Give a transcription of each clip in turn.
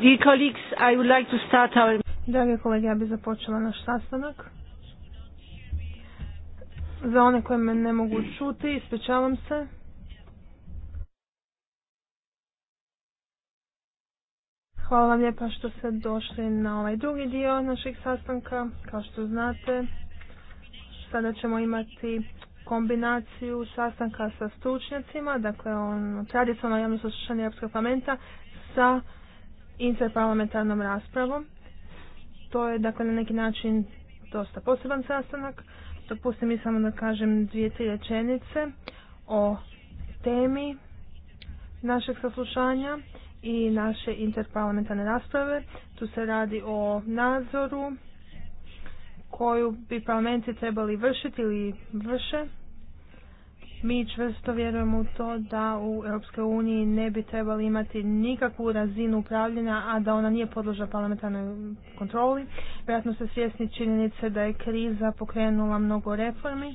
Dear I would like to start our... Drage kolege, ja bih započela naš sastanak. Za one koje me ne mogu čuti, ispričavam se. Hvala vam lijepa što ste došli na ovaj drugi dio našeg sastanka. Kao što znate, sada ćemo imati kombinaciju sastanka sa stručnjacima, dakle on tradicionalno javno slušanje Europskog parlamenta sa interparlamentarnom raspravom. To je dakle na neki način dosta poseban sastanak. Dopustim mi samo da kažem dvije, tri rečenice o temi našeg saslušanja i naše interparlamentarne rasprave. Tu se radi o nadzoru koju bi parlamenti trebali vršiti ili vrše mi čvrsto vjerujemo u to da u Europskoj uniji ne bi trebali imati nikakvu razinu upravljanja, a da ona nije podložna parlamentarnoj kontroli. Vjerojatno se svjesni činjenice da je kriza pokrenula mnogo reformi.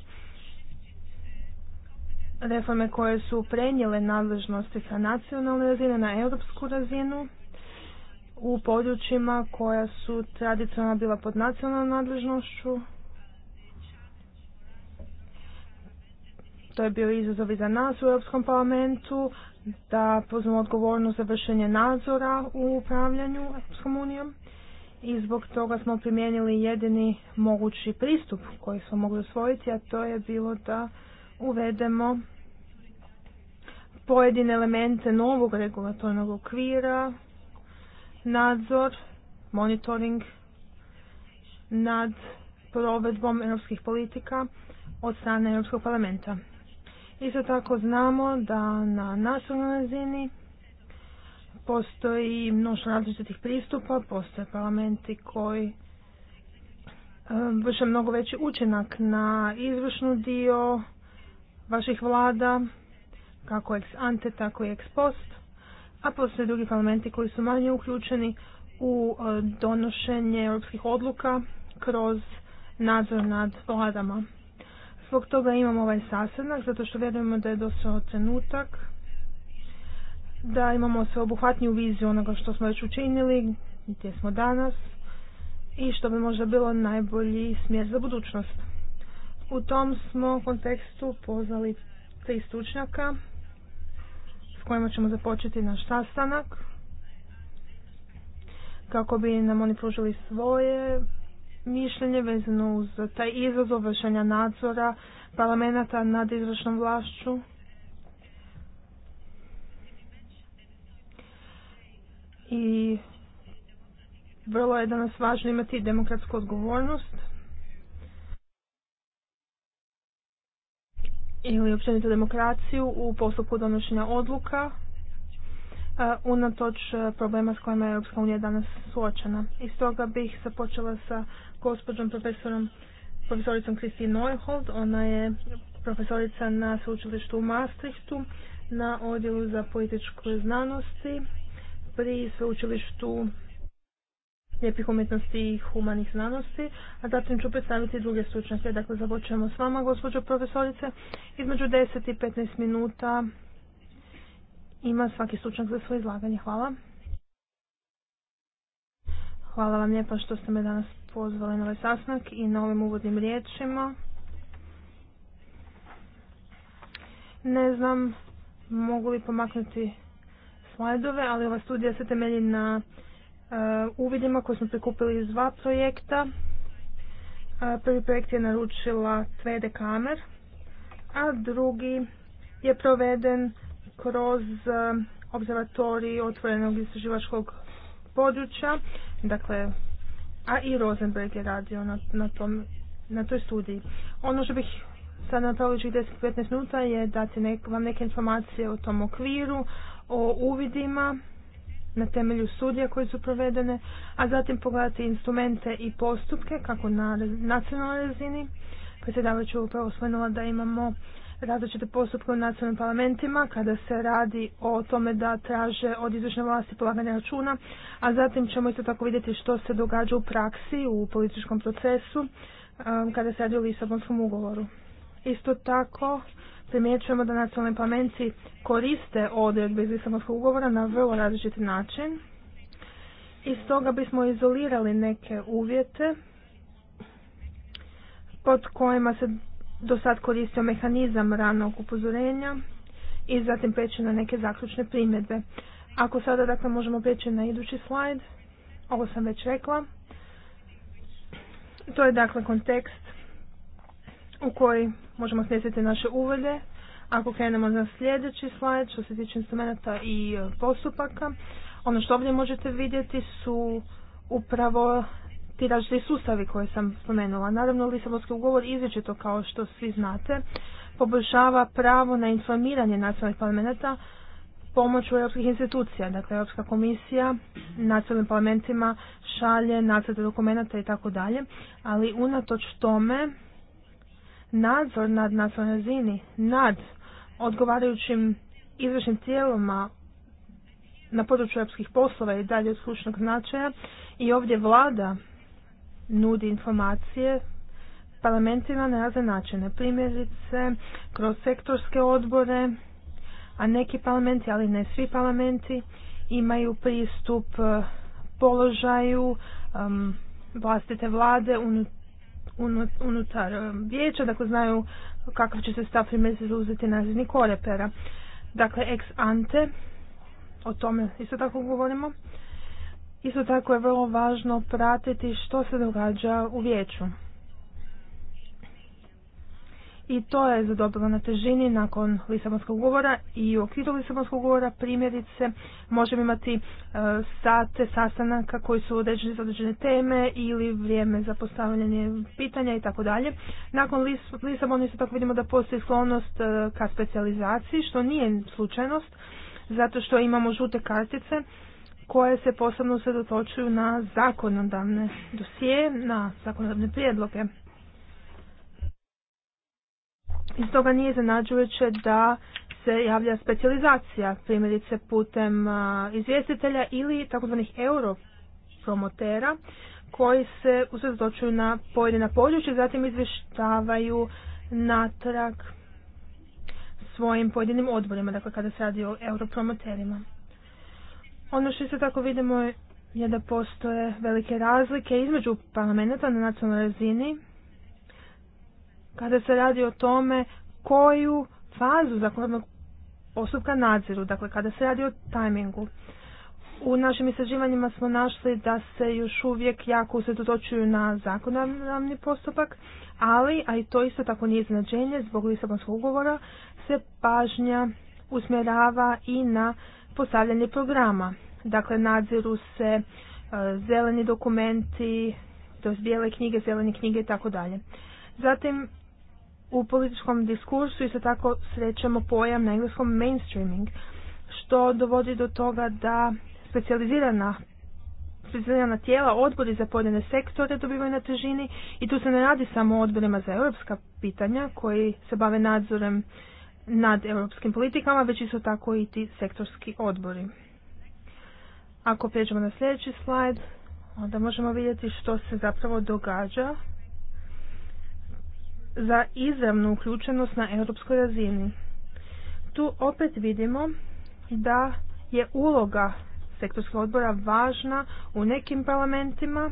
Reforme koje su prenijele nadležnosti sa nacionalne razine na europsku razinu u područjima koja su tradicionalno bila pod nacionalnom nadležnošću, To je bio izazov i za nas u Europskom parlamentu da poznamo odgovornost za vršenje nadzora u upravljanju Europskom unijom i zbog toga smo primijenili jedini mogući pristup koji smo mogli usvojiti, a to je bilo da uvedemo pojedine elemente novog regulatornog okvira, nadzor, monitoring nad provedbom europskih politika od strane Europskog parlamenta. Isto tako znamo da na nacionalnoj razini postoji mnoštvo različitih pristupa, postoje parlamenti koji e, vrše mnogo veći učinak na izvršnu dio vaših vlada, kako ex ante, tako i ex post, a postoje drugi parlamenti koji su manje uključeni u e, donošenje europskih odluka kroz nadzor nad vladama. Zbog toga imamo ovaj sastanak zato što vjerujemo da je došao trenutak da imamo sveobuhvatniju viziju onoga što smo već učinili, gdje smo danas i što bi možda bilo najbolji smjer za budućnost. U tom smo kontekstu pozvali tri stručnjaka s kojima ćemo započeti naš sastanak kako bi nam oni pružili svoje mišljenje vezano uz taj izazov vršenja nadzora parlamenta nad izvršnom vlašću. I vrlo je danas važno imati demokratsku odgovornost ili općenito demokraciju u postupku donošenja odluka unatoč problema s kojima je Europska unija danas suočena. Iz toga bih započela sa gospođom profesorom, profesoricom Kristi Neuhold. Ona je profesorica na sveučilištu u Maastrichtu na odjelu za političke znanosti pri sveučilištu lijepih umjetnosti i humanih znanosti, a zatim ću predstaviti druge stručnjake. Dakle, započnemo s vama, gospođo profesorice. Između 10 i 15 minuta ima svaki stručnjak za svoje izlaganje. Hvala. Hvala vam lijepa što ste me danas pozvali na ovaj sasnak i na ovim uvodnim riječima. Ne znam mogu li pomaknuti slajdove, ali ova studija se temelji na e, uvidima koje smo prikupili iz dva projekta. E, prvi projekt je naručila Tvede Kamer, a drugi je proveden kroz e, observatori otvorenog istraživačkog područja, dakle a i Rosenberg je radio na, na, tom, na toj studiji. Ono što bih sad napravili 10-15 minuta je dati nek, vam neke informacije o tom okviru, o uvidima na temelju studija koje su provedene, a zatim pogledati instrumente i postupke kako na nacionalnoj razini. Predsjedavajuću upravo spomenula da imamo različite postupke u nacionalnim parlamentima kada se radi o tome da traže od izvršne vlasti polaganje računa, a zatim ćemo isto tako vidjeti što se događa u praksi, u političkom procesu um, kada se radi o Lisabonskom ugovoru. Isto tako primjećujemo da nacionalni parlamenti koriste odredbe iz Lisabonskog ugovora na vrlo različiti način. Iz toga bismo izolirali neke uvjete pod kojima se do sad koristio mehanizam ranog upozorenja i zatim preći na neke zaključne primjedbe. Ako sada dakle možemo preći na idući slajd, ovo sam već rekla. To je dakle kontekst u koji možemo smjestiti naše uvode. Ako krenemo na sljedeći slajd što se tiče instrumenta i e, postupaka, ono što ovdje možete vidjeti su upravo ti sustavi koje sam spomenula. Naravno, Lisabonski ugovor to kao što svi znate, poboljšava pravo na informiranje nacionalnih parlamenta pomoću europskih institucija. Dakle, Europska komisija nacionalnim parlamentima šalje nacrte dokumenata i tako dalje, ali unatoč tome nadzor nad nacionalnoj razini, nad odgovarajućim izvršnim tijelima na području europskih poslova i dalje od slučnog značaja i ovdje vlada nudi informacije parlamentima na razne načine. Primjerice, kroz sektorske odbore, a neki parlamenti, ali ne svi parlamenti, imaju pristup e, položaju vlastite vlade unutar vijeća, dakle znaju kakav će se stav primjerice zauzeti na razini korepera. Dakle, ex ante, o tome isto tako govorimo. Isto tako je vrlo važno pratiti što se događa u vijeću. I to je zadobilo na težini nakon Lisabonskog govora i u okviru Lisabonskog govora, primjerice možemo imati e, sate sastanaka koji su određeni za određene teme ili vrijeme za postavljanje pitanja i tako dalje. Nakon Lis isto tako vidimo da postoji sklonost e, ka specijalizaciji što nije slučajnost zato što imamo žute kartice koje se posebno sredotočuju na zakonodavne dosije, na zakonodavne prijedloge. Iz toga nije zanađujuće da se javlja specijalizacija, primjerice putem izvjestitelja ili takozvanih europromotera koji se usredotočuju na pojedina područja, zatim izvještavaju natrag svojim pojedinim odborima, dakle kada se radi o europromoterima. Ono što isto tako vidimo je da postoje velike razlike između parlamenta na nacionalnoj razini kada se radi o tome koju fazu zakonodnog postupka nadziru, dakle kada se radi o tajmingu. U našim istraživanjima smo našli da se još uvijek jako usredotočuju na zakonodavni postupak, ali, a i to isto tako nije značenje, zbog Lisabonskog ugovora se pažnja usmjerava i na postavljanje programa. Dakle, nadziru se e, zeleni dokumenti, to bijele knjige, zelene knjige i tako dalje. Zatim, u političkom diskursu isto tako srećemo pojam na engleskom mainstreaming, što dovodi do toga da specializirana tijela, odbori za pojedine sektore dobivaju na težini i tu se ne radi samo o odborima za europska pitanja koji se bave nadzorem nad europskim politikama, već isto tako i ti sektorski odbori. Ako prijeđemo na sljedeći slajd, onda možemo vidjeti što se zapravo događa za izravnu uključenost na europskoj razini. Tu opet vidimo da je uloga sektorskog odbora važna u nekim parlamentima,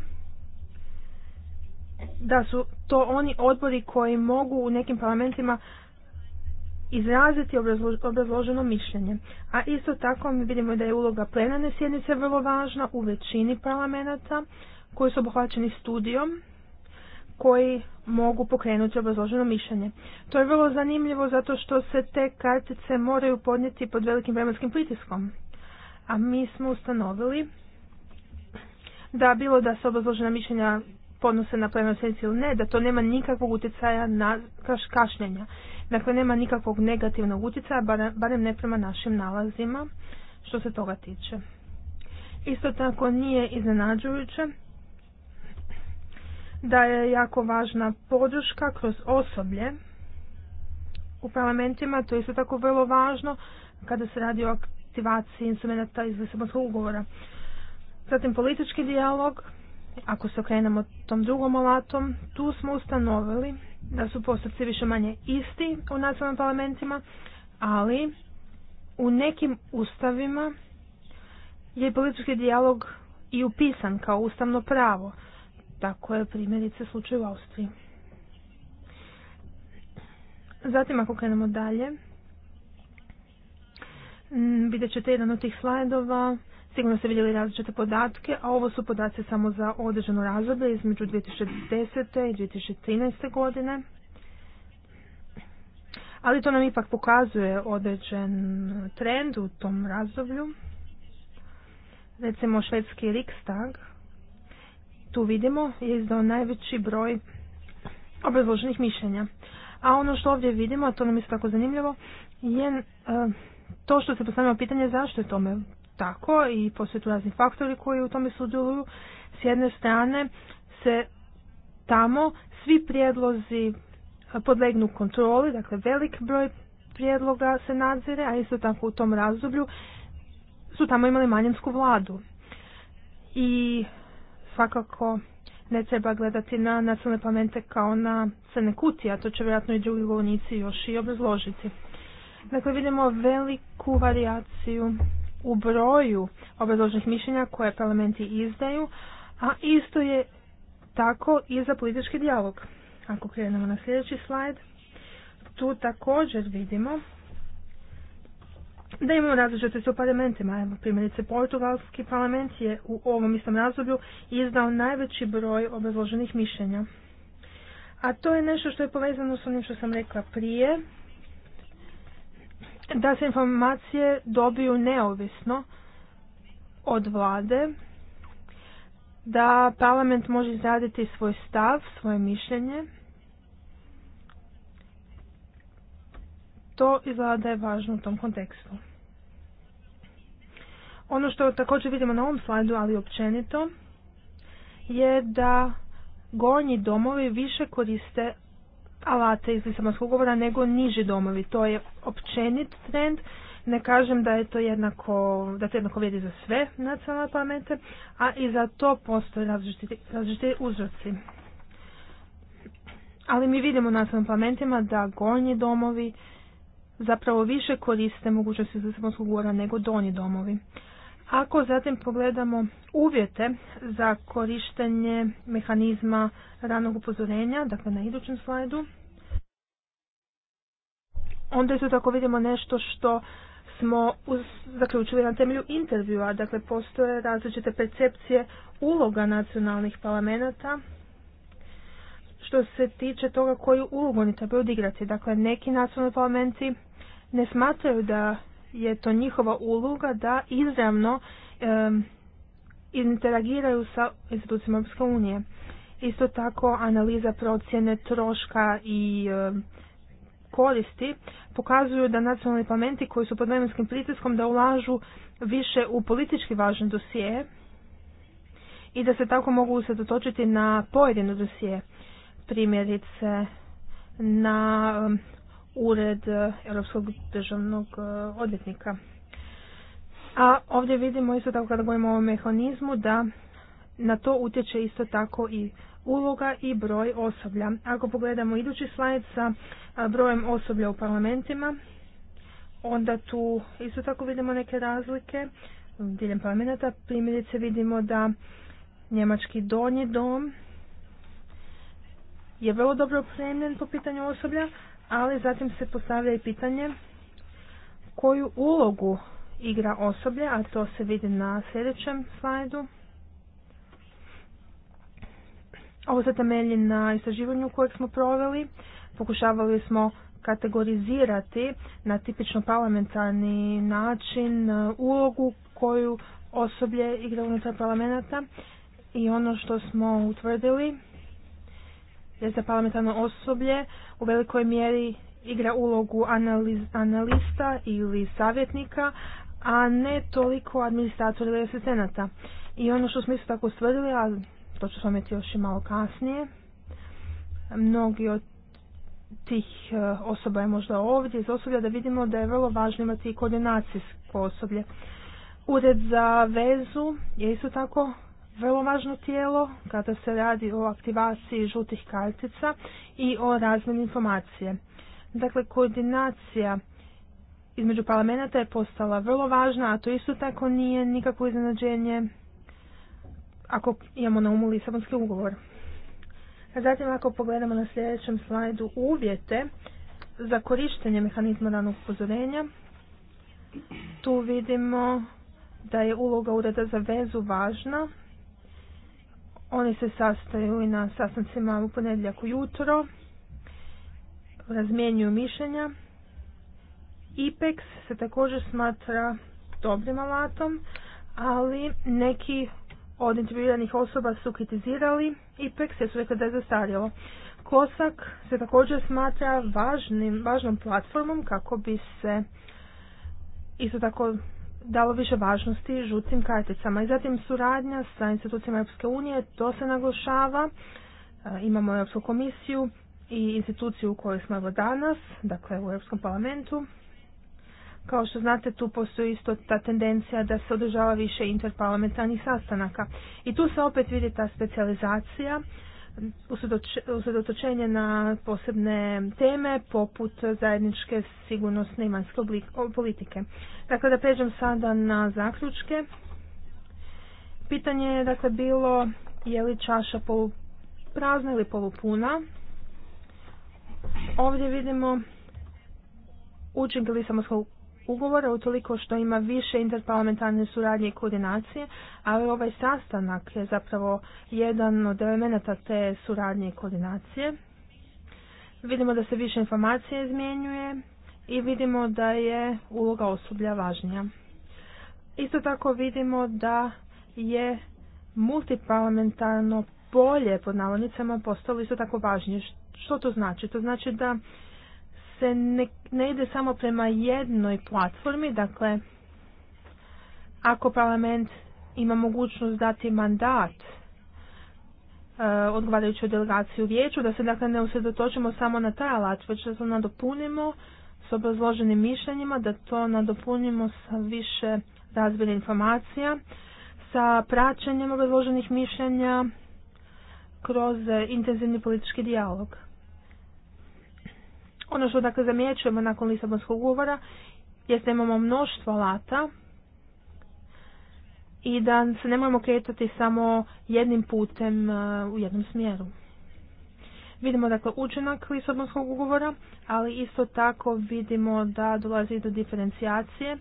da su to oni odbori koji mogu u nekim parlamentima izraziti obrazloženo mišljenje. A isto tako mi vidimo da je uloga plenarne sjednice vrlo važna u većini parlamenta koji su obuhvaćeni studijom koji mogu pokrenuti obrazloženo mišljenje. To je vrlo zanimljivo zato što se te kartice moraju podnijeti pod velikim vremenskim pritiskom. A mi smo ustanovili da bilo da se obrazložena mišljenja podnose na plenom ili ne, da to nema nikakvog utjecaja na kašnjenja. Dakle, nema nikakvog negativnog utjecaja, barem ne prema našim nalazima, što se toga tiče. Isto tako nije iznenađujuće da je jako važna podrška kroz osoblje u parlamentima, to je isto tako vrlo važno kada se radi o aktivaciji instrumenta iz Lisabonskog ugovora. Zatim politički dijalog, ako se okrenemo tom drugom alatom, tu smo ustanovili da su postupci više manje isti u nacionalnim parlamentima, ali u nekim ustavima je politički dijalog i upisan kao ustavno pravo. Tako je primjerice slučaj u Austriji. Zatim ako krenemo dalje, vidjet ćete jedan od tih slajdova Sigurno ste vidjeli različite podatke, a ovo su podaci samo za određeno razdoblje između 2010. i 2013. godine. Ali to nam ipak pokazuje određen trend u tom razdoblju. Recimo švedski Riksdag, tu vidimo, je izdao najveći broj obrazloženih mišljenja. A ono što ovdje vidimo, a to nam je tako zanimljivo, je e, to što se postavljamo pitanje zašto je tome tako i postoje tu razni faktori koji u tome sudjeluju. S jedne strane se tamo svi prijedlozi e, podlegnu kontroli, dakle velik broj prijedloga se nadzire, a isto tako u tom razdoblju su tamo imali manjinsku vladu. I svakako ne treba gledati na nacionalne pamente kao na crne kutije, a to će vjerojatno i drugi govornici još i obrazložiti. Dakle, vidimo veliku varijaciju u broju obrazloženih mišljenja koje parlamenti izdaju, a isto je tako i za politički dijalog. Ako krenemo na sljedeći slajd, tu također vidimo da imamo različite u parlamentima. Evo, primjerice, portugalski parlament je u ovom istom razdoblju izdao najveći broj obrazloženih mišljenja. A to je nešto što je povezano s onim što sam rekla prije, da se informacije dobiju neovisno od vlade, da parlament može izraditi svoj stav, svoje mišljenje. To izgleda je važno u tom kontekstu. Ono što također vidimo na ovom slajdu, ali općenito, je da gornji domovi više koriste alate iz Lisabonskog ugovora nego niži domovi. To je općenit trend. Ne kažem da je to jednako, da to jednako vrijedi za sve nacionalne parlamente, a i za to postoje različiti, uzroci. Ali mi vidimo u nacionalnim parlamentima da gornji domovi zapravo više koriste mogućnosti Lisabonskog ugovora nego donji domovi. Ako zatim pogledamo uvjete za korištenje mehanizma ranog upozorenja, dakle na idućem slajdu, onda isto tako vidimo nešto što smo zaključili na temelju intervjua, dakle postoje različite percepcije uloga nacionalnih parlamenta što se tiče toga koju ulogu oni trebaju odigrati. Dakle, neki nacionalni parlamenti ne smatraju da je to njihova uloga da izravno interagiraju sa institucijama Europske unije. Isto tako analiza procjene troška i koristi pokazuju da nacionalni parlamenti koji su pod vremenskim pritiskom da ulažu više u politički važne dosije i da se tako mogu usredotočiti na pojedine dosije, primjerice na ured e, Europskog državnog e, odvjetnika. A ovdje vidimo isto tako kada govorimo o mehanizmu da na to utječe isto tako i uloga i broj osoblja. Ako pogledamo idući slajd sa e, brojem osoblja u parlamentima, onda tu isto tako vidimo neke razlike diljem parlamenta. Primjerice vidimo da njemački donji dom je vrlo dobro opremljen po pitanju osoblja, ali zatim se postavlja i pitanje koju ulogu igra osoblje, a to se vidi na sljedećem slajdu. Ovo se temelji na istraživanju kojeg smo proveli. Pokušavali smo kategorizirati na tipično parlamentarni način e, ulogu koju osoblje igra unutar parlamenta i ono što smo utvrdili jer za parlamentarno osoblje u velikoj mjeri igra ulogu analiz, analista ili savjetnika, a ne toliko administratora ili asistenata. I ono što smo isto tako stvrdili, a to ću spomenuti još i malo kasnije, mnogi od tih e, osoba je možda ovdje iz osoblja da vidimo da je vrlo važno imati i koordinacijsko osoblje. Ured za vezu je isto tako vrlo važno tijelo kada se radi o aktivaciji žutih kartica i o razmjeni informacije. Dakle, koordinacija između parlamenta je postala vrlo važna, a to isto tako nije nikakvo iznenađenje ako imamo na umu Lisabonski ugovor. zatim ako pogledamo na sljedećem slajdu uvjete za korištenje mehanizma ranog upozorenja, tu vidimo da je uloga ureda za vezu važna oni se sastaju i na sastancima u ponedjeljak jutro, razmjenjuju mišljenja. IPEX se također smatra dobrim alatom, ali neki od intervjuiranih osoba su kritizirali IPEX jer su rekli da je zastarjelo. Kosak se također smatra važnim, važnom platformom kako bi se isto tako dalo više važnosti žutim karticama. I zatim suradnja sa institucijama Europske unije, to se naglašava. E, imamo Europsku komisiju i instituciju u kojoj smo evo danas, dakle u Europskom parlamentu. Kao što znate, tu postoji isto ta tendencija da se održava više interparlamentarnih sastanaka. I tu se opet vidi ta specializacija usredotočenje na posebne teme poput zajedničke sigurnosne i vanjske politike. Dakle, da pređem sada na zaključke. Pitanje je dakle bilo je li čaša poluprazna ili polupuna. Ovdje vidimo učinke samo ugovora utoliko što ima više interparlamentarne suradnje i koordinacije, ali ovaj sastanak je zapravo jedan od elemenata te suradnje i koordinacije. Vidimo da se više informacije izmjenjuje i vidimo da je uloga osoblja važnija. Isto tako vidimo da je multiparlamentarno polje pod navodnicama postalo isto tako važnije. Što to znači? To znači da se ne, ne ide samo prema jednoj platformi, dakle ako parlament ima mogućnost dati mandat e, odgovarajuću delegaciju vijeću, da se dakle ne usredotočimo samo na taj alat, već da to nadopunimo s obrazloženim mišljenjima, da to nadopunimo sa više razbira informacija, sa praćenjem obrazloženih mišljenja kroz e, intenzivni politički dijalog. Ono što dakle zamjećujemo nakon Lisabonskog ugovora jest da imamo mnoštvo alata i da se ne moramo kretati samo jednim putem uh, u jednom smjeru. Vidimo dakle učinak Lisabonskog ugovora, ali isto tako vidimo da dolazi do diferencijacije,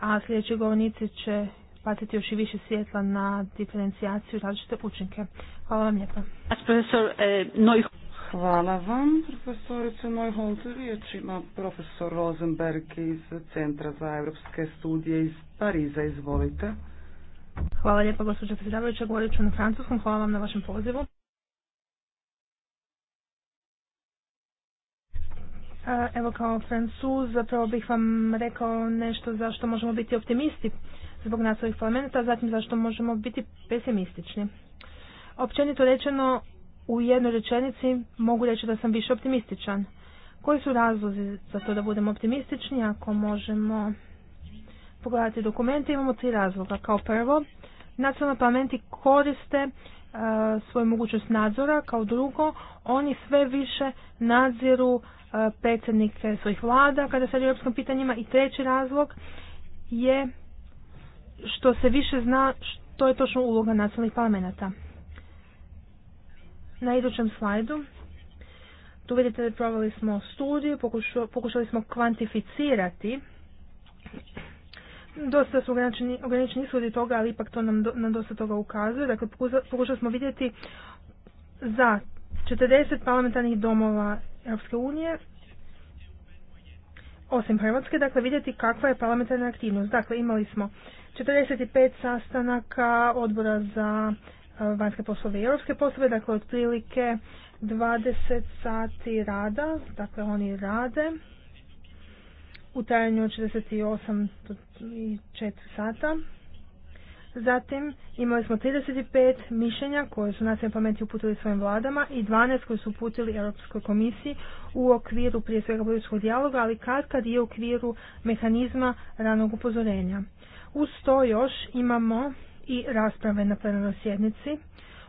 a sljedeći govornici će patiti još i više svjetla na diferencijaciju različite učinke. Hvala vam lijepa. Eh, Hvala vam, profesorice Mojholzer. Riječ ima profesor Rosenberg iz Centra za evropske studije iz Pariza. Izvolite. Hvala lijepa, gospođa predsjedavajuća. Govorit ću na francuskom. Hvala vam na vašem pozivu. Evo kao francus, zapravo bih vam rekao nešto zašto možemo biti optimisti zbog nas ovih parlamenta, a zatim zašto možemo biti pesimistični. Općenito rečeno, u jednoj rečenici mogu reći da sam više optimističan. Koji su razlozi za to da budem optimistični? Ako možemo pogledati dokumente, imamo tri razloga. Kao prvo, nacionalni parlamenti koriste e, svoju mogućnost nadzora, kao drugo, oni sve više nadziru e, predsjednike svojih vlada kada se radi o europskim pitanjima i treći razlog je što se više zna što je točno uloga nacionalnih parlamenta. Na idućem slajdu tu vidite da provali smo studiju, pokušali smo kvantificirati dosta su ograničeni, ishodi toga, ali ipak to nam, nam dosta toga ukazuje. Dakle, pokušali smo vidjeti za 40 parlamentarnih domova Europske unije, osim Hrvatske, dakle vidjeti kakva je parlamentarna aktivnost. Dakle, imali smo 45 sastanaka odbora za vanjske poslove i europske poslove, dakle otprilike 20 sati rada, dakle oni rade u trajanju od 68 i 4 sata. Zatim imali smo 35 mišljenja koje su nacionalne pameti uputili svojim vladama i 12 koje su uputili Europskoj komisiji u okviru prije svega političkog dijaloga, ali kad kad i u okviru mehanizma ranog upozorenja. Uz to još imamo i rasprave na plenarnoj sjednici.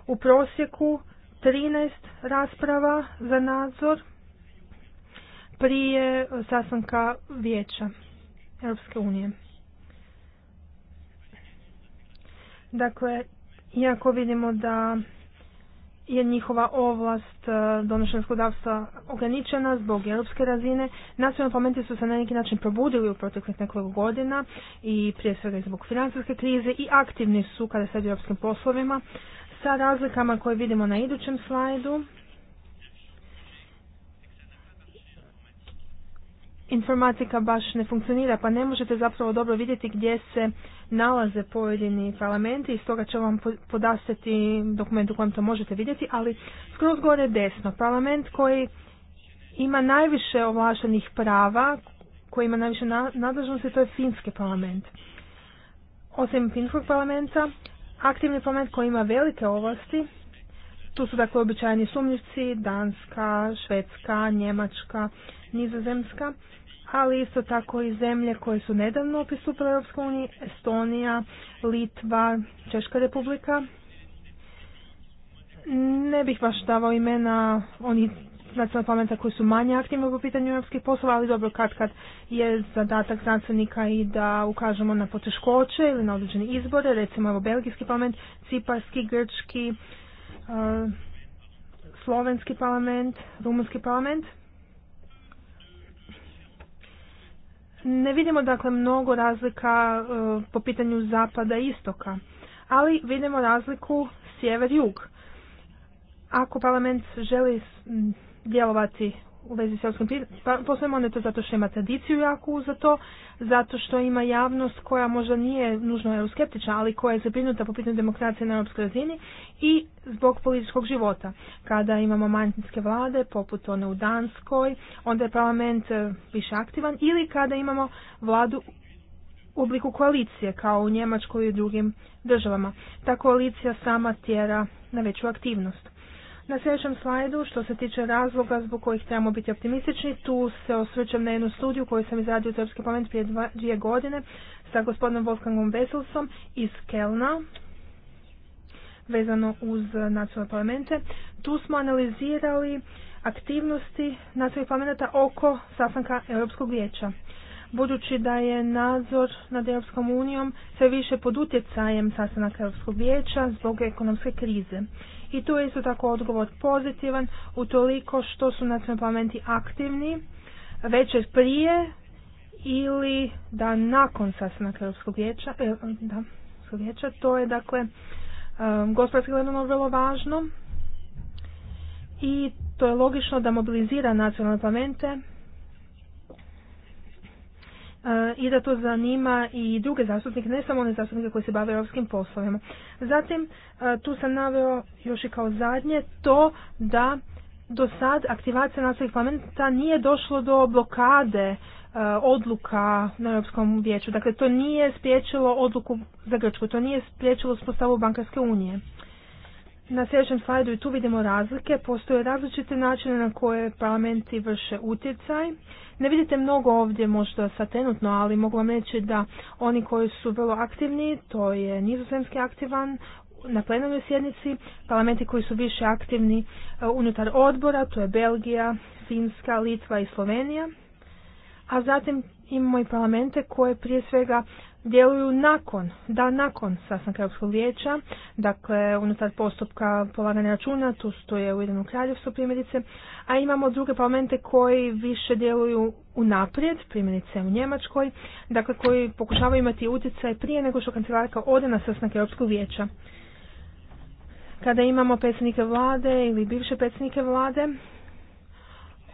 U prosjeku 13 rasprava za nadzor prije sastanka vijeća Europske unije. Dakle, iako vidimo da je njihova ovlast e, donošenja zakonodavstva ograničena zbog europske razine. Nacionalni parlamenti su se na neki način probudili u proteklih nekoliko godina i prije svega i zbog financijske krize i aktivni su kada se u europskim poslovima sa razlikama koje vidimo na idućem slajdu informatika baš ne funkcionira, pa ne možete zapravo dobro vidjeti gdje se nalaze pojedini parlamenti i stoga će vam podastati dokument u kojem to možete vidjeti, ali skroz gore desno, parlament koji ima najviše ovlaštenih prava, koji ima najviše nadležnosti, to je finski parlament. Osim finskog parlamenta, aktivni parlament koji ima velike ovlasti, tu su dakle običajni sumnjivci, Danska, Švedska, Njemačka, Nizozemska ali isto tako i zemlje koje su nedavno pristupile Europskoj uniji, Estonija, Litva, Češka republika. Ne bih baš davao imena onih nacionalnih parlamenta koji su manje aktivni u pitanju europskih poslova, ali dobro, kad kad je zadatak znanstvenika i da ukažemo na poteškoće ili na određene izbore, recimo evo belgijski parlament, ciparski, grčki, uh, slovenski parlament, rumunski parlament – Ne vidimo dakle mnogo razlika e, po pitanju zapada i istoka, ali vidimo razliku sjever-jug. Ako parlament želi djelovati u vezi s europskim pa poslovima, onda je to zato što ima tradiciju jaku za to, zato što ima javnost koja možda nije nužno euroskeptična, ali koja je zabrinuta po pitanju demokracije na europskoj razini i zbog političkog života. Kada imamo manjinske vlade, poput one u Danskoj, onda je parlament e, više aktivan, ili kada imamo vladu u obliku koalicije, kao u Njemačkoj i drugim državama. Ta koalicija sama tjera na veću aktivnost. Na sljedećem slajdu, što se tiče razloga zbog kojih trebamo biti optimistični, tu se osvrćem na jednu studiju koju sam izradio u Europski parlament prije dva, dvije godine sa gospodinom Wolfgangom Veselsom iz Kelna vezano uz nacionalne parlamente. Tu smo analizirali aktivnosti nacionalnih parlamenta oko sastanka Europskog vijeća. Budući da je nadzor nad Europskom unijom sve više pod utjecajem sastanaka Europskog vijeća zbog ekonomske krize i tu je isto tako odgovor pozitivan utoliko što su nacionalni parlamenti aktivni večer prije ili da nakon sastanaka Europskog vijeća, e, da, vijeća, to je dakle e, gospodarski gledano vrlo važno i to je logično da mobilizira nacionalne parlamente i da to zanima i druge zastupnike, ne samo one zastupnike koji se bave europskim poslovima. Zatim, e, tu sam naveo još i kao zadnje to da do sad aktivacija nacionalnih parlamenta nije došlo do blokade e, odluka na Europskom vijeću. Dakle, to nije spriječilo odluku za Grčku, to nije spriječilo uspostavu bankarske unije. Na sljedećem slajdu i tu vidimo razlike. Postoje različite načine na koje parlamenti vrše utjecaj. Ne vidite mnogo ovdje možda satenutno, tenutno, ali mogu vam reći da oni koji su vrlo aktivni, to je nizozemski aktivan, na plenarnoj sjednici, parlamenti koji su više aktivni e, unutar odbora, to je Belgija, Finska, Litva i Slovenija, a zatim imamo i parlamente koje prije svega djeluju nakon, da nakon sastanka Europskog vijeća, dakle unutar postupka polaganja računa, tu stoje u Kraljevstvu primjerice, a imamo druge parlamente koji više djeluju unaprijed, primjerice u Njemačkoj, dakle koji pokušavaju imati utjecaj prije nego što kancelarka ode na sastanak Europskog vijeća. Kada imamo predsjednike vlade ili bivše predsjednike vlade,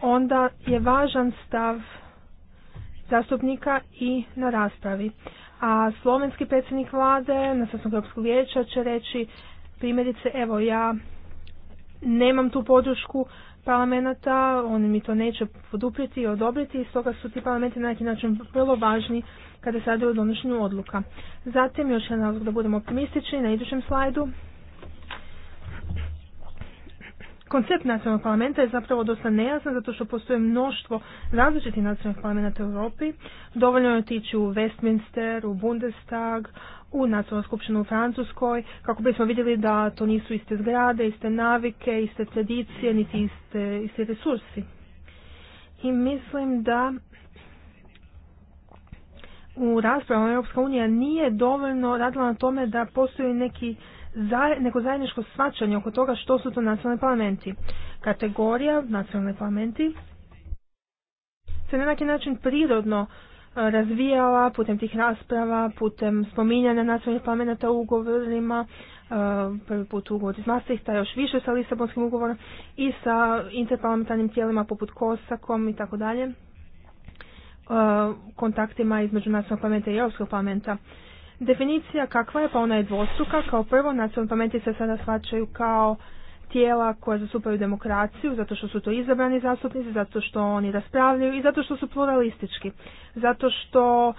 onda je važan stav zastupnika i na raspravi. A slovenski predsjednik vlade na sastanku Europskog vijeća će reći primjerice evo ja nemam tu podršku parlamenta, oni mi to neće poduprijeti i odobriti i stoga su ti parlamenti na neki način vrlo važni kada se radi o donošenju odluka. Zatim, još jedan razlog da budemo optimistični, na idućem slajdu Koncept nacionalnog parlamenta je zapravo dosta nejasan zato što postoje mnoštvo različitih nacionalnih parlamenta u Europi. Dovoljno je otići u Westminster, u Bundestag, u nacionalnu skupštinu u Francuskoj, kako bismo vidjeli da to nisu iste zgrade, iste navike, iste tradicije, niti iste, iste resursi. I mislim da u raspravama Europska unija nije dovoljno radila na tome da postoji neki za, neko zajedničko svačanje oko toga što su to nacionalni parlamenti. Kategorija nacionalni parlamenti se na neki način prirodno e, razvijala putem tih rasprava, putem spominjanja nacionalnih parlamenta u ugovorima, e, prvi put ugovor iz Maastrichta, još više sa Lisabonskim ugovorom i sa interparlamentarnim tijelima poput Kosakom i tako dalje, e, kontaktima između nacionalnog parlamenta i Europskog parlamenta. Definicija kakva je, pa ona je dvostruka. Kao prvo, nacionalni parlamenti se sada shvaćaju kao tijela koja zastupaju demokraciju, zato što su to izabrani zastupnici, zato što oni raspravljaju i zato što su pluralistički. Zato što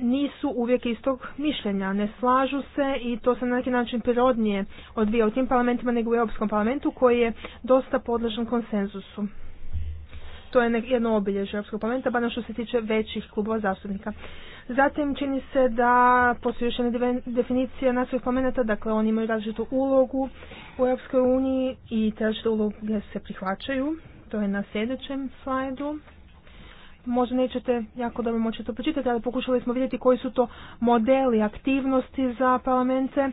nisu uvijek istog mišljenja, ne slažu se i to se na neki način prirodnije odvija u tim parlamentima nego u Europskom parlamentu koji je dosta podložan konsenzusu. To je jedno obilježje Europskog parlamenta, bar što se tiče većih klubova zastupnika. Zatim čini se da postoji još jedna definicija nacionalnih parlamenta, dakle oni imaju različitu ulogu u Europskoj uniji i te različite uloge se prihvaćaju. To je na sljedećem slajdu. Možda nećete jako dobro moći to pročitati, ali pokušali smo vidjeti koji su to modeli aktivnosti za parlamente.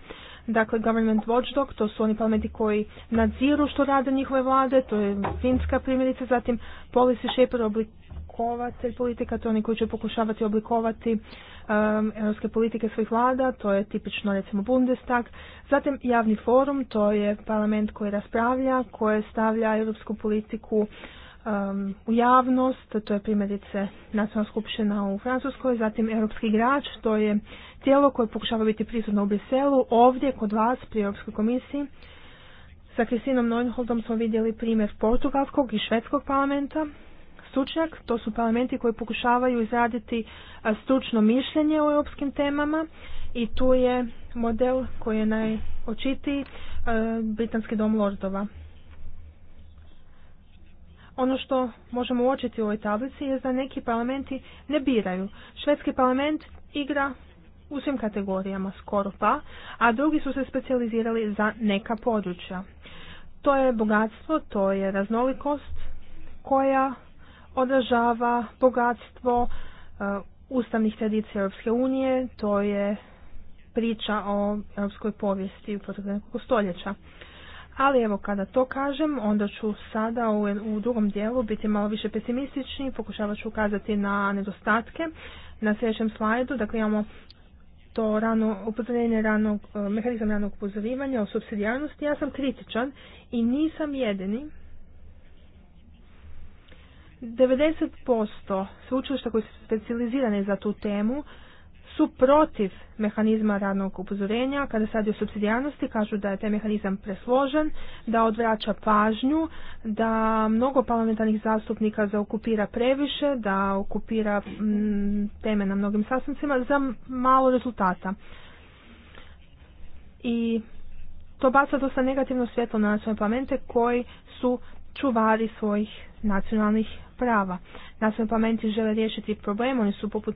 Dakle, government watchdog, to su oni parlamenti koji nadziru što rade njihove vlade, to je finska primjerica, zatim policy shaper, oblik oblikovatelj politika, to oni koji će pokušavati oblikovati um, europske politike svojih vlada, to je tipično recimo Bundestag. Zatim javni forum, to je parlament koji raspravlja, koje stavlja europsku politiku um, u javnost, to je primjerice nacionalna skupština u Francuskoj, zatim europski igrač, to je tijelo koje pokušava biti prisutno u Briselu, ovdje kod vas pri Europskoj komisiji. Sa Kristinom Neunholdom smo vidjeli primjer portugalskog i švedskog parlamenta, stručnjak, to su parlamenti koji pokušavaju izraditi stručno mišljenje o europskim temama i tu je model koji je najočitiji Britanski dom lordova. Ono što možemo uočiti u ovoj tablici je da neki parlamenti ne biraju. Švedski parlament igra u svim kategorijama skoro pa, a drugi su se specijalizirali za neka područja. To je bogatstvo, to je raznolikost koja odražava bogatstvo e, ustavnih tradicija Europske unije, to je priča o europskoj povijesti u proteklih nekoliko stoljeća. Ali evo kada to kažem, onda ću sada u, drugom dijelu biti malo više pesimistični, pokušavat ću ukazati na nedostatke. Na sljedećem slajdu, dakle imamo to rano upozorenje ranog, e, mehanizam ranog upozorivanja o subsidijarnosti, ja sam kritičan i nisam jedini 90% sveučilišta koji su specijalizirani za tu temu su protiv mehanizma radnog upozorenja. Kada se radi o subsidijarnosti, kažu da je taj mehanizam presložen, da odvraća pažnju, da mnogo parlamentarnih zastupnika zaokupira previše, da okupira mm, teme na mnogim sastancima za malo rezultata. I to baca dosta negativno svjetlo na nacionalne parlamente koji su čuvari svojih nacionalnih prava. Na Nacionalni pameti žele riješiti problem, oni su poput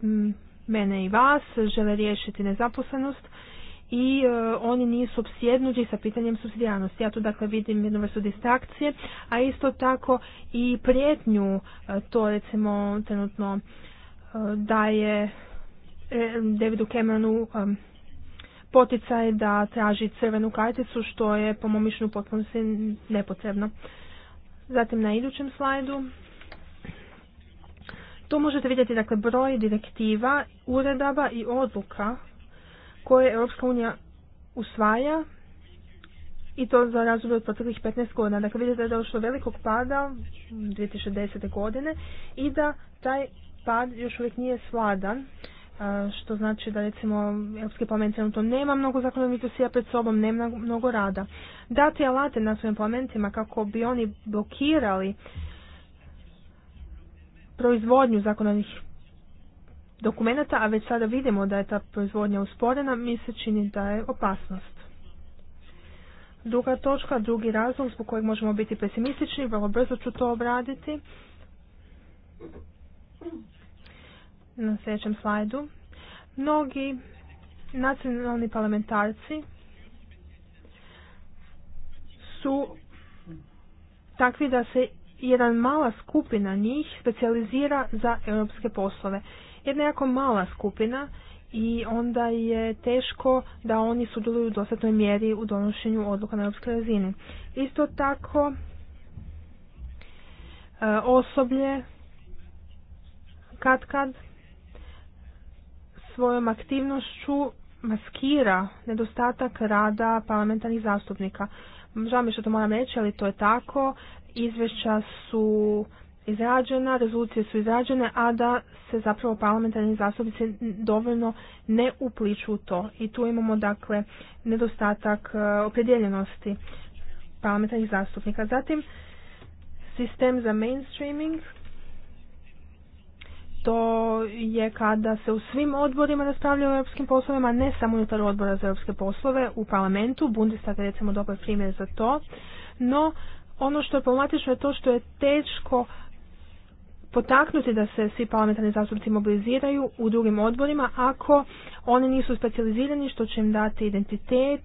mene i vas, žele riješiti nezaposlenost i e, oni nisu obsjednuđi sa pitanjem subsidijalnosti. Ja tu dakle vidim jednu vrstu distrakcije, a isto tako i prijetnju, e, to recimo trenutno e, daje e, Davidu Cameronu poticaj da traži crvenu karticu što je po mom mišljenju potpuno nepotrebno. Zatim na idućem slajdu tu možete vidjeti dakle, broj direktiva, uredaba i odluka koje Europska unija usvaja i to za razdoblje od proteklih 15 godina. Dakle, vidite da je došlo velikog pada 2010. godine i da taj pad još uvijek nije svladan, što znači da recimo Europski parlament trenutno nema mnogo zakonodavnih dosija pred sobom, nema mnogo rada. Dati alate na svojim parlamentima kako bi oni blokirali proizvodnju zakonanih dokumenata, a već sada vidimo da je ta proizvodnja usporena, mi se čini da je opasnost. Druga točka, drugi razlog zbog kojeg možemo biti pesimistični, vrlo brzo ću to obraditi. Na sljedećem slajdu. Mnogi nacionalni parlamentarci su takvi da se jedna mala skupina njih specijalizira za europske poslove. Jedna jako mala skupina i onda je teško da oni sudjeluju u dostatnoj mjeri u donošenju odluka na europskoj razini. Isto tako e, osoblje kad kad svojom aktivnošću maskira nedostatak rada parlamentarnih zastupnika. Žao mi što to moram reći, ali to je tako izvješća su izrađena, rezolucije su izrađene, a da se zapravo parlamentarni zastupnici dovoljno ne upliču u to. I tu imamo dakle nedostatak e, opredjeljenosti parlamentarnih zastupnika. Zatim, sistem za mainstreaming, to je kada se u svim odborima raspravlja o europskim poslovima, ne samo unutar odbora za europske poslove u parlamentu, Bundestag je recimo dobar primjer za to, no ono što je problematično je to što je teško potaknuti da se svi parlamentarni zastupnici mobiliziraju u drugim odborima ako oni nisu specijalizirani što će im dati identitet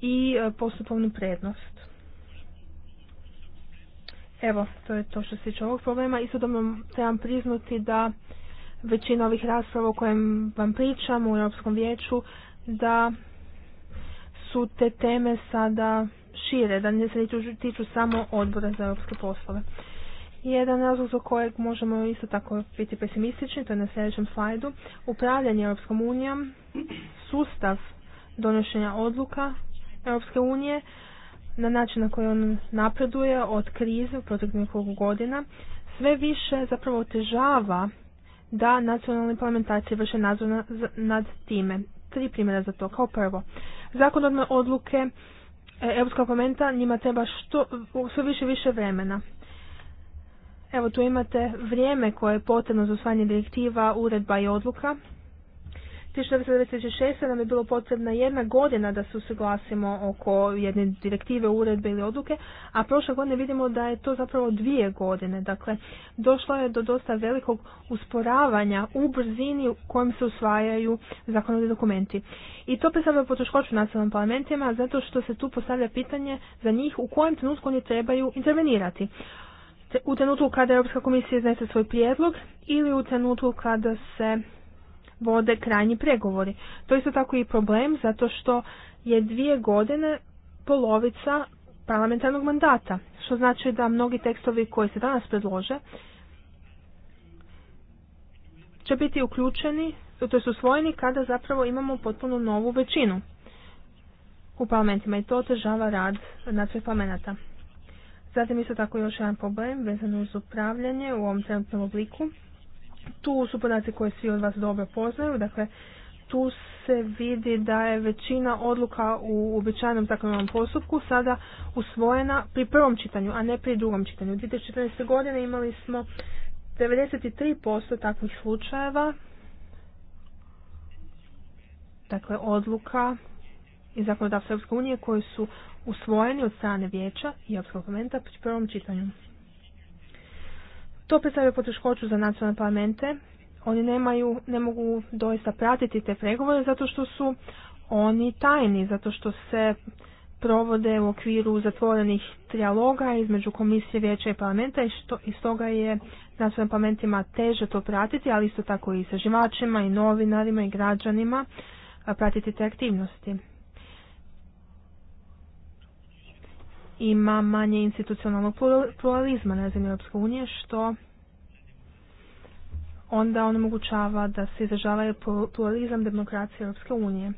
i e, postupovnu prednost. Evo, to je to što se tiče ovog problema. Istodobno trebam priznati da većina ovih rasprava o kojem vam pričam u Europskom vijeću da su te teme sada šire, da ne se tiču samo odbora za europske poslove. Jedan razlog za kojeg možemo isto tako biti pesimistični, to je na sljedećem slajdu, upravljanje Europskom unijom, sustav donošenja odluka Europske unije, na način na koji on napreduje od krize u proteklih nekoliko godina, sve više zapravo otežava da nacionalne implementacije vrše nadzor nad time. Tri primjera za to. Kao prvo, zakonodne odluke E, Europska parlamenta njima treba što, sve više više vremena. Evo tu imate vrijeme koje je potrebno za usvajanje direktiva, uredba i odluka 1996. nam je bilo potrebna jedna godina da se usuglasimo oko jedne direktive, uredbe ili odluke, a prošle godine vidimo da je to zapravo dvije godine. Dakle, došlo je do dosta velikog usporavanja u brzini u kojem se usvajaju zakonodavni dokumenti. I to predstavlja poteškoću nacionalnim parlamentima zato što se tu postavlja pitanje za njih u kojem trenutku oni trebaju intervenirati u trenutku kada Europska komisija iznese svoj prijedlog ili u trenutku kada se vode krajnji pregovori. To je isto tako i problem zato što je dvije godine polovica parlamentarnog mandata, što znači da mnogi tekstovi koji se danas predlože će biti uključeni, to su usvojeni kada zapravo imamo potpuno novu većinu u parlamentima i to otežava rad nacionalnih parlamenta. Zatim isto tako još jedan problem vezan uz upravljanje u ovom trenutnom obliku. Tu su podaci koje svi od vas dobro poznaju, dakle tu se vidi da je većina odluka u uobičajenom zakonodavnom postupku sada usvojena pri prvom čitanju, a ne pri drugom čitanju. U 2014. godine imali smo 93% takvih slučajeva, dakle odluka i zakonodavstva Europske unije koji su usvojeni od strane vijeća i Europskog parlamenta pri prvom čitanju. To predstavlja poteškoću za nacionalne parlamente. Oni nemaju, ne mogu doista pratiti te pregovore zato što su oni tajni, zato što se provode u okviru zatvorenih trijaloga između komisije vijeća i parlamenta i što iz toga je nacionalnim parlamentima teže to pratiti, ali isto tako i živačima i novinarima i građanima pratiti te aktivnosti. ima manje institucionalnog pluralizma na zemlji Europske unije, što onda on omogućava da se izražava pluralizam demokracije Europske unije.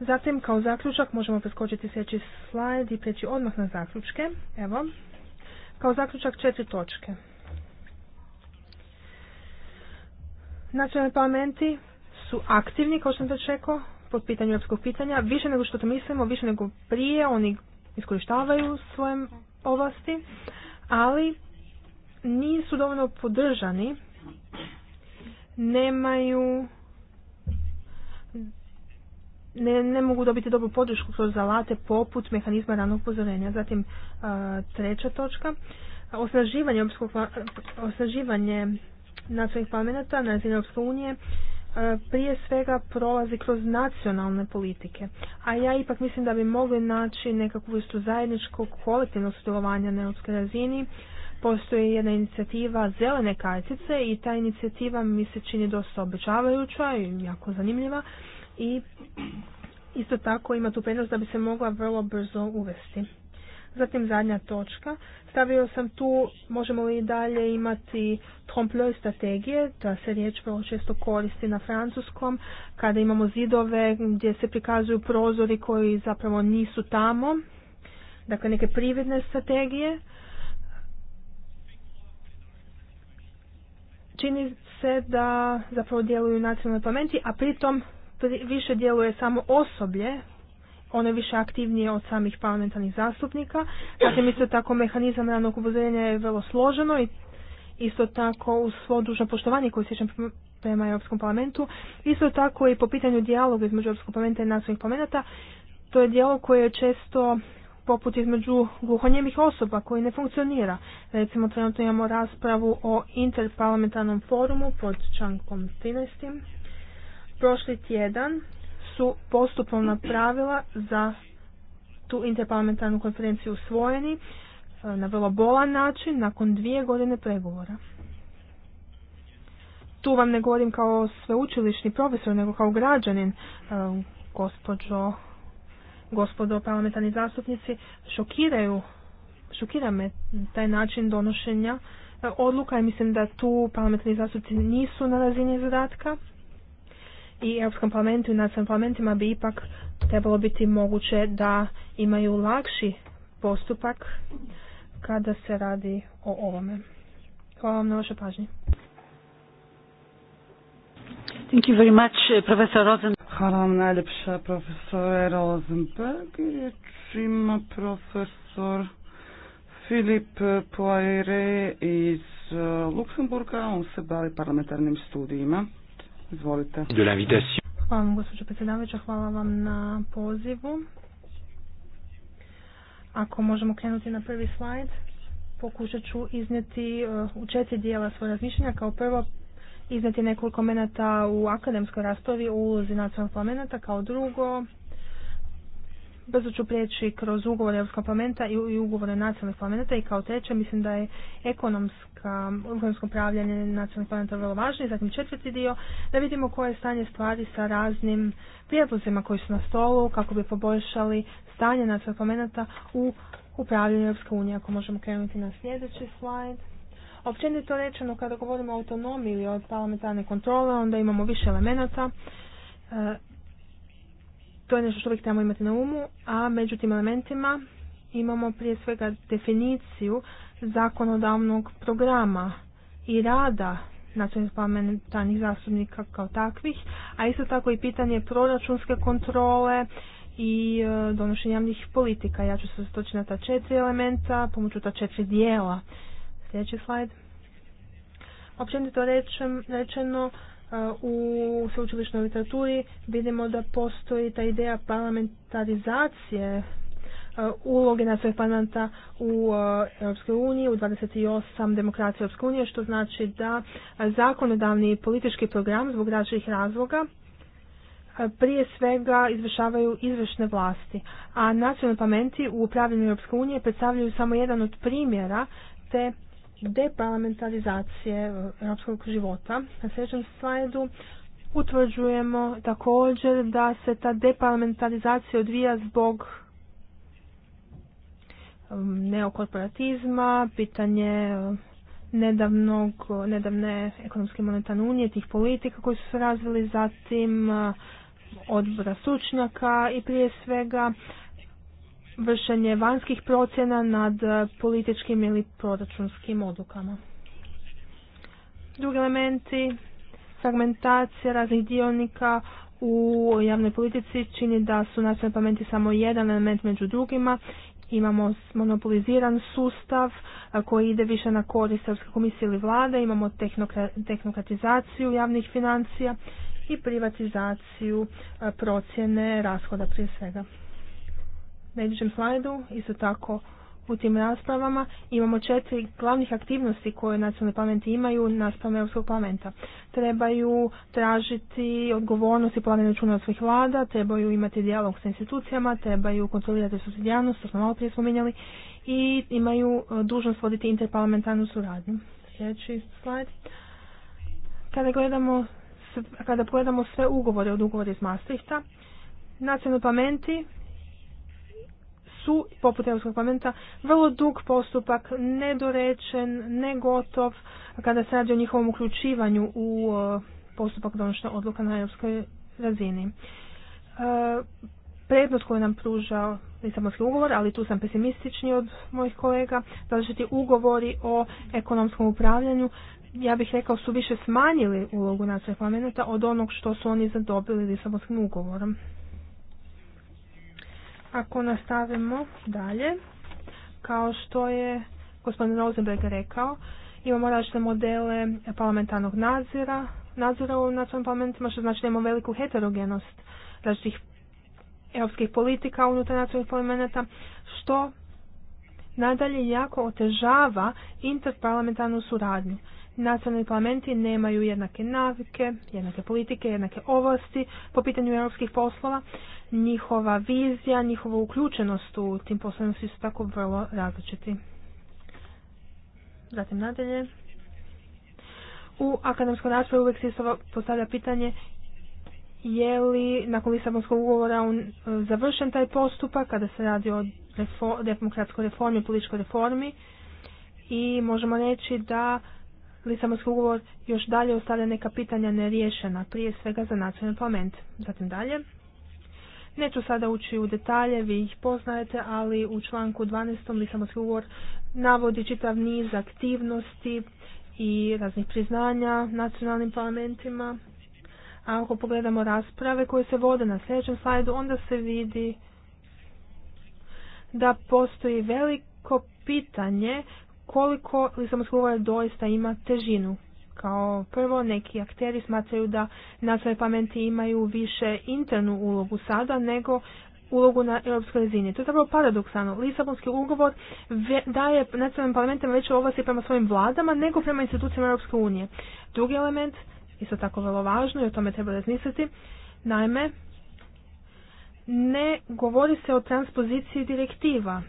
Zatim, kao zaključak, možemo preskočiti sljedeći slajd i preći odmah na zaključke. Evo, kao zaključak četiri točke. Nacionalni parlamenti su aktivni, kao što sam već čekao, po pitanju europskog pitanja, više nego što to mislimo, više nego prije, oni iskorištavaju svoje ovlasti, ali nisu dovoljno podržani, nemaju ne, ne mogu dobiti dobru podršku kroz alate poput mehanizma ranog upozorenja. Zatim e, treća točka, osnaživanje, osnaživanje nacionalnih parlamenta na razini Europske unije E, prije svega prolazi kroz nacionalne politike. A ja ipak mislim da bi mogli naći nekakvu vrstu zajedničkog kolektivnog sudjelovanja na europskoj razini. Postoji jedna inicijativa zelene kartice i ta inicijativa mi se čini dosta obećavajuća i jako zanimljiva i isto tako ima tu prednost da bi se mogla vrlo brzo uvesti. Zatim zadnja točka. Stavio sam tu, možemo li dalje imati trompleu strategije, ta se riječ vrlo često koristi na francuskom, kada imamo zidove gdje se prikazuju prozori koji zapravo nisu tamo, dakle neke prividne strategije. Čini se da zapravo djeluju nacionalni parlamenti, a pritom više djeluje samo osoblje one više aktivnije od samih parlamentarnih zastupnika. Zatim isto tako mehanizam ranog upozorenja je vrlo složeno i isto tako u svo dužno poštovanje koje sjećam prema Europskom parlamentu, isto tako i po pitanju dijaloga između Europskog parlamenta i nacionalnih parlamenta, to je dijalog koji je često poput između gluhonjemih osoba koji ne funkcionira. Recimo trenutno imamo raspravu o interparlamentarnom forumu pod člankom 13. Prošli tjedan su postupovna pravila za tu interparlamentarnu konferenciju usvojeni e, na vrlo bolan način nakon dvije godine pregovora. Tu vam ne govorim kao sveučilišni profesor, nego kao građanin, e, gospođo, gospodo parlamentarni zastupnici, šokiraju, šokira me taj način donošenja e, odluka i mislim da tu parlamentarni zastupnici nisu na razini zadatka i Europskom parlamentu i nacionalnim parlamentima bi ipak trebalo biti moguće da imaju lakši postupak kada se radi o ovome. Hvala vam na vašoj pažnji. Thank you very eh, profesor Hvala vam najljepša, profesore Rosenberg. ima profesor Filip Poire iz eh, Luksemburga. On se bavi parlamentarnim studijima. Izvolite. Hvala vam, gospođo predsjedavajuća, hvala vam na pozivu. Ako možemo krenuti na prvi slajd, pokušat ću iznijeti uh, u četiri dijela svoje razmišljenja. Kao prvo, iznijeti nekoliko menata u akademskoj raspravi u ulozi nacionalnog parlamenta. Kao drugo, brzo ću prijeći kroz ugovore Europskog parlamenta i ugovore nacionalnih parlamenta i kao treće mislim da je ekonomska politika, ekonomsko upravljanje nacionalnih planeta vrlo važno. I zatim četvrti dio, da vidimo koje je stanje stvari sa raznim prijedlozima koji su na stolu, kako bi poboljšali stanje nacionalnih planeta u upravljanju Europske unije. Ako možemo krenuti na sljedeći slajd. Općenito rečeno, kada govorimo o autonomiji ili od parlamentarne kontrole, onda imamo više elemenata. E, to je nešto što uvijek trebamo imati na umu, a među tim elementima imamo prije svega definiciju zakonodavnog programa i rada nacionalnih parlamentarnih zastupnika kao takvih, a isto tako i pitanje proračunske kontrole i e, donošenja javnih politika. Ja ću se stoći na ta četiri elementa pomoću ta četiri dijela. Sljedeći slajd. Općenito rečeno, e, u sveučilišnoj literaturi vidimo da postoji ta ideja parlamentarizacije E, uloge nacionalnih parlamenta u e, Europskoj uniji, u 28 demokracije Europske unije, što znači da zakonodavni politički program zbog različitih razloga e, prije svega izvršavaju izvršne vlasti, a nacionalni parlamenti u upravljanju Europske unije predstavljaju samo jedan od primjera te deparlamentarizacije europskog života. Na sljedećem slajdu utvrđujemo također da se ta deparlamentarizacija odvija zbog Um, neokorporatizma, pitanje uh, nedavnog, nedavne ekonomske monetarne unije, tih politika koji su se razvili, zatim uh, odbora stručnjaka i prije svega vršenje vanjskih procjena nad političkim ili proračunskim odlukama. Drugi elementi, fragmentacija raznih dionika u javnoj politici čini da su nacionalni pamenti samo jedan element među drugima Imamo monopoliziran sustav koji ide više na korist Europske komisije ili vlade, imamo tehnokratizaciju javnih financija i privatizaciju procjene rashoda prije svega. Na idućem slajdu isto tako u tim raspravama imamo četiri glavnih aktivnosti koje nacionalni parlamenti imaju naspram Europskog parlamenta. Trebaju tražiti odgovornost i planiranje računa od svojih vlada, trebaju imati dijalog sa institucijama, trebaju kontrolirati subsidijarnost, to smo malo prije spominjali, i imaju e, dužnost voditi interparlamentarnu suradnju. Sljedeći slajd. Kada gledamo kada pogledamo sve ugovore od ugovora iz Maastrichta, nacionalni parlamenti su, poput Europskog parlamenta, vrlo dug postupak, nedorečen, negotov, kada se radi o njihovom uključivanju u uh, postupak donošenja odluka na europskoj razini. Uh, prednost koju nam pruža Lisabonski ugovor, ali tu sam pesimistični od mojih kolega, različiti ugovori o ekonomskom upravljanju, ja bih rekao su više smanjili ulogu nacionalnih parlamenta od onog što su oni zadobili Lisabonskim ugovorom. Ako nastavimo dalje, kao što je gospodin Rosenberg rekao, imamo različite modele parlamentarnog nadzira, nadzora u nacionalnim parlamentima, što znači da imamo veliku heterogenost različitih europskih politika unutar nacionalnih parlamenta, što nadalje jako otežava interparlamentarnu suradnju nacionalni parlamenti nemaju jednake navike, jednake politike, jednake ovlasti po pitanju europskih poslova. Njihova vizija, njihova uključenost u tim poslovima svi su tako vrlo različiti. Zatim nadalje. U akademskoj raspravi uvijek se postavlja pitanje je li nakon Lisabonskog ugovora e, završen taj postupak kada se radi o demokratskoj reformi, političkoj reformi i možemo reći da Lisabonski ugovor još dalje ostavlja neka pitanja neriješena, prije svega za nacionalni parlament. Zatim dalje. Neću sada ući u detalje, vi ih poznajete, ali u članku 12. Lisabonski ugovor navodi čitav niz aktivnosti i raznih priznanja nacionalnim parlamentima. A ako pogledamo rasprave koje se vode na sljedećem slajdu, onda se vidi da postoji veliko pitanje koliko Lisabonski ugovora doista ima težinu. Kao prvo, neki akteri smatraju da nacionalni parlamenti imaju više internu ulogu sada nego ulogu na europskoj razini. To je zapravo paradoksalno. Lisabonski ugovor daje nacionalnim parlamentima veće ovlasti prema svojim vladama nego prema institucijama Europske unije. Drugi element, isto tako vrlo važno i o tome treba razmisliti, naime, ne govori se o transpoziciji direktiva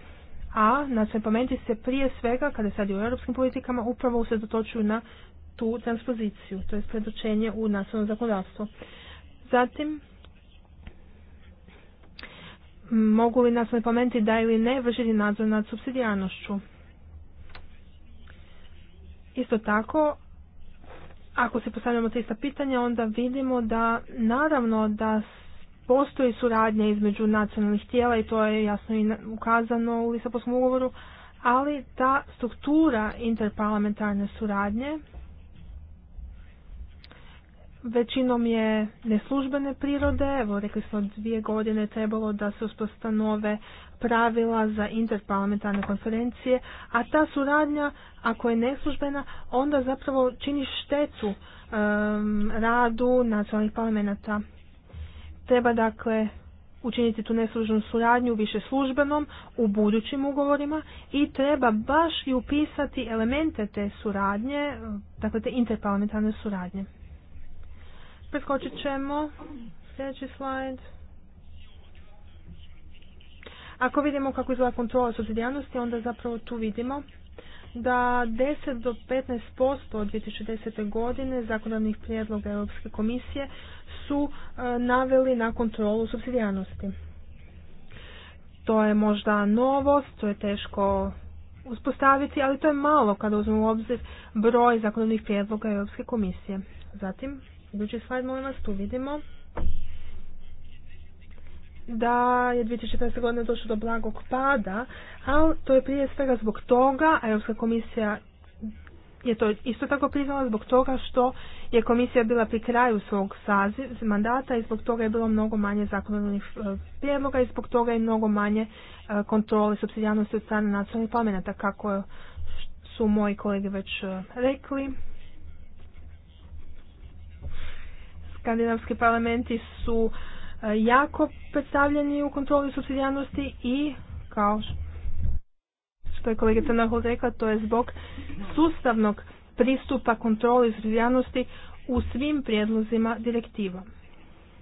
a nacionalni parlamenti se prije svega, kada se radi o europskim politikama, upravo usredotočuju na tu transpoziciju, to je predočenje u nacionalno zakonodavstvo. Zatim, mogu li nacionalni parlamenti da ili ne vršiti nadzor nad subsidijarnošću? Isto tako, ako se postavljamo te ista pitanja, onda vidimo da naravno da postoji suradnja između nacionalnih tijela i to je jasno i ukazano u Lisabonskom ugovoru, ali ta struktura interparlamentarne suradnje većinom je neslužbene prirode. Evo, rekli smo dvije godine trebalo da se uspostanove pravila za interparlamentarne konferencije, a ta suradnja, ako je neslužbena, onda zapravo čini štetu um, radu nacionalnih parlamenta Treba dakle učiniti tu neslužnu suradnju više službenom u budućim ugovorima i treba baš i upisati elemente te suradnje, dakle te interparlamentarne suradnje. Preskočit ćemo sljedeći slajd. Ako vidimo kako izgleda kontrola subsidijarnosti, onda zapravo tu vidimo da 10 do 15% od 2010. godine zakonodavnih prijedloga Europske komisije su e, naveli na kontrolu subsidijarnosti. To je možda novost, to je teško uspostaviti, ali to je malo kada uzmemo u obzir broj zakonodavnih prijedloga Europske komisije. Zatim, idući slajd molim vas, tu vidimo da je 2014. godine došlo do blagog pada, ali to je prije svega zbog toga, a Europska komisija je to isto tako priznala zbog toga što je komisija bila pri kraju svog saziv, mandata i zbog toga je bilo mnogo manje zakonodavnih e, prijedloga i zbog toga je mnogo manje e, kontrole subsidijalnosti od strane nacionalnih pamenata, kako su moji kolege već e, rekli. Skandinavski parlamenti su E, jako predstavljeni u kontroli subsidijarnosti i kao što je kolegica Nahol rekla, to je zbog sustavnog pristupa kontroli subsidijarnosti u svim prijedlozima direktiva.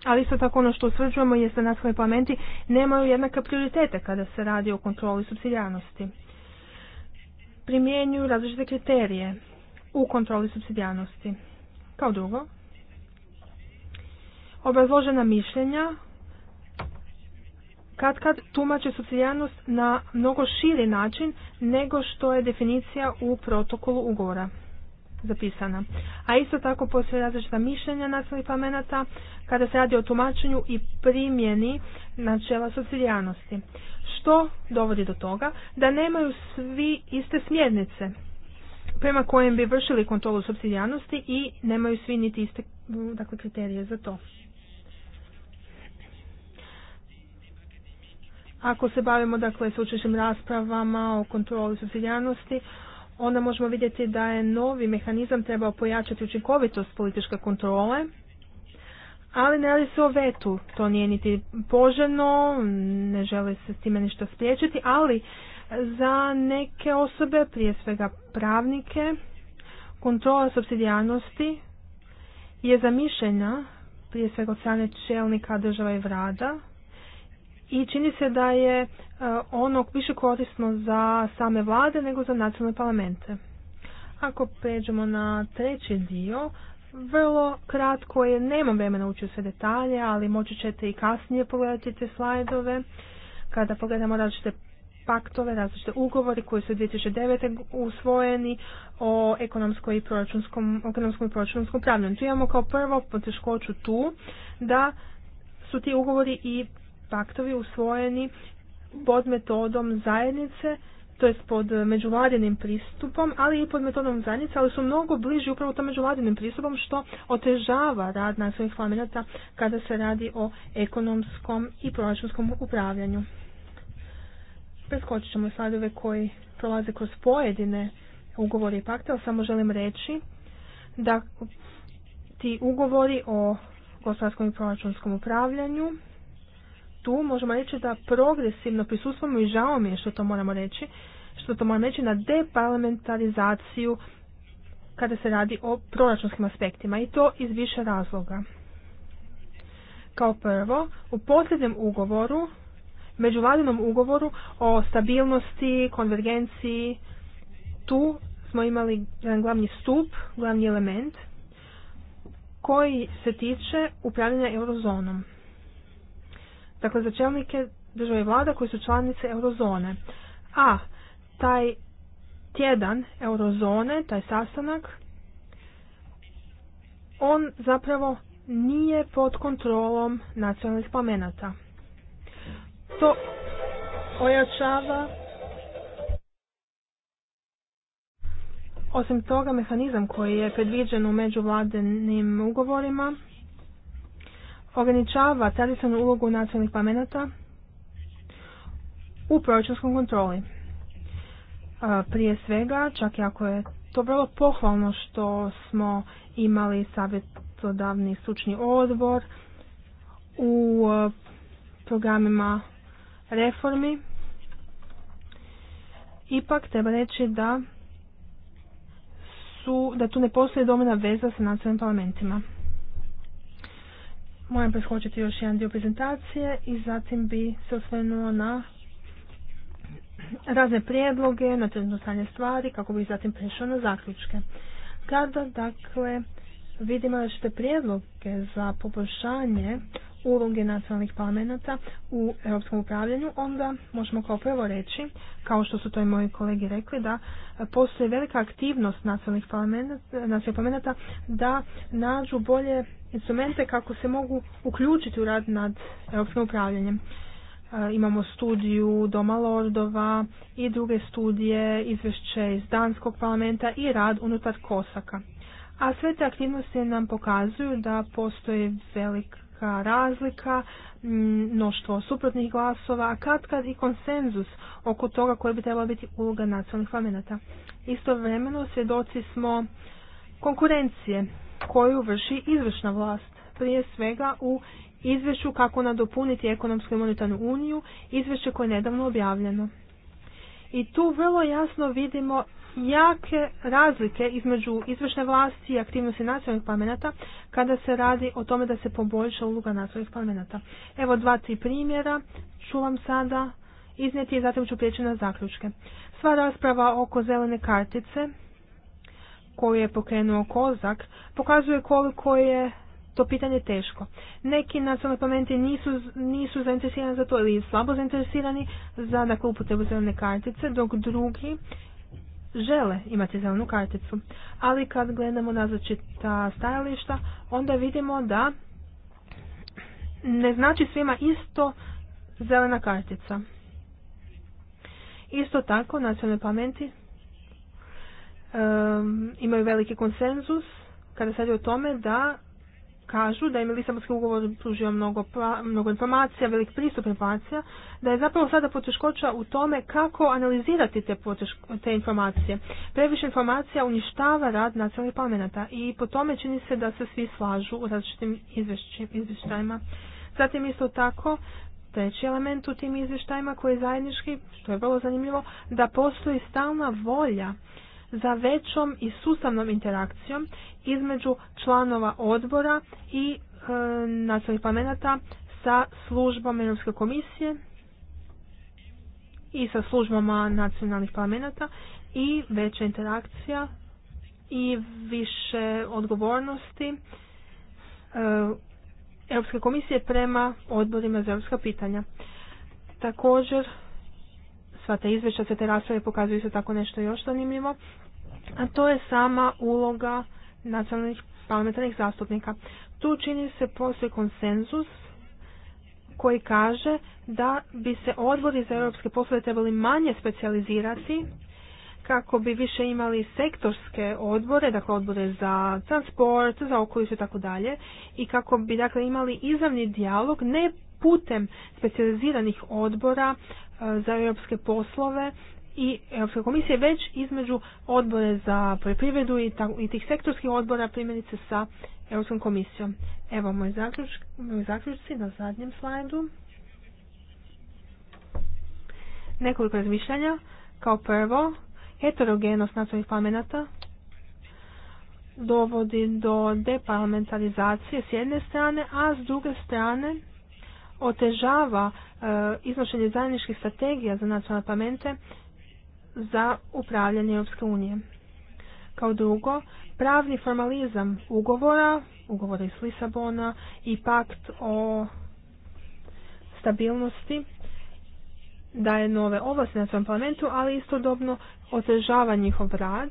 Ali isto tako ono što usvrđujemo je da nacionalni parlamenti nemaju jednaka prioritete kada se radi o kontroli subsidijarnosti. Primjenjuju različite kriterije u kontroli subsidijarnosti. Kao drugo, obrazložena mišljenja kad kad tumače socijalnost na mnogo širi način nego što je definicija u protokolu ugovora zapisana. A isto tako postoje različita mišljenja nacionalnih pamenata kada se radi o tumačenju i primjeni načela socijalnosti. Što dovodi do toga da nemaju svi iste smjernice prema kojem bi vršili kontrolu subsidijanosti i nemaju svi niti iste dakle, kriterije za to. Ako se bavimo dakle s učešnjim raspravama o kontroli subsidijarnosti, onda možemo vidjeti da je novi mehanizam trebao pojačati učinkovitost političke kontrole, ali ne li se o vetu, to nije niti poželjno, ne žele se s time ništa spriječiti, ali za neke osobe, prije svega pravnike, kontrola subsidijarnosti je zamišljena prije svega od strane čelnika država i vlada i čini se da je e, ono više korisno za same vlade nego za nacionalne parlamente. Ako pređemo na treći dio, vrlo kratko je, nemam vremena ući u sve detalje, ali moći ćete i kasnije pogledati te slajdove. Kada pogledamo različite paktove, različite ugovori koji su 2009. usvojeni o i proračunskom, ekonomskom i proračunskom pravnom. Tu imamo kao prvo poteškoću tu da su ti ugovori i paktovi usvojeni pod metodom zajednice, to jest pod međuvladinim pristupom, ali i pod metodom zajednice, ali su mnogo bliži upravo tom međuvladinim pristupom što otežava rad nacionalnih parlamenta kada se radi o ekonomskom i proračunskom upravljanju. Preskočit ćemo sladove koji prolaze kroz pojedine ugovori i pakte, ali samo želim reći da ti ugovori o gospodarskom i proračunskom upravljanju tu možemo reći da progresivno prisustvamo i žao mi je što to moramo reći, što to moramo reći na deparlamentarizaciju kada se radi o proračunskim aspektima i to iz više razloga. Kao prvo, u posljednjem ugovoru, međuvladinom ugovoru o stabilnosti, konvergenciji, tu smo imali jedan glavni stup, glavni element koji se tiče upravljanja eurozonom dakle za čelnike države vlada koji su članice eurozone. A taj tjedan eurozone, taj sastanak, on zapravo nije pod kontrolom nacionalnih pomenata To ojačava Osim toga, mehanizam koji je predviđen u međuvladenim ugovorima ograničava tradicionalnu ulogu nacionalnih pamenata u proračunskom kontroli. Prije svega, čak i ako je to vrlo pohvalno što smo imali savjetodavni stručni odbor u programima reformi, ipak treba reći da su, da tu ne postoji domena veza sa nacionalnim parlamentima. Moram preskočiti još jedan dio prezentacije i zatim bi se osvrnuo na razne prijedloge, na trenutno stanje stvari, kako bi zatim prešao na zaključke. Kada, dakle, vidimo ćete prijedloge za poboljšanje uloge nacionalnih parlamenta u europskom upravljanju, onda možemo kao prvo reći, kao što su to i moji kolegi rekli, da postoje velika aktivnost nacionalnih parlamenta da nađu bolje instrumente kako se mogu uključiti u rad nad europskim upravljanjem. E, imamo studiju Doma Lordova i druge studije, izvješće iz Danskog parlamenta i rad unutar Kosaka. A sve te aktivnosti nam pokazuju da postoji velik velika razlika, mm, mnoštvo suprotnih glasova, a kad kad i konsenzus oko toga koja bi trebala biti uloga nacionalnih parlamenta. Istovremeno svjedoci smo konkurencije koju vrši izvršna vlast, prije svega u izvješću kako nadopuniti ekonomsku i monetarnu uniju, izvješće koje je nedavno objavljeno. I tu vrlo jasno vidimo jake razlike između izvršne vlasti i aktivnosti nacionalnih parlamenta kada se radi o tome da se poboljša uloga nacionalnih parlamenta. Evo dva, tri primjera ću vam sada iznijeti i zatim ću prijeći na zaključke. Sva rasprava oko zelene kartice koju je pokrenuo Kozak pokazuje koliko je to pitanje teško. Neki nacionalni parlamenti nisu, nisu zainteresirani za to ili slabo zainteresirani za dakle, upotrebu zelene kartice, dok drugi žele imati zelenu karticu. Ali kad gledamo ta stajališta, onda vidimo da ne znači svima isto zelena kartica. Isto tako, nacionalni parlamenti imaju veliki konsenzus kada se radi o tome da kažu da im Lisabonski ugovor pružio mnogo, pa, mnogo informacija, velik pristup informacija, da je zapravo sada poteškoća u tome kako analizirati te, te informacije. Previše informacija uništava rad nacionalnih parlamenta i po tome čini se da se svi slažu u različitim izvještajima. Zatim isto tako, treći element u tim izvještajima koji je zajednički, što je vrlo zanimljivo, da postoji stalna volja za većom i sustavnom interakcijom između članova odbora i e, nacionalnih parlamenta sa službom Europske komisije i sa službama nacionalnih parlamenta i veća interakcija i više odgovornosti e, Europske komisije prema odborima za europska pitanja. Također sva ta izvješća, sve te rasprave pokazuju se tako nešto još zanimljivo, a to je sama uloga nacionalnih parlamentarnih zastupnika. Tu čini se poslije konsenzus koji kaže da bi se odbori za europske poslove trebali manje specijalizirati kako bi više imali sektorske odbore, dakle odbore za transport, za okoliš i tako dalje i kako bi dakle imali izravni dijalog ne putem specijaliziranih odbora E, za europske poslove i Europske komisije već između odbore za poljoprivredu i, i tih sektorskih odbora primjerice sa Europskom komisijom. Evo moj zaključci, moj zaključci na zadnjem slajdu. Nekoliko razmišljanja. Kao prvo, heterogenost nacionalnih parlamenta dovodi do deparlamentarizacije s jedne strane, a s druge strane otežava e, iznošenje zajedničkih strategija za nacionalne parlamente za upravljanje Europske unije. Kao drugo, pravni formalizam ugovora, ugovora iz Lisabona i pakt o stabilnosti daje nove ovlasti na parlamentu, ali istodobno otežava njihov rad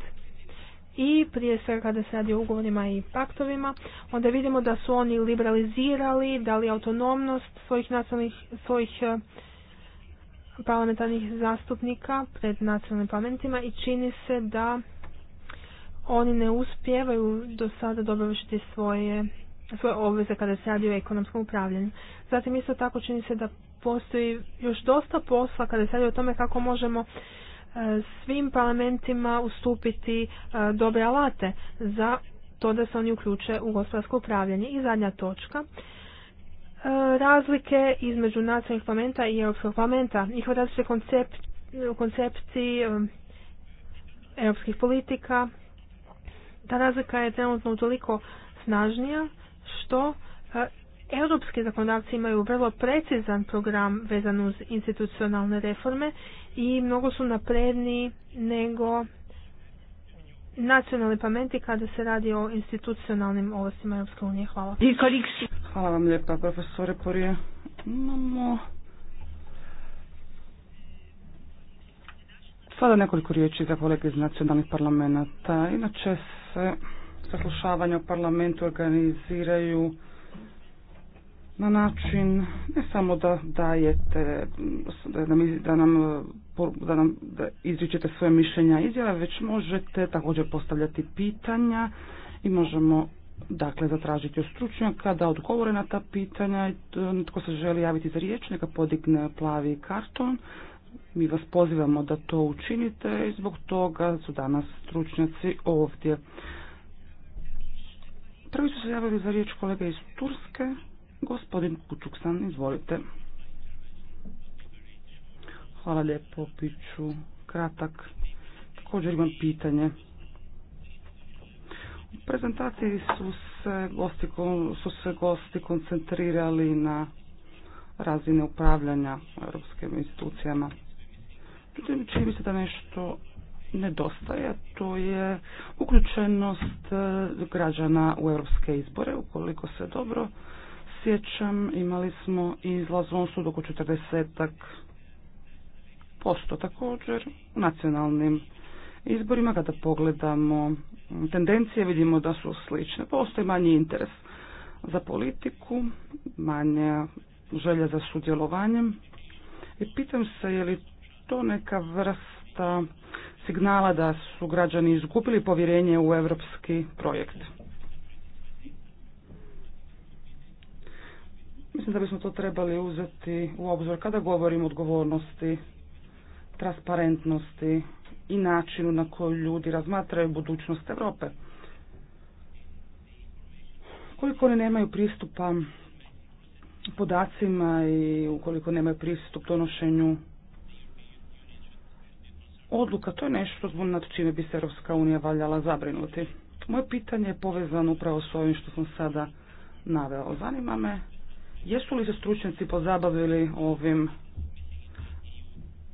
i prije svega kada se radi o ugovorima i paktovima, onda vidimo da su oni liberalizirali, dali autonomnost svojih nacionalnih, svojih eh, parlamentarnih zastupnika pred nacionalnim parlamentima i čini se da oni ne uspijevaju do sada dobro svoje, svoje obveze kada se radi o ekonomskom upravljanju. Zatim isto tako čini se da postoji još dosta posla kada se radi o tome kako možemo E, svim parlamentima ustupiti e, dobre alate za to da se oni uključe u gospodarsko upravljanje. I zadnja točka. E, razlike između nacionalnih parlamenta i Europskog parlamenta, njihova različite koncept, koncepciji europskih politika. Ta razlika je trenutno toliko snažnija što Europski zakonodavci imaju vrlo precizan program vezan uz institucionalne reforme i mnogo su napredniji nego nacionalni pamenti kada se radi o institucionalnim ovlastima Europske unije. Hvala. Hvala vam lijepa, profesore Porije. Imamo sada nekoliko riječi za kolege iz nacionalnih parlamenta. Inače se saslušavanja u parlamentu organiziraju na način ne samo da dajete, da nam, da nam, da nam izričete svoje mišljenja izjave, već možete također postavljati pitanja i možemo dakle zatražiti od stručnjaka da odgovore na ta pitanja. tko se želi javiti za riječ, neka podigne plavi karton. Mi vas pozivamo da to učinite i zbog toga su danas stručnjaci ovdje. Prvi su se javili za riječ kolega iz Turske. Gospodin Kučuksan, izvolite. Hvala lijepo, piću kratak. Također imam pitanje. U prezentaciji su se gosti, su se gosti koncentrirali na razine upravljanja europskim institucijama. Međutim, čini mi se da nešto nedostaje, to je uključenost eh, građana u europske izbore, ukoliko se dobro sjećam, imali smo izlaz u sud oko 40 posto također u nacionalnim izborima. Kada pogledamo tendencije vidimo da su slične. Postoji manji interes za politiku, manja želja za sudjelovanjem. I pitam se je li to neka vrsta signala da su građani izgubili povjerenje u europski projekt. Mislim da bismo to trebali uzeti u obzor kada govorimo o odgovornosti, transparentnosti i načinu na koji ljudi razmatraju budućnost Europe. Koliko oni nemaju pristupa podacima i ukoliko nemaju pristup donošenju odluka, to je nešto zbog nad čime bi se Europska unija valjala zabrinuti. Moje pitanje je povezano upravo s ovim što sam sada naveo. Zanima me Jesu li se stručnjaci pozabavili ovim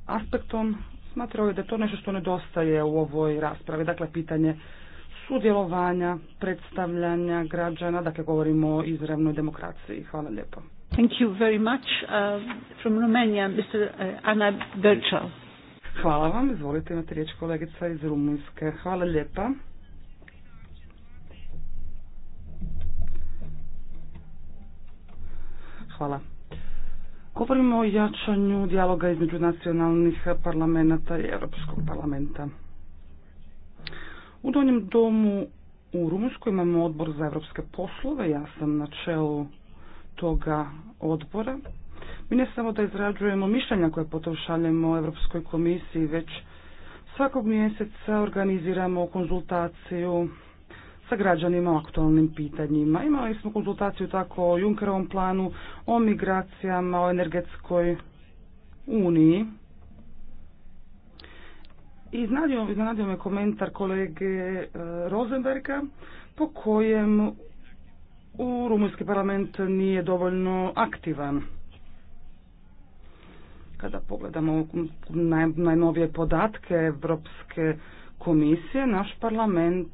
aspektom? Smatrao da je to nešto što nedostaje u ovoj raspravi. Dakle, pitanje sudjelovanja, predstavljanja građana, dakle govorimo o izravnoj demokraciji. Hvala lijepo. Thank you very much. Uh, from Romania, Mr. Uh, Hvala vam, izvolite imate riječ kolegica iz Rumunjske. Hvala lijepa. Hvala. Govorimo o jačanju dijaloga između nacionalnih parlamenta i Europskog parlamenta. U Donjem domu u Rumunjskoj imamo odbor za evropske poslove, ja sam na čelu toga odbora. Mi ne samo da izrađujemo mišljenja koje potom šaljemo Europskoj komisiji, već svakog mjeseca organiziramo konzultaciju sa građanima o aktualnim pitanjima. Imali smo konzultaciju tako o Junkerovom planu, o migracijama, o energetskoj uniji. I iznenadio me komentar kolege e, Rosenberga po kojem u rumunjski parlament nije dovoljno aktivan. Kada pogledamo najnovije podatke Evropske komisije, naš parlament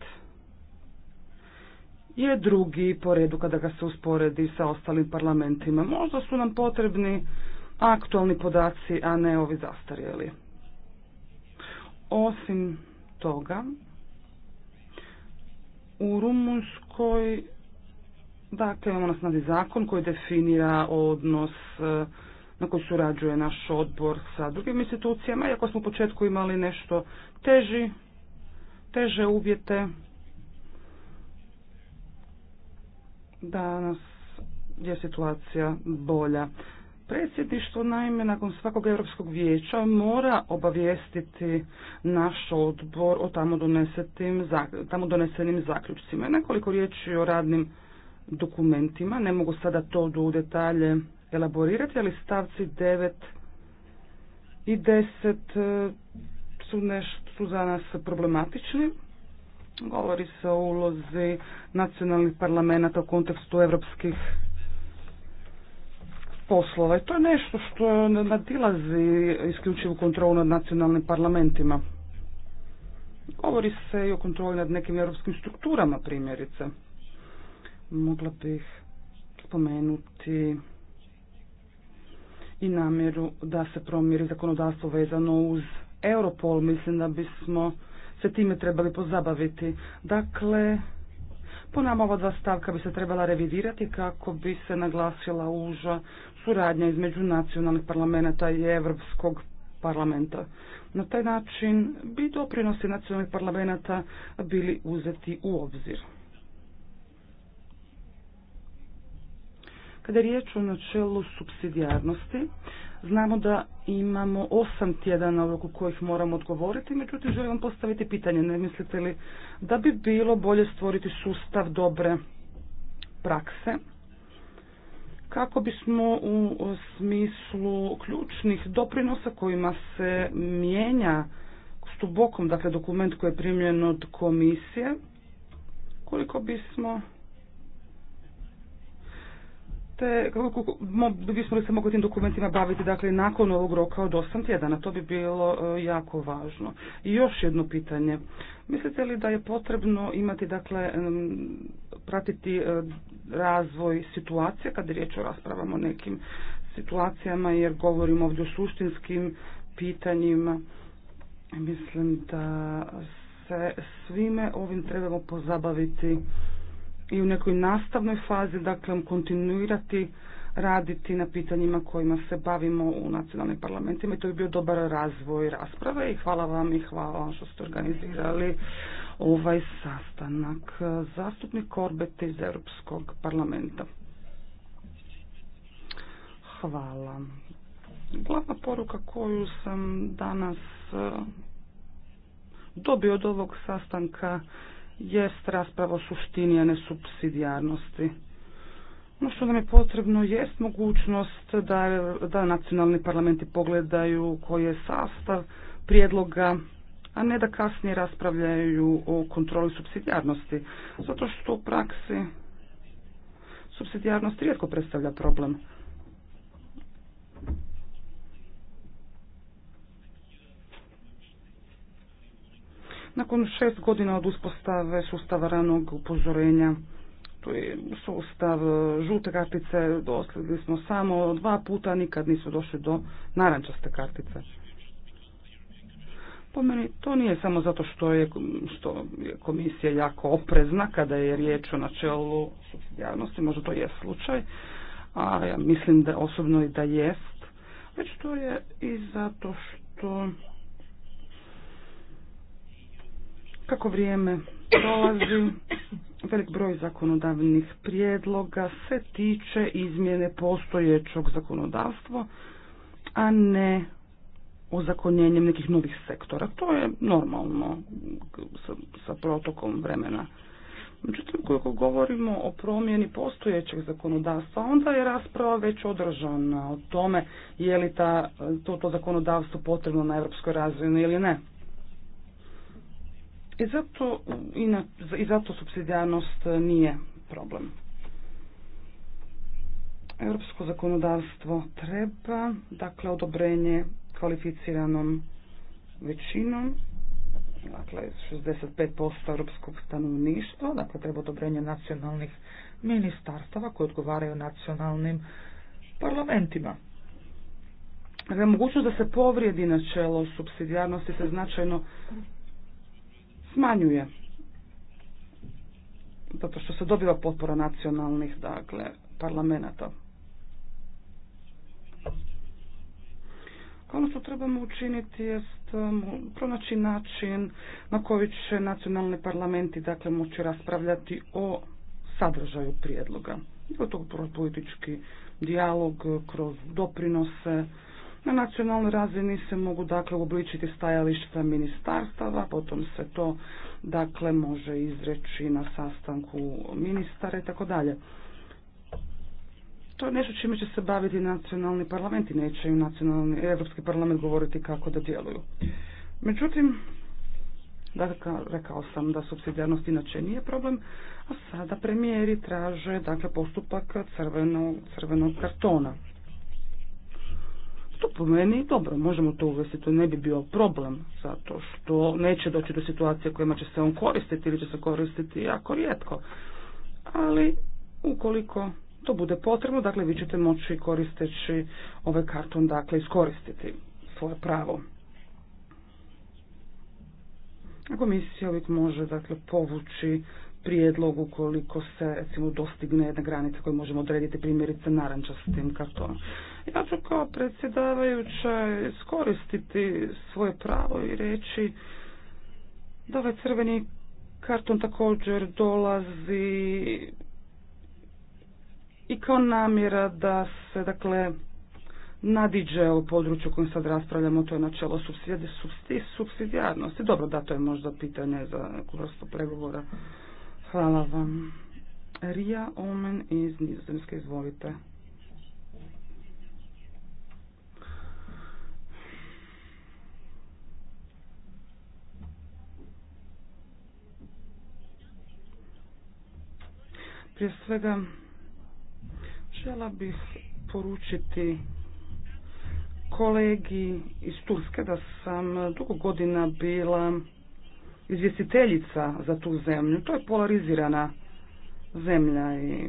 je drugi po redu kada ga se usporedi sa ostalim parlamentima. Možda su nam potrebni aktualni podaci, a ne ovi zastarjeli. Osim toga, u Rumunskoj dakle, imamo na snazi zakon koji definira odnos na koji surađuje naš odbor sa drugim institucijama, iako smo u početku imali nešto teži, teže uvjete, danas je situacija bolja. Predsjedništvo naime nakon svakog Europskog vijeća mora obavijestiti naš odbor o tamo, tamo donesenim zaključcima. Nekoliko riječi o radnim dokumentima, ne mogu sada to u detalje elaborirati, ali stavci 9 i 10 eh, su, nešto, su za nas problematični. Govori se o ulozi nacionalnih parlamenta u kontekstu evropskih poslova i to je nešto što nadilazi isključivu kontrolu nad nacionalnim parlamentima. Govori se i o kontroli nad nekim europskim strukturama primjerice. Mogla bih spomenuti i namjeru da se promjeri zakonodavstvo vezano uz Europol. Mislim da bismo se time trebali pozabaviti. Dakle, po nama ova dva stavka bi se trebala revidirati kako bi se naglasila uža suradnja između nacionalnih parlamenta i Europskog parlamenta. Na taj način bi doprinosi nacionalnih parlamenta bili uzeti u obzir. Kada je riječ o načelu subsidijarnosti, Znamo da imamo osam tjedana u kojih moramo odgovoriti, međutim želim vam postaviti pitanje, ne mislite li da bi bilo bolje stvoriti sustav dobre prakse kako bismo u smislu ključnih doprinosa kojima se mijenja stubokom, dakle dokument koji je primljen od komisije, koliko bismo te, kako bismo li se mogli tim dokumentima baviti dakle, nakon ovog roka od 8 tjedana, to bi bilo e, jako važno. I još jedno pitanje, mislite li da je potrebno imati, dakle, pratiti e, razvoj situacije kad je riječ o raspravama o nekim situacijama, jer govorimo ovdje o suštinskim pitanjima, mislim da se svime ovim trebamo pozabaviti i u nekoj nastavnoj fazi, dakle, kontinuirati raditi na pitanjima kojima se bavimo u nacionalnim parlamentima i to bi bio dobar razvoj rasprave i hvala vam i hvala vam što ste organizirali ovaj sastanak. Zastupnik Korbet iz Europskog parlamenta. Hvala. Glavna poruka koju sam danas eh, dobio od ovog sastanka jest rasprava o suštini, a ne subsidijarnosti. Ono što nam je potrebno jest mogućnost da, da nacionalni parlamenti pogledaju koji je sastav prijedloga, a ne da kasnije raspravljaju o kontroli subsidijarnosti. Zato što u praksi subsidijarnost rijetko predstavlja problem. nakon šest godina od uspostave sustava ranog upozorenja. To je sustav e, žute kartice, dosledili smo samo dva puta, nikad nisu došli do narančaste kartice. Po meni to nije samo zato što je, što komisija jako oprezna kada je riječ o načelu javnosti, možda to je slučaj, a ja mislim da osobno i da jest, već to je i zato što Kako vrijeme prolazi, velik broj zakonodavnih prijedloga se tiče izmjene postojećog zakonodavstva, a ne ozakonjenjem nekih novih sektora. To je normalno sa, sa protokom vremena. Međutim, koliko govorimo o promjeni postojećeg zakonodavstva, onda je rasprava već održana o tome je li ta, to, to zakonodavstvo potrebno na europskoj razini ili ne. I zato, i subsidijarnost nije problem. Europsko zakonodavstvo treba, dakle, odobrenje kvalificiranom većinom, dakle, 65% europskog stanovništva, dakle, treba odobrenje nacionalnih ministarstava koje odgovaraju nacionalnim parlamentima. Dakle, mogućnost da se povrijedi načelo subsidijarnosti se značajno smanjuje. Zato što se dobiva potpora nacionalnih dakle, parlamenta. Ono što trebamo učiniti jest um, pronaći način na koji će nacionalni parlamenti dakle, moći raspravljati o sadržaju prijedloga. I to kroz politički dijalog, kroz doprinose, na nacionalnoj razini se mogu dakle uobličiti stajališta ministarstava, potom se to dakle može izreći na sastanku ministara i tako dalje. To je nešto čime će se baviti nacionalni parlament i neće i nacionalni, evropski parlament govoriti kako da djeluju. Međutim, dakle, rekao sam da subsidijarnost inače nije problem, a sada premijeri traže dakle, postupak crvenog, crvenog kartona. To po meni dobro, možemo to uvesti, to ne bi bio problem, zato što neće doći do situacije kojima će se on koristiti ili će se koristiti jako rijetko. Ali ukoliko to bude potrebno, dakle vi ćete moći koristeći ovaj karton, dakle iskoristiti svoje pravo. komisija uvijek može dakle, povući prijedlog ukoliko se recimo dostigne jedna granica koju možemo odrediti primjerice narančastim kartonom. Ja ću kao predsjedavajuća iskoristiti svoje pravo i reći da ovaj crveni karton također dolazi i kao namjera da se dakle nadiđe u području kojim sad raspravljamo, to je načelo subsidijarnosti. Dobro, da, to je možda pitanje za neku vrstu pregovora. Hvala vam. Rija Omen iz Nizozemske, izvolite. Prije svega, žela bih poručiti kolegi iz Turske da sam dugo godina bila izvjestiteljica za tu zemlju. To je polarizirana zemlja i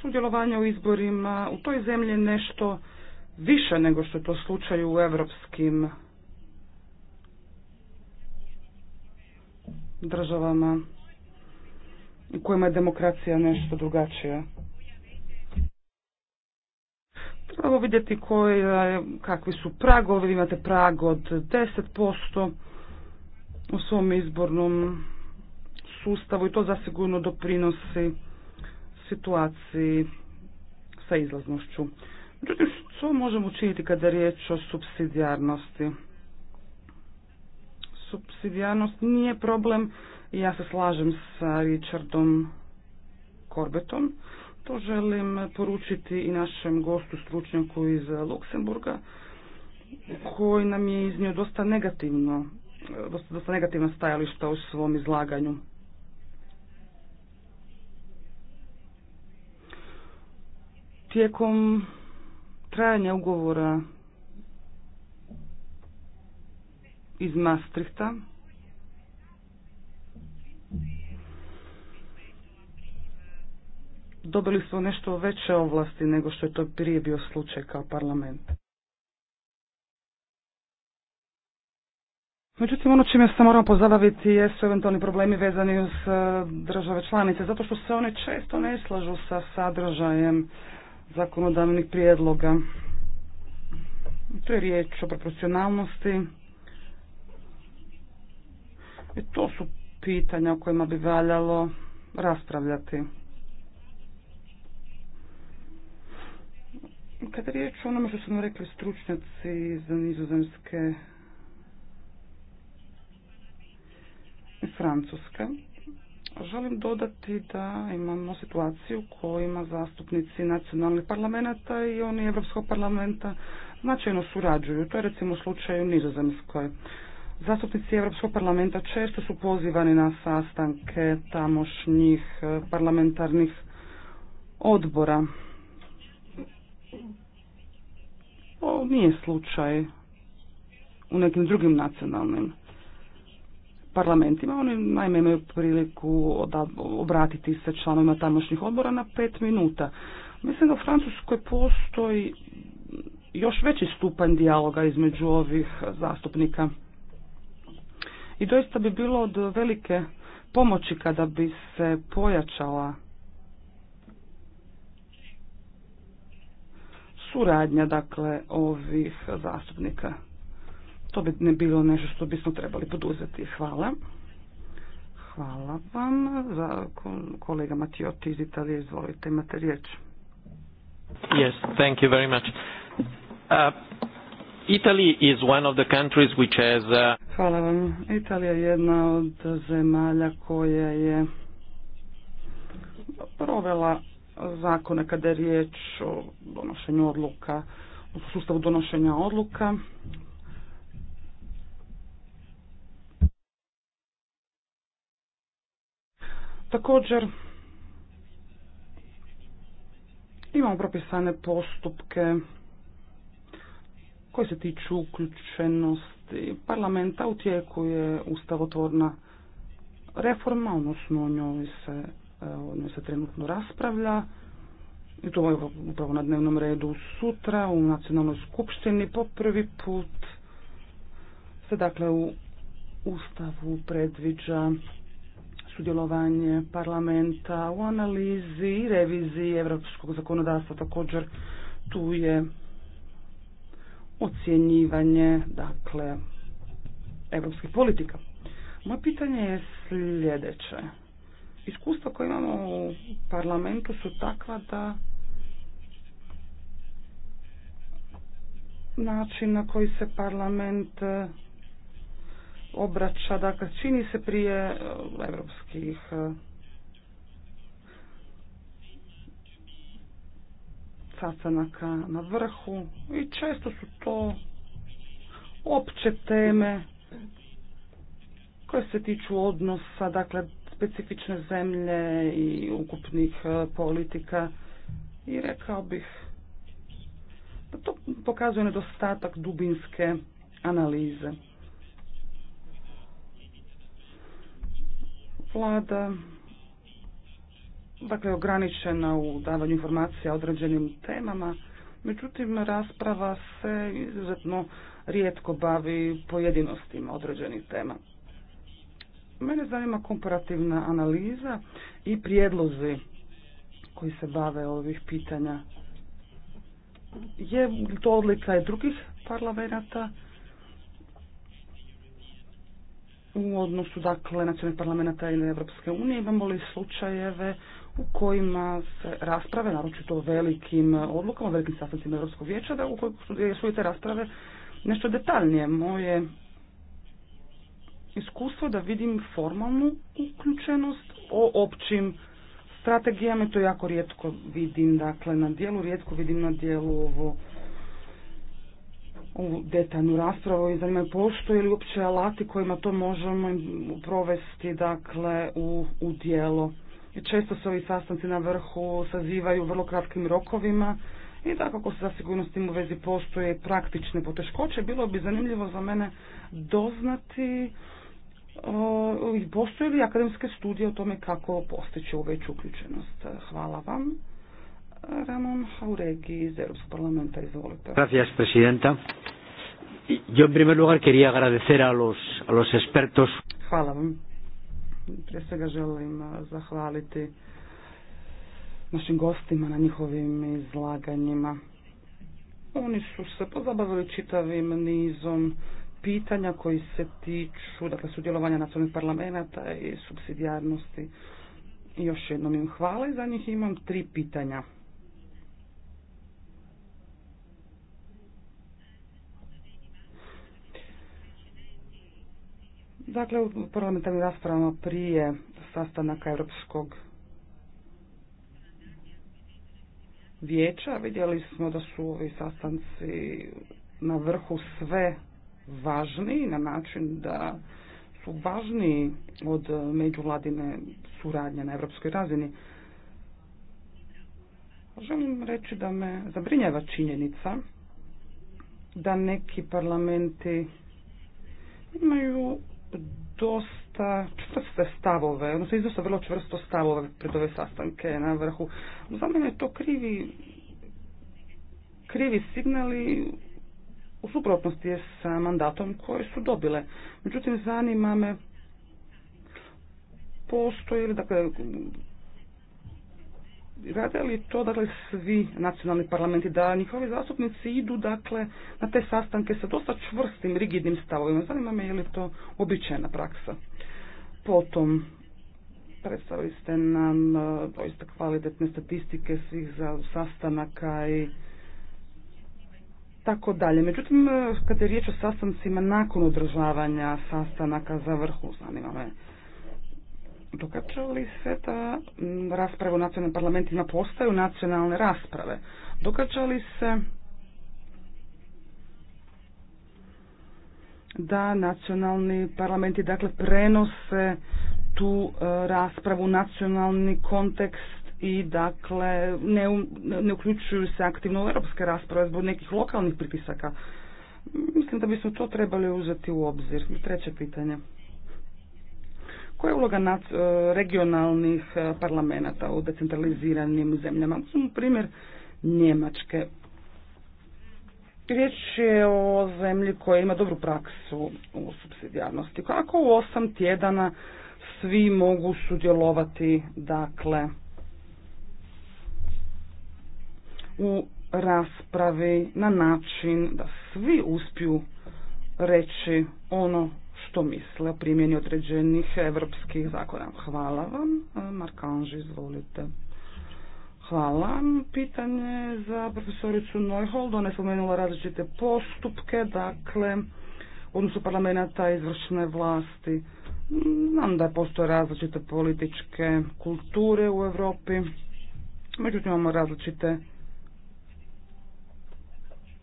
sudjelovanje u izborima u toj zemlji je nešto više nego što je to slučaj u evropskim državama u kojima je demokracija nešto drugačija. Trebamo vidjeti kakvi su pragovi, imate prag od 10% u svom izbornom sustavu i to zasigurno doprinosi situaciji sa izlaznošću. Međutim, što možemo učiniti kada je riječ o subsidijarnosti? Subsidijarnost nije problem ja se slažem sa Richardom Corbettom. To želim poručiti i našem gostu stručnjaku iz Luksemburga koji nam je iznio dosta negativno dosta, dosta negativna stajališta u svom izlaganju. Tijekom trajanja ugovora iz Maastrichta dobili smo nešto veće ovlasti nego što je to prije bio slučaj kao parlament. Međutim, ono čime se moramo pozabaviti jesu eventualni problemi vezani uz e, države članice, zato što se one često ne slažu sa sadržajem zakonodavnih prijedloga. To je riječ o proporcionalnosti. I to su pitanja o kojima bi valjalo raspravljati. Kada je riječ o onome što su nam rekli stručnjaci za nizozemske i Francuske, želim dodati da imamo situaciju u kojima zastupnici nacionalnih parlamenta i oni Europskog parlamenta značajno surađuju. To je recimo slučaj u Nizozemskoj. Zastupnici Europskog parlamenta često su pozivani na sastanke tamošnjih parlamentarnih odbora. Ovo nije slučaj u nekim drugim nacionalnim parlamentima. Oni naime imaju priliku da obratiti se članovima tamošnjih odbora na pet minuta. Mislim da u Francuskoj postoji još veći stupanj dijaloga između ovih zastupnika. I doista bi bilo od velike pomoći kada bi se pojačala suradnja dakle ovih zastupnika. To bi ne bilo nešto što bismo trebali poduzeti. Hvala. Hvala vam. Za kolega Matioti iz Italije, izvolite, imate riječ. Yes, thank you very much. Uh, Italy is one of the countries which has uh... Hvala vam. Italija je jedna od zemalja koja je provela zakone kada je riječ o donošenju odluka, o sustavu donošenja odluka. Također imamo propisane postupke koji se tiču uključenosti parlamenta. U tijeku je ustavotvorna reforma, odnosno o njoj se E, o ono njoj se trenutno raspravlja i to je upravo na dnevnom redu sutra u nacionalnoj skupštini po prvi put se dakle u ustavu predviđa sudjelovanje parlamenta u analizi i reviziji europskog zakonodavstva također tu je ocjenjivanje dakle europskih politika. Moje pitanje je sljedeće. Iskustva koje imamo u parlamentu su takva da način na koji se parlament e, obraća, dakle čini se prije e, evropskih e, sastanaka na vrhu i često su to opće teme koje se tiču odnosa, dakle specifične zemlje i ukupnih e, politika i rekao bih da to pokazuje nedostatak dubinske analize. Vlada dakle ograničena u davanju informacija o određenim temama, međutim rasprava se izuzetno rijetko bavi pojedinostima određenih tema. Mene zanima komparativna analiza i prijedlozi koji se bave ovih pitanja. Je to odlika i drugih parlamenta u odnosu dakle nacionalnih parlamenta i Europske unije imamo li slučajeve u kojima se rasprave, naročito o velikim odlukama, velikim sastancima Europskog vijeća, da u kojoj su te rasprave nešto detaljnije. Moje iskustvo da vidim formalnu uključenost o općim strategijama to jako rijetko vidim, dakle na dijelu, rijetko vidim na dijelu ovo ovu detaljnu raspravu i zanima pošto ili opće uopće alati kojima to možemo provesti dakle u, u dijelo. Često se ovi sastanci na vrhu sazivaju vrlo kratkim rokovima i tako ako se za sigurnost u vezi postoje praktične poteškoće, bilo bi zanimljivo za mene doznati postoje li akademske studije o tome kako postići ovu veću uključenost? Hvala vam. Ramon Hauregi iz Europskog parlamenta, izvolite. Gracias, presidenta. Yo en primer lugar quería agradecer a los, a los expertos. Hvala vam. Prije svega želim zahvaliti našim gostima na njihovim izlaganjima. Oni su se pozabavili čitavim nizom pitanja koji se tiču dakle, sudjelovanja nacionalnih parlamenta i subsidijarnosti. Još jednom im hvala i za njih imam tri pitanja. Dakle, u parlamentarnim raspravama prije sastanaka Europskog vijeća vidjeli smo da su ovi sastanci na vrhu sve važni na način da su važniji od međuvladine suradnje na evropskoj razini. Želim reći da me zabrinjava činjenica da neki parlamenti imaju dosta čvrste stavove, odnosno iznose vrlo čvrsto stavove pred ove sastanke na vrhu. Za mene je to krivi krivi signali u suprotnosti je sa mandatom koji su dobile. Međutim, zanima me postoji li, dakle, rade li to, dakle, svi nacionalni parlamenti, da njihovi zastupnici idu, dakle, na te sastanke sa dosta čvrstim, rigidnim stavovima. Zanima me je li to običajna praksa. Potom, predstavili ste nam e, doista kvalitetne statistike svih za sastanaka i tako dalje. Međutim, e, kad je riječ o sastancima nakon održavanja sastanaka za vrhu, zanima me, događa li se ta rasprava u nacionalnim parlamentima postaju nacionalne rasprave? Dokače li se da nacionalni parlamenti dakle prenose tu e, raspravu nacionalni kontekst i dakle ne, ne uključuju se aktivno u europske rasprave zbog nekih lokalnih pritisaka. Mislim da bismo to trebali uzeti u obzir. Treće pitanje. Koja je uloga nad, e, regionalnih e, parlamenta u decentraliziranim zemljama? primjer Njemačke. Riječ je o zemlji koja ima dobru praksu u subsidijarnosti. Kako u osam tjedana svi mogu sudjelovati, dakle, u raspravi na način da svi uspiju reći ono što misle o primjeni određenih evropskih zakona. Hvala vam. Markanži, izvolite. Hvala. Pitanje za profesoricu Neuhold. Ona je spomenula različite postupke, dakle, odnosu parlamenta izvršne vlasti. Znam da postoje različite političke kulture u Europi, međutim imamo različite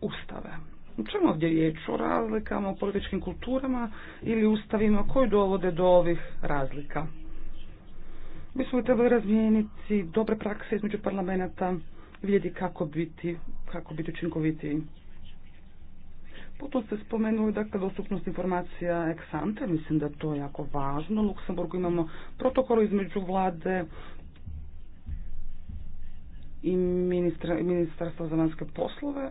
ustave. U čemu ovdje riječ o razlikama, o političkim kulturama ili ustavima koji dovode do ovih razlika? Mi smo trebali razmijeniti dobre prakse između parlamenta, vidjeti kako biti, kako biti učinkovitiji? Potom ste spomenuli dakle, dostupnost informacija eksante, mislim da to jako važno. U Luksemburgu imamo protokol između vlade i ministra, ministarstva za vanjske poslove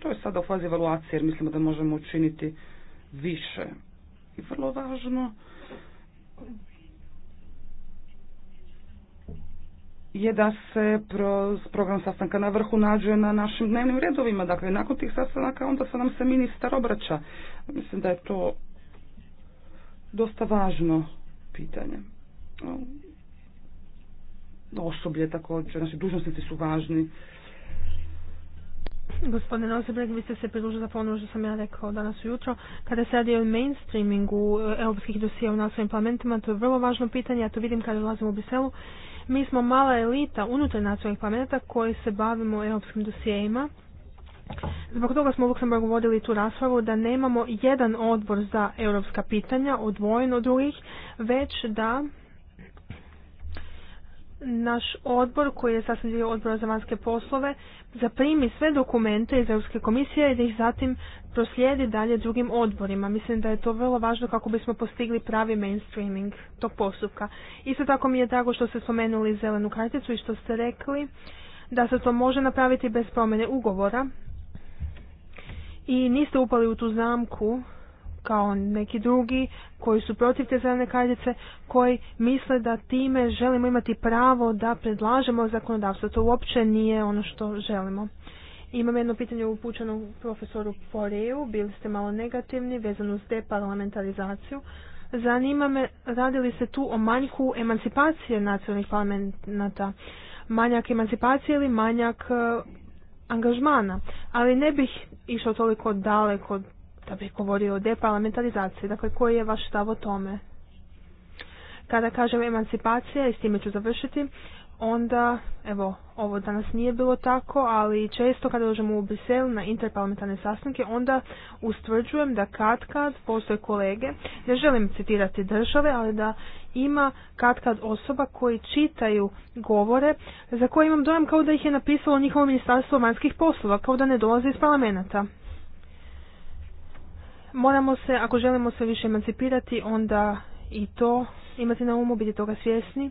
to je sada u fazi evaluacije jer mislimo da možemo učiniti više. I vrlo važno je da se program sastanka na vrhu nađe na našim dnevnim redovima. Dakle, nakon tih sastanaka onda se nam se ministar obraća. Mislim da je to dosta važno pitanje. Osoblje također, naši dužnosnici su važni. Gospodine Nozebreg, vi ste se pridružili za ono što sam ja rekao danas ujutro. Kada se radi o mainstreamingu eh, europskih dosija u nacionalnim parlamentima, to je vrlo važno pitanje, ja to vidim kada ulazim u Briselu. Mi smo mala elita unutar nacionalnih parlamenta koji se bavimo europskim dosijejima. Zbog toga smo u Luksemburgu vodili tu raspravu da nemamo jedan odbor za europska pitanja odvojen od drugih, već da naš odbor, koji je sasvim dio odbora za vanjske poslove, zaprimi sve dokumente iz Europske komisije i da ih zatim proslijedi dalje drugim odborima. Mislim da je to vrlo važno kako bismo postigli pravi mainstreaming tog postupka. Isto tako mi je drago što ste spomenuli zelenu karticu i što ste rekli da se to može napraviti bez promjene ugovora. I niste upali u tu zamku kao neki drugi koji su protiv te zelene kartice, koji misle da time želimo imati pravo da predlažemo zakonodavstvo. To uopće nije ono što želimo. Imam jedno pitanje upućeno profesoru Poreju, bili ste malo negativni vezano uz deparlamentarizaciju. Zanima me, radili li se tu o manjku emancipacije nacionalnih parlamenta? Manjak emancipacije ili manjak eh, angažmana? Ali ne bih išao toliko daleko da bih govorio o deparlamentarizaciji. Dakle, koji je vaš stav o tome? Kada kažem emancipacija, i s time ću završiti, onda, evo, ovo danas nije bilo tako, ali često kada dođemo u Brisel na interparlamentarne sastanke, onda ustvrđujem da kad kad postoje kolege, ne želim citirati države, ali da ima kad kad osoba koji čitaju govore za koje imam dojam kao da ih je napisalo njihovo ministarstvo vanjskih poslova, kao da ne dolaze iz parlamenta. Moramo se, ako želimo se više emancipirati, onda i to imati na umu, biti toga svjesni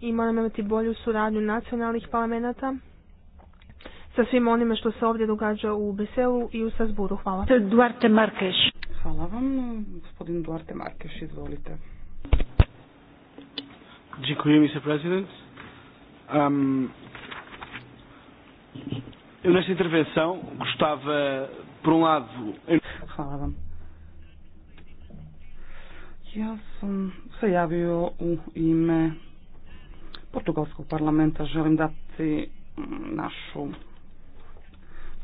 i moramo imati bolju suradnju nacionalnih parlamenta sa svim onime što se ovdje događa u Briselu i u Sazburu. Hvala. Duarte Markeš. Hvala vam. Gospodin Duarte Markeš, izvolite. Dziękuję, Mr. President. Um, eu nesta intervenção gostava, por um lado... Hvala vam. Ja sam se javio u ime Portugalskog parlamenta. Želim dati mm, našu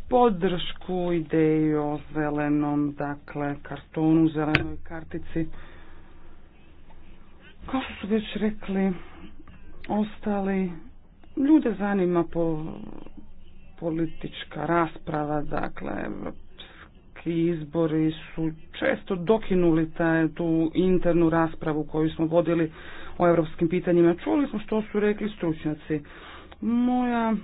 podršku ideju o zelenom, dakle, kartonu, zelenoj kartici. Kao što su već rekli, ostali ljude zanima po, politička rasprava, dakle, i izbori su često dokinuli taj, tu internu raspravu koju smo vodili o europskim pitanjima. Čuli smo što su rekli stručnjaci. Moja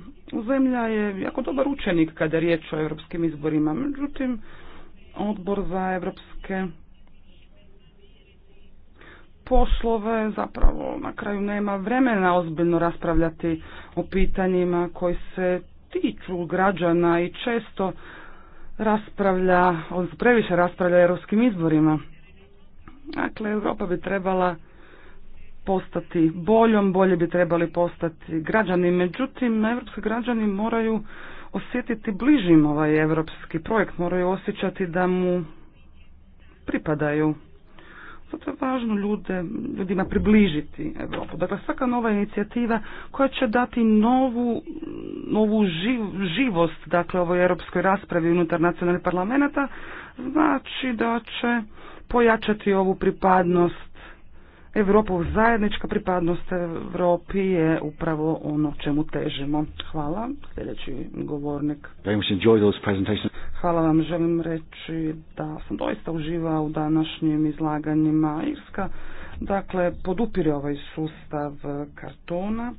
zemlja je jako dobar učenik kada je riječ o europskim izborima. Međutim, odbor za europske poslove zapravo na kraju nema vremena ozbiljno raspravljati o pitanjima koji se tiču građana i često raspravlja, odnosno previše raspravlja o europskim izborima. Dakle, Europa bi trebala postati boljom, bolje bi trebali postati građani. Međutim, europski građani moraju osjetiti bližim ovaj europski projekt, moraju osjećati da mu pripadaju. Zato je važno ljude, ljudima približiti Europu. Dakle, svaka nova inicijativa koja će dati novu, novu živost dakle, ovoj europskoj raspravi unutar nacionalnih parlamenta, znači da će pojačati ovu pripadnost Europu zajednička pripadnost Europi je upravo ono čemu težimo. Hvala. Sljedeći govornik. Hvala vam. Želim reći da sam doista uživao u današnjim izlaganjima Irska. Dakle, podupire ovaj sustav kartona,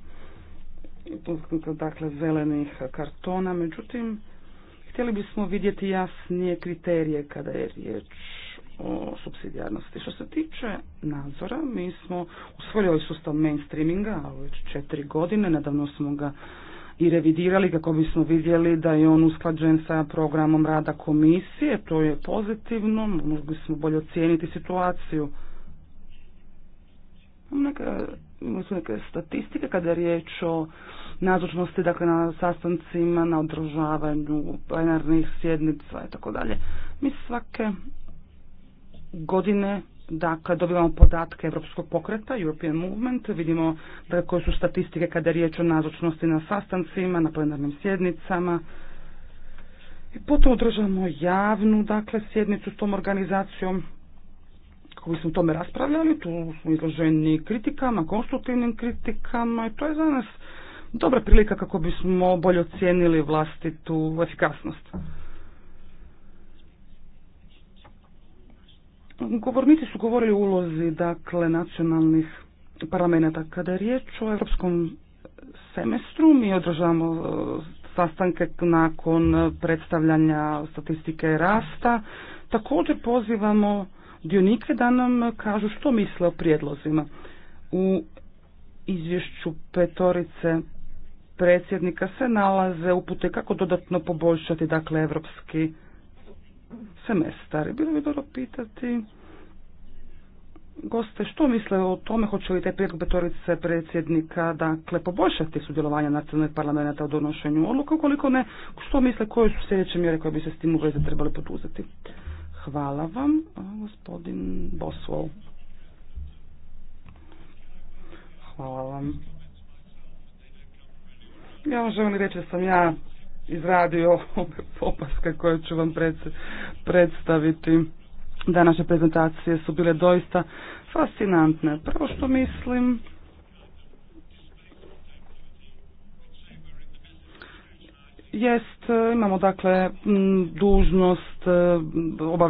dakle zelenih kartona, međutim, htjeli bismo vidjeti jasnije kriterije kada je riječ o subsidijarnosti. Što se tiče nadzora, mi smo usvojili ovaj sustav mainstreaminga već četiri godine, nedavno smo ga i revidirali kako bismo vidjeli da je on usklađen sa programom rada komisije, to je pozitivno, mogli smo bolje ocijeniti situaciju. Neka, neke statistike kada je riječ o nazočnosti, dakle na sastancima, na održavanju plenarnih sjednica i tako dalje. Mi svake godine Dakle, dobivamo podatke Europskog pokreta, European Movement, vidimo da koje su statistike kada je riječ o nazočnosti na sastancima, na plenarnim sjednicama. I potom održavamo javnu, dakle, sjednicu s tom organizacijom kako bismo tome raspravljali, tu smo izloženi kritikama, konstruktivnim kritikama i to je za nas dobra prilika kako bismo bolje ocijenili vlastitu efikasnost. Govornici su govorili o ulozi dakle, nacionalnih parlamenta. Kada je riječ o europskom semestru, mi održavamo e, sastanke nakon predstavljanja statistike rasta. Također pozivamo dionike da nam kažu što misle o prijedlozima. U izvješću petorice predsjednika se nalaze upute kako dodatno poboljšati dakle evropski semestar. Bilo bi dobro pitati goste što misle o tome hoće li te prijedlog petorice predsjednika dakle poboljšati sudjelovanje nacionalnih parlamenta u donošenju odluka ukoliko ne što misle koje su sljedeće mjere koje bi se s tim u trebali poduzeti hvala vam gospodin Boswell hvala vam ja vam želim reći da sam ja izradio ove popaske koje ću vam predstaviti. Današnje prezentacije su bile doista fascinantne. Prvo što mislim jest, imamo dakle dužnost e,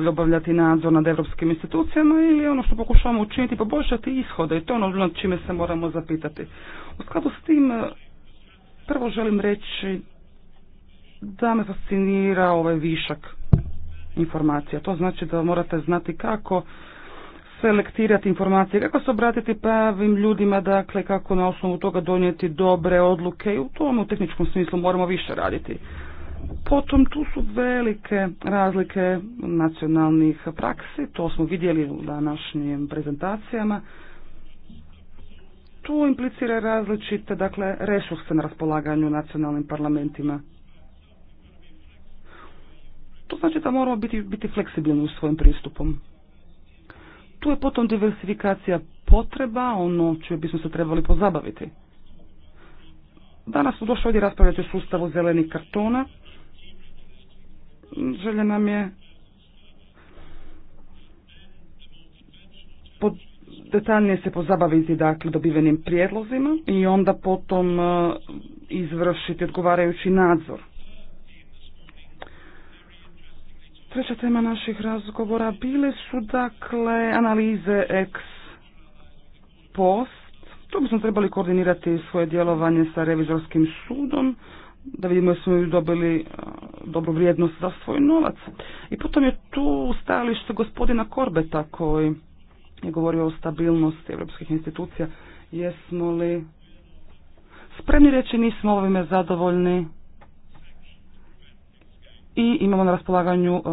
obavljati nadzor nad europskim institucijama ili ono što pokušavamo učiniti, poboljšati ishode i to je ono nad čime se moramo zapitati. U skladu s tim, e, prvo želim reći da me fascinira ovaj višak informacija. To znači da morate znati kako selektirati informacije, kako se obratiti pravim ljudima, dakle kako na osnovu toga donijeti dobre odluke i u tom u tehničkom smislu moramo više raditi. Potom tu su velike razlike nacionalnih praksi, to smo vidjeli u današnjim prezentacijama. Tu implicira različite dakle, resurse na raspolaganju nacionalnim parlamentima. To znači da moramo biti, biti fleksibilni u svojim pristupom. Tu je potom diversifikacija potreba, ono čuje bismo se trebali pozabaviti. Danas smo došli ovdje raspravljati o sustavu zelenih kartona. Želje nam je detaljnije se pozabaviti dakle dobivenim prijedlozima i onda potom e, izvršiti odgovarajući nadzor. Treća tema naših razgovora bile su dakle analize ex post. Tu bismo trebali koordinirati svoje djelovanje sa revizorskim sudom, da vidimo jesmo li dobili e, dobru vrijednost za svoj novac. I potom je tu stajalište gospodina Korbeta koji je govorio o stabilnosti europskih institucija. Jesmo li spremni reći nismo ovime zadovoljni, i imamo na raspolaganju e,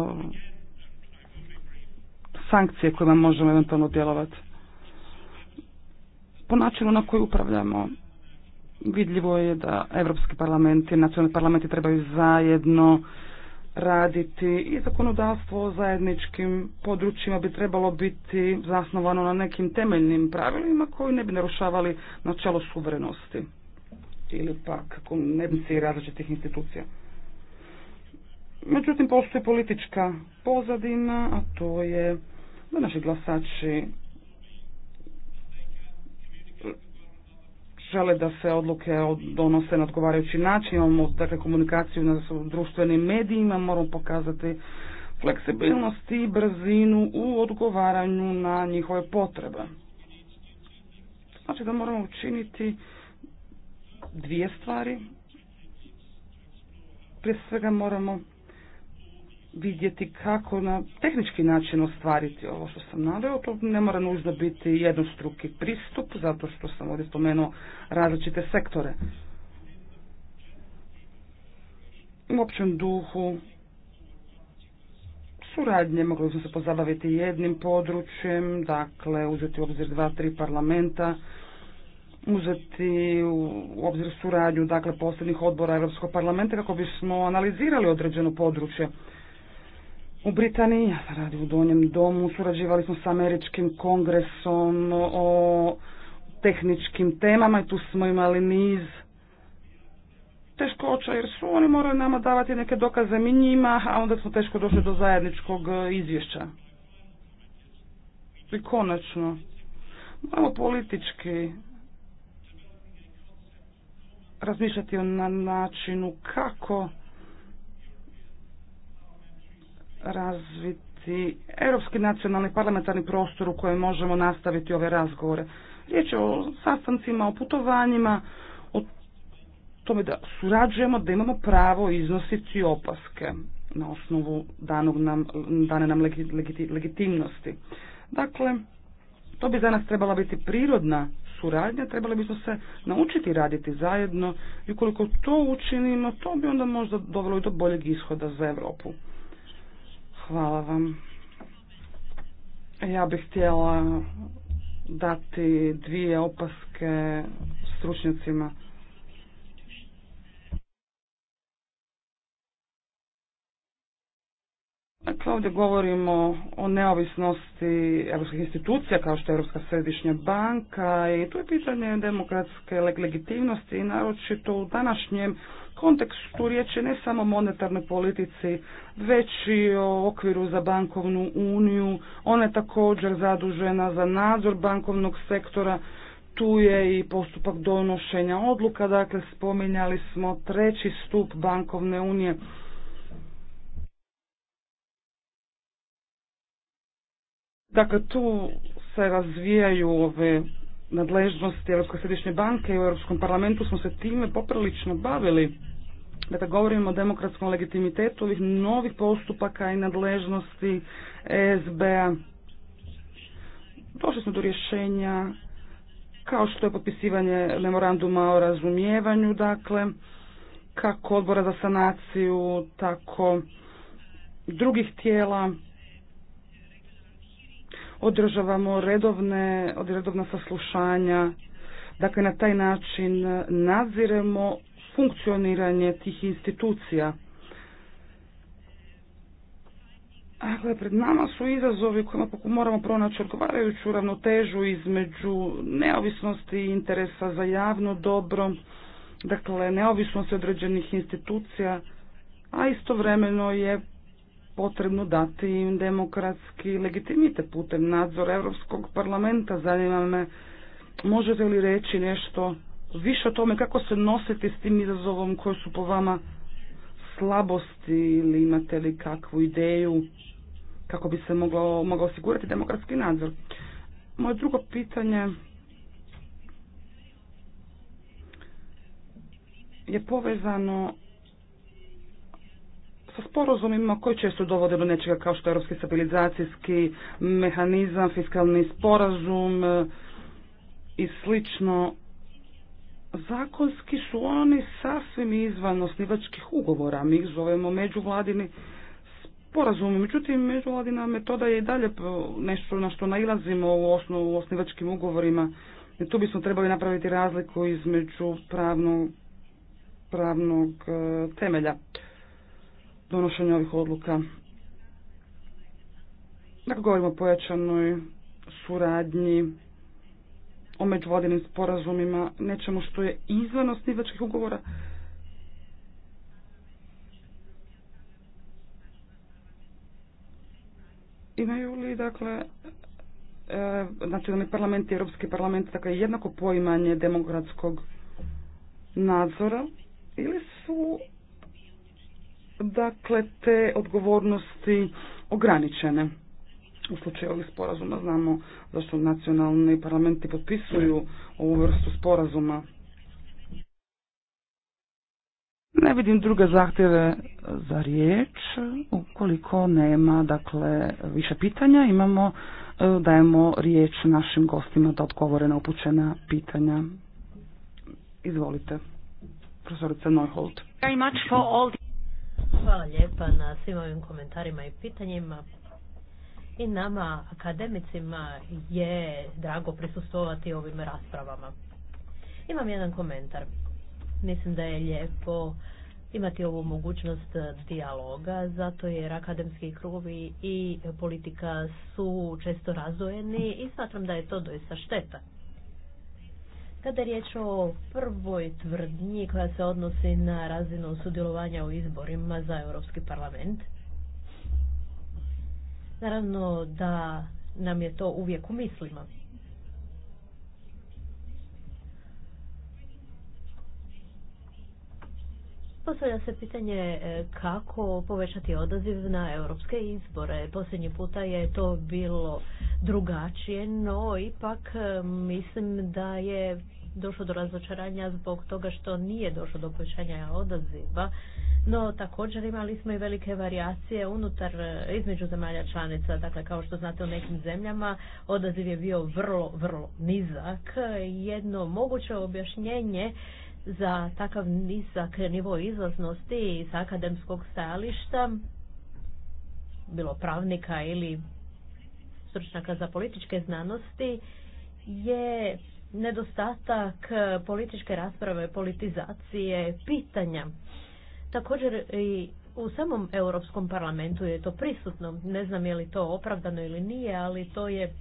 sankcije kojima možemo eventualno djelovati. Po načinu na koji upravljamo vidljivo je da Europski parlament i nacionalni parlamenti trebaju zajedno raditi i zakonodavstvo o zajedničkim područjima bi trebalo biti zasnovano na nekim temeljnim pravilima koji ne bi narušavali načelo suverenosti ili pak konvencije različitih institucija. Međutim, postoji politička pozadina, a to je da naši glasači žele da se odluke donose na odgovarajući način, imamo dakle, komunikaciju na društvenim medijima, moramo pokazati fleksibilnost i brzinu u odgovaranju na njihove potrebe. Znači da moramo učiniti dvije stvari. Prije svega moramo vidjeti kako na tehnički način ostvariti ovo što sam naveo. To ne mora nužno biti jednostruki pristup, zato što sam ovdje spomenuo različite sektore. U općem duhu suradnje mogli smo se pozabaviti jednim područjem, dakle uzeti u obzir dva, tri parlamenta, uzeti u obzir suradnju dakle posebnih odbora Europskog parlamenta kako bismo analizirali određeno područje. U Britaniji, ja sam u Donjem domu, surađivali smo s američkim kongresom o tehničkim temama i tu smo imali niz teškoća jer su oni morali nama davati neke dokaze mi njima, a onda smo teško došli do zajedničkog e, izvješća. I konačno, malo politički razmišljati na načinu kako razviti europski nacionalni parlamentarni prostor u kojem možemo nastaviti ove razgovore. Riječ je o sastancima, o putovanjima, o tome da surađujemo, da imamo pravo iznositi opaske na osnovu danog nam, dane nam legitimnosti. Dakle, to bi za nas trebala biti prirodna suradnja, trebali bismo se naučiti raditi zajedno i ukoliko to učinimo, to bi onda možda dovelo i do boljeg ishoda za Europu. Hvala vam. Ja bih htjela dati dvije opaske stručnjacima. Dakle, ovdje govorimo o neovisnosti evropskih institucija kao što je Europska središnja banka i tu je pitanje demokratske legitimnosti i naročito u današnjem kontekstu riječ ne samo monetarnoj politici, već i o okviru za bankovnu uniju. Ona je također zadužena za nadzor bankovnog sektora. Tu je i postupak donošenja odluka, dakle spominjali smo treći stup bankovne unije. Dakle, tu se razvijaju ove nadležnosti Europske središnje banke i u Europskom parlamentu smo se time poprilično bavili. Kada dakle, govorimo o demokratskom legitimitetu ovih novih postupaka i nadležnosti SBA. Došli smo do rješenja kao što je potpisivanje memoranduma o razumijevanju, dakle, kako odbora za sanaciju, tako drugih tijela. Održavamo redovne, redovna saslušanja, dakle na taj način nadziremo funkcioniranje tih institucija. Dakle, pred nama su izazovi kojima moramo pronaći odgovarajuću ravnotežu između neovisnosti i interesa za javno dobro, dakle, neovisnosti određenih institucija, a istovremeno je potrebno dati im demokratski legitimitet putem nadzora Europskog parlamenta. Zanima me, možete li reći nešto više o tome kako se nositi s tim izazovom koji su po vama slabosti ili imate li kakvu ideju kako bi se moglo, mogao osigurati demokratski nadzor. Moje drugo pitanje je povezano sa sporozumima koji često dovode do nečega kao što je Europski stabilizacijski mehanizam, fiskalni sporazum i slično zakonski su oni sasvim izvan osnivačkih ugovora, mi ih zovemo međuvladini sporazumi. Međutim, međuvladina metoda je i dalje nešto na što nailazimo u, osnovu, u osnivačkim ugovorima. I tu bismo trebali napraviti razliku između pravnog, pravnog e, temelja donošenja ovih odluka. Dakle, govorimo o pojačanoj suradnji o međuvodinim sporazumima, nečemu što je izvan osnivačkih ugovora. Imaju li, dakle, e, nacionalni parlament i Europski parlament, dakle, jednako poimanje demokratskog nadzora ili su, dakle, te odgovornosti ograničene? u slučaju ovih sporazuma znamo zašto nacionalni parlamenti potpisuju ovu vrstu sporazuma. Ne vidim druge zahtjeve za riječ. Ukoliko nema dakle, više pitanja, imamo, e, dajemo riječ našim gostima da odgovore na upućena pitanja. Izvolite, profesorica Neuhold. Hvala lijepa na svim ovim komentarima i pitanjima i nama akademicima je drago prisustovati ovim raspravama. Imam jedan komentar. Mislim da je lijepo imati ovu mogućnost dijaloga, zato jer akademski krugovi i politika su često razvojeni i smatram da je to doista šteta. Kada je riječ o prvoj tvrdnji koja se odnosi na razinu sudjelovanja u izborima za Europski parlament, Naravno da nam je to uvijek u mislima. Postavlja se pitanje e, kako povećati odaziv na europske izbore. Posljednji puta je to bilo drugačije, no ipak e, mislim da je došlo do razočaranja zbog toga što nije došlo do povećanja odaziva, no također imali smo i velike varijacije unutar eh, između zemalja članica. Dakle, kao što znate u nekim zemljama odaziv je bio vrlo, vrlo nizak. Jedno moguće objašnjenje za takav nizak nivo izlaznosti iz akademskog stajališta, bilo pravnika ili stručnjaka za političke znanosti, je nedostatak e, političke rasprave, politizacije, pitanja. Također i u samom Europskom parlamentu je to prisutno. Ne znam je li to opravdano ili nije, ali to je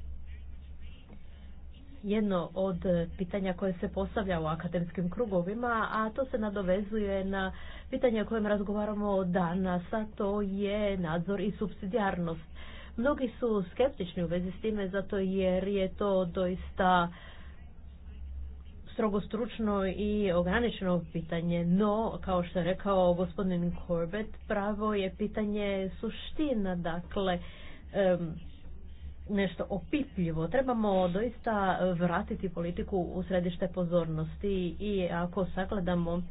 jedno od pitanja koje se postavlja u akademskim krugovima, a to se nadovezuje na pitanje o kojem razgovaramo danas, a to je nadzor i subsidijarnost. Mnogi su skeptični u vezi s time zato jer je to doista strogo stručno i ograničeno pitanje, no, kao što je rekao gospodin Corbett, pravo je pitanje suština, dakle, um, nešto opipljivo. Trebamo doista vratiti politiku u središte pozornosti i ako sagledamo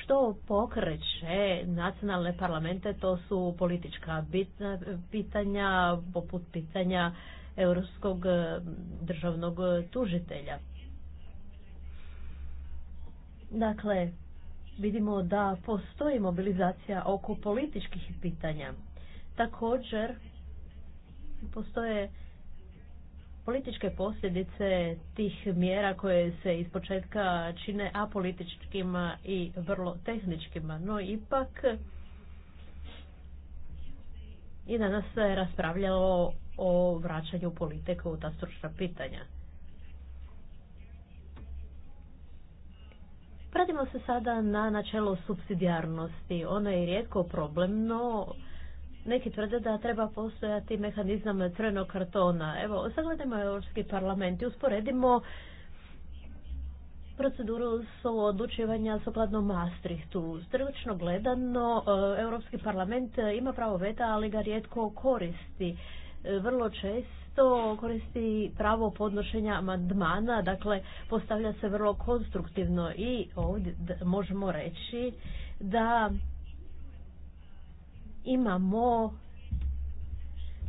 što pokreće nacionalne parlamente, to su politička bitna, pitanja, poput pitanja europskog e, državnog e, tužitelja. Dakle, vidimo da postoji mobilizacija oko političkih pitanja. Također, postoje političke posljedice tih mjera koje se iz početka čine apolitičkima i vrlo tehničkima, no ipak i danas se raspravljalo o vraćanju politike u ta stručna pitanja. Pratimo se sada na načelo subsidijarnosti. Ono je rijetko problem, no neki tvrde da treba postojati mehanizam crvenog kartona. Evo, sagledajmo Europski parlament i usporedimo proceduru su odlučivanja sukladno Maastrichtu. Zdravično gledano, Europski parlament ima pravo veta, ali ga rijetko koristi vrlo često koristi pravo podnošenja amandmana, dakle postavlja se vrlo konstruktivno i ovdje možemo reći da imamo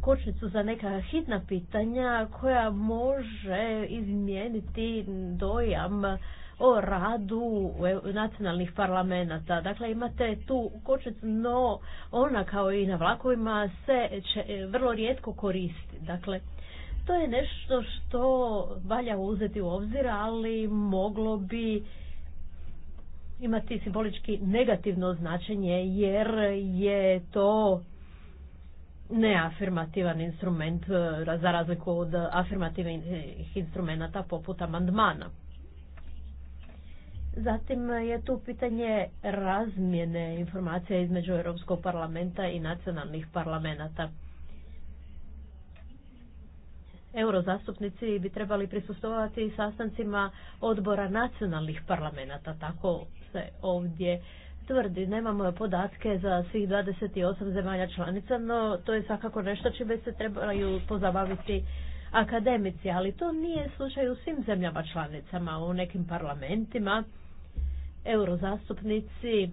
kočnicu za neka hitna pitanja koja može izmijeniti dojam o radu nacionalnih parlamenta. Dakle, imate tu kočetno, no ona kao i na vlakovima se će, e, vrlo rijetko koristi. Dakle, to je nešto što valja uzeti u obzir, ali moglo bi imati simbolički negativno značenje jer je to neafirmativan instrument e, za razliku od afirmativnih instrumenta poput amandmana. Zatim je tu pitanje razmjene informacija između Europskog parlamenta i nacionalnih parlamenta. Eurozastupnici bi trebali prisustovati sastancima odbora nacionalnih parlamenta, tako se ovdje tvrdi. Nemamo podatke za svih 28 zemalja članica, no to je svakako nešto čime se trebaju pozabaviti akademici, ali to nije slučaj u svim zemljama članicama, u nekim parlamentima eurozastupnici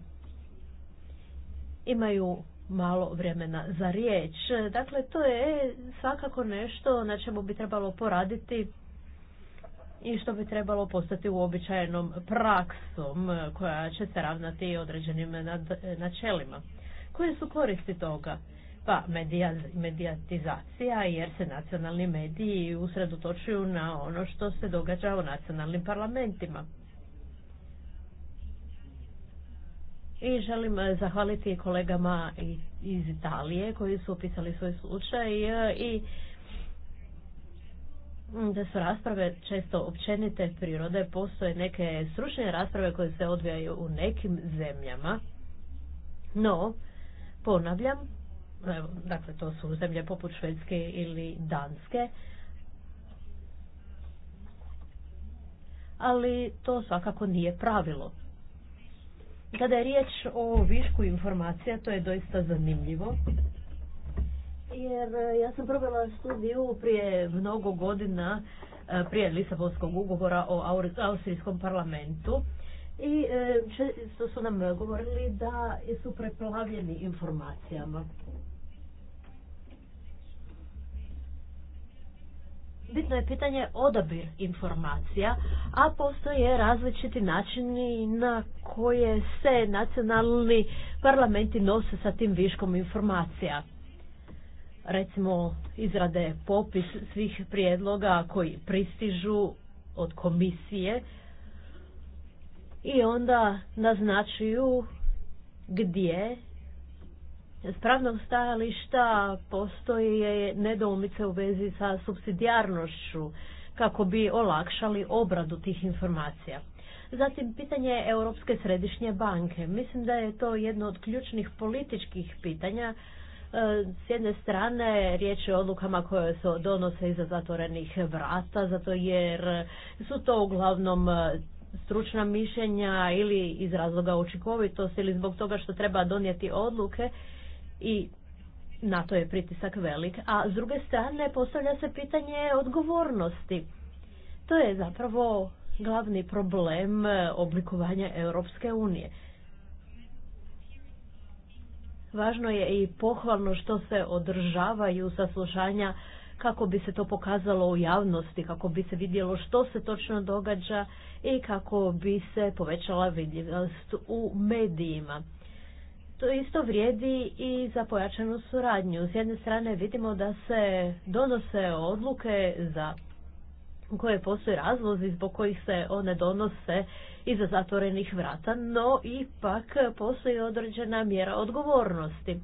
imaju malo vremena za riječ. Dakle, to je svakako nešto na čemu bi trebalo poraditi i što bi trebalo postati uobičajenom praksom koja će se ravnati određenim načelima. Koje su koristi toga? Pa medijatizacija jer se nacionalni mediji usredotočuju na ono što se događa u nacionalnim parlamentima. i želim e, zahvaliti kolegama iz Italije koji su opisali svoj slučaj e, i da su rasprave često općenite prirode, postoje neke stručne rasprave koje se odvijaju u nekim zemljama, no, ponavljam, dakle to su zemlje poput Švedske ili Danske, ali to svakako nije pravilo. Kada je riječ o višku informacija, to je doista zanimljivo. Jer e, ja sam provela studiju prije mnogo godina, e, prije Lisabonskog ugovora o Austrijskom parlamentu. I e, često su nam govorili da su preplavljeni informacijama. bitno je pitanje odabir informacija, a postoje različiti načini na koje se nacionalni parlamenti nose sa tim viškom informacija. Recimo izrade popis svih prijedloga koji pristižu od komisije i onda naznačuju gdje s pravnog stajališta postoje nedoumice u vezi sa subsidijarnošću kako bi olakšali obradu tih informacija. Zatim pitanje Europske središnje banke. Mislim da je to jedno od ključnih političkih pitanja. E, s jedne strane riječ je o odlukama koje se donose iza zatvorenih vrata, zato jer su to uglavnom e, stručna mišljenja ili iz razloga učinkovitosti ili zbog toga što treba donijeti odluke i na to je pritisak velik. A s druge strane postavlja se pitanje odgovornosti. To je zapravo glavni problem e, oblikovanja Europske unije. Važno je i pohvalno što se održavaju saslušanja kako bi se to pokazalo u javnosti, kako bi se vidjelo što se točno događa i kako bi se povećala vidljivost u medijima. To isto vrijedi i za pojačanu suradnju. S jedne strane vidimo da se donose odluke za koje postoje razlozi zbog kojih se one donose iza zatvorenih vrata, no ipak postoji određena mjera odgovornosti.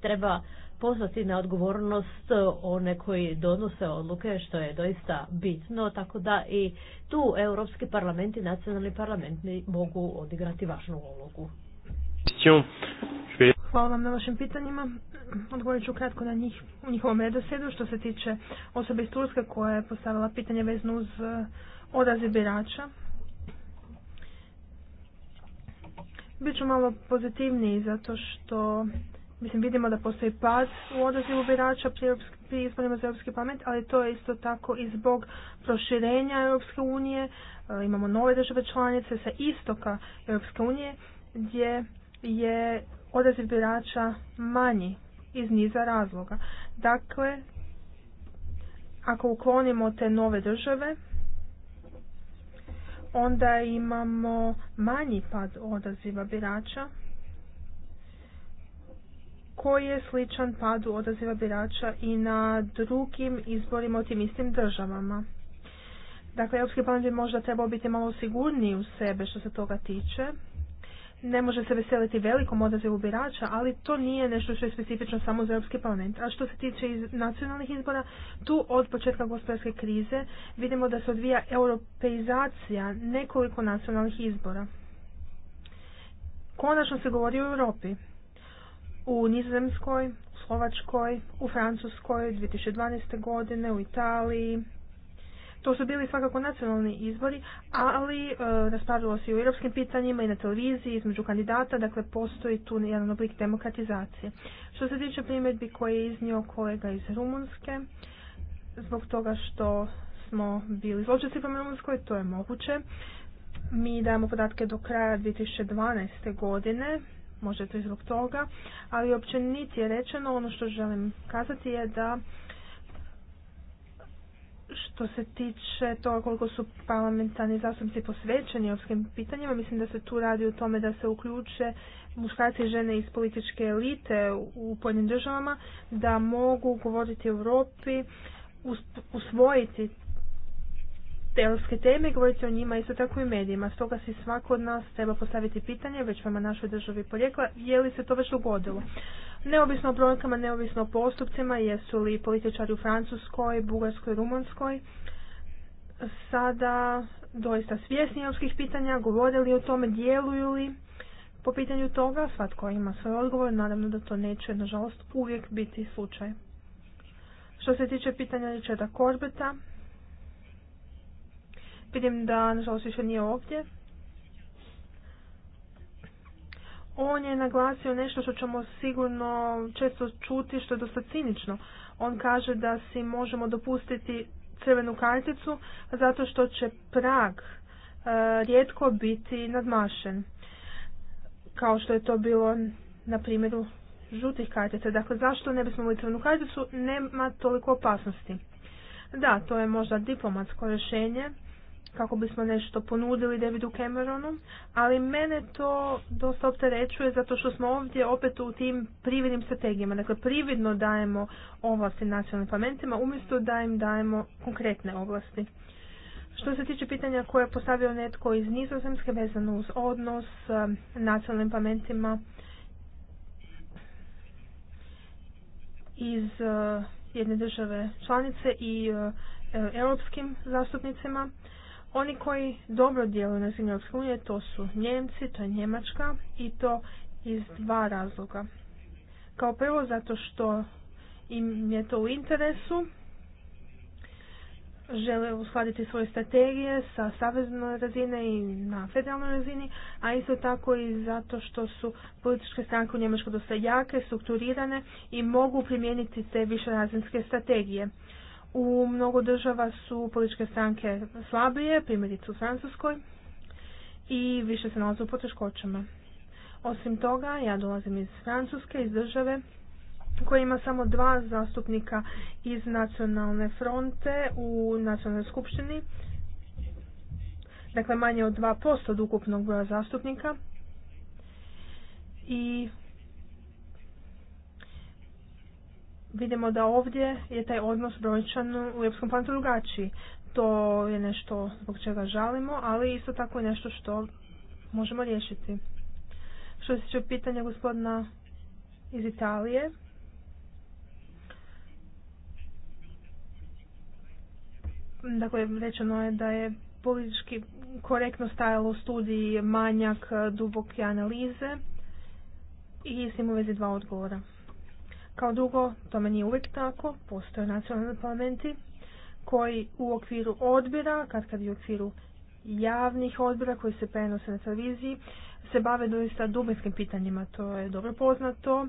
Treba pozvati na odgovornost one koji donose odluke, što je doista bitno, tako da i tu Europski parlament i nacionalni parlament mogu odigrati važnu ulogu. Hvala vam na vašim pitanjima. Odgovorit ću kratko na njih u njihovom redoslijedu što se tiče osobe iz Turske koja je postavila pitanje vezno uz eh, odaziv birača. Biću malo pozitivniji zato što mislim vidimo da postoji pad u odazivu birača pri, pri izborima za Europski parlament, ali to je isto tako i zbog proširenja Europske unije. Eh, imamo nove države članice sa istoka Europske unije gdje je odaziv birača manji iz niza razloga. Dakle, ako uklonimo te nove države, onda imamo manji pad odaziva birača koji je sličan padu odaziva birača i na drugim izborima u tim istim državama. Dakle, Europski plan bi možda trebao biti malo sigurniji u sebe što se toga tiče ne može se veseliti velikom odazivu birača, ali to nije nešto što je specifično samo za Europski parlament. A što se tiče iz nacionalnih izbora, tu od početka gospodarske krize vidimo da se odvija europeizacija nekoliko nacionalnih izbora. Konačno se govori o Europi. U Nizozemskoj, u Slovačkoj, u Francuskoj 2012. godine, u Italiji, to su bili svakako nacionalni izbori, ali e, raspravilo se i u europskim pitanjima i na televiziji između kandidata, dakle postoji tu jedan oblik demokratizacije. Što se tiče primjedbi koje je iznio kolega iz Rumunske, zbog toga što smo bili zločici prema Rumunskoj, to je moguće. Mi dajemo podatke do kraja 2012. godine, možda to i zbog toga, ali uopće niti je rečeno, ono što želim kazati je da što se tiče toga koliko su parlamentarni zastupnici posvećeni europskim pitanjima, mislim da se tu radi o tome da se uključe muškarci i žene iz političke elite u pojedinim državama, da mogu govoriti o Europi, usvojiti te europske teme i govoriti o njima isto tako i medijima. Stoga si svako od nas treba postaviti pitanje, već prema našoj državi porijekla, je li se to već dogodilo neovisno o brojkama, neovisno o postupcima, jesu li političari u Francuskoj, Bugarskoj, Rumunskoj sada doista svjesni europskih pitanja, li o tome, djeluju li po pitanju toga, svatko ima svoj odgovor, naravno da to neće, nažalost, uvijek biti slučaj. Što se tiče pitanja Richarda Korbeta, vidim da, nažalost, više nije ovdje, on je naglasio nešto što ćemo sigurno često čuti, što je dosta cinično. On kaže da si možemo dopustiti crvenu karticu zato što će prag e, rijetko biti nadmašen. Kao što je to bilo na primjeru žutih kartica. Dakle, zašto ne bismo imali crvenu karticu? Nema toliko opasnosti. Da, to je možda diplomatsko rješenje, kako bismo nešto ponudili Davidu Cameronu, ali mene to dosta opterećuje zato što smo ovdje opet u tim prividnim strategijama. Dakle, prividno dajemo ovlasti nacionalnim parlamentima umjesto da im dajemo konkretne ovlasti. Što se tiče pitanja koje je postavio netko iz Nizozemske vezano uz odnos s um, nacionalnim parlamentima iz uh, jedne države članice i uh, e, europskim zastupnicima, oni koji dobro djeluju na zemlji Europske to su Njemci, to je Njemačka i to iz dva razloga. Kao prvo zato što im je to u interesu, žele uskladiti svoje strategije sa saveznoj razine i na federalnoj razini, a isto tako i zato što su političke stranke u Njemačkoj dosta jake, strukturirane i mogu primijeniti te razinske strategije. U mnogo država su političke stranke slabije, primjerice u Francuskoj, i više se nalaze u poteškoćama. Osim toga, ja dolazim iz Francuske, iz države koja ima samo dva zastupnika iz nacionalne fronte u nacionalnoj skupštini, dakle manje od 2% od ukupnog broja zastupnika i vidimo da ovdje je taj odnos brojčan u Europskom planu drugačiji. To je nešto zbog čega žalimo, ali isto tako je nešto što možemo riješiti. Što se tiče pitanja gospodina iz Italije, dakle, rečeno je da je politički korektno stajalo u studiji manjak duboke analize i s tim u vezi dva odgovora. Kao drugo, tome nije uvijek tako, postoje nacionalni parlamenti koji u okviru odbira, kad kad i u okviru javnih odbira koji se prenose na televiziji, se bave doista dubinskim pitanjima. To je dobro poznato.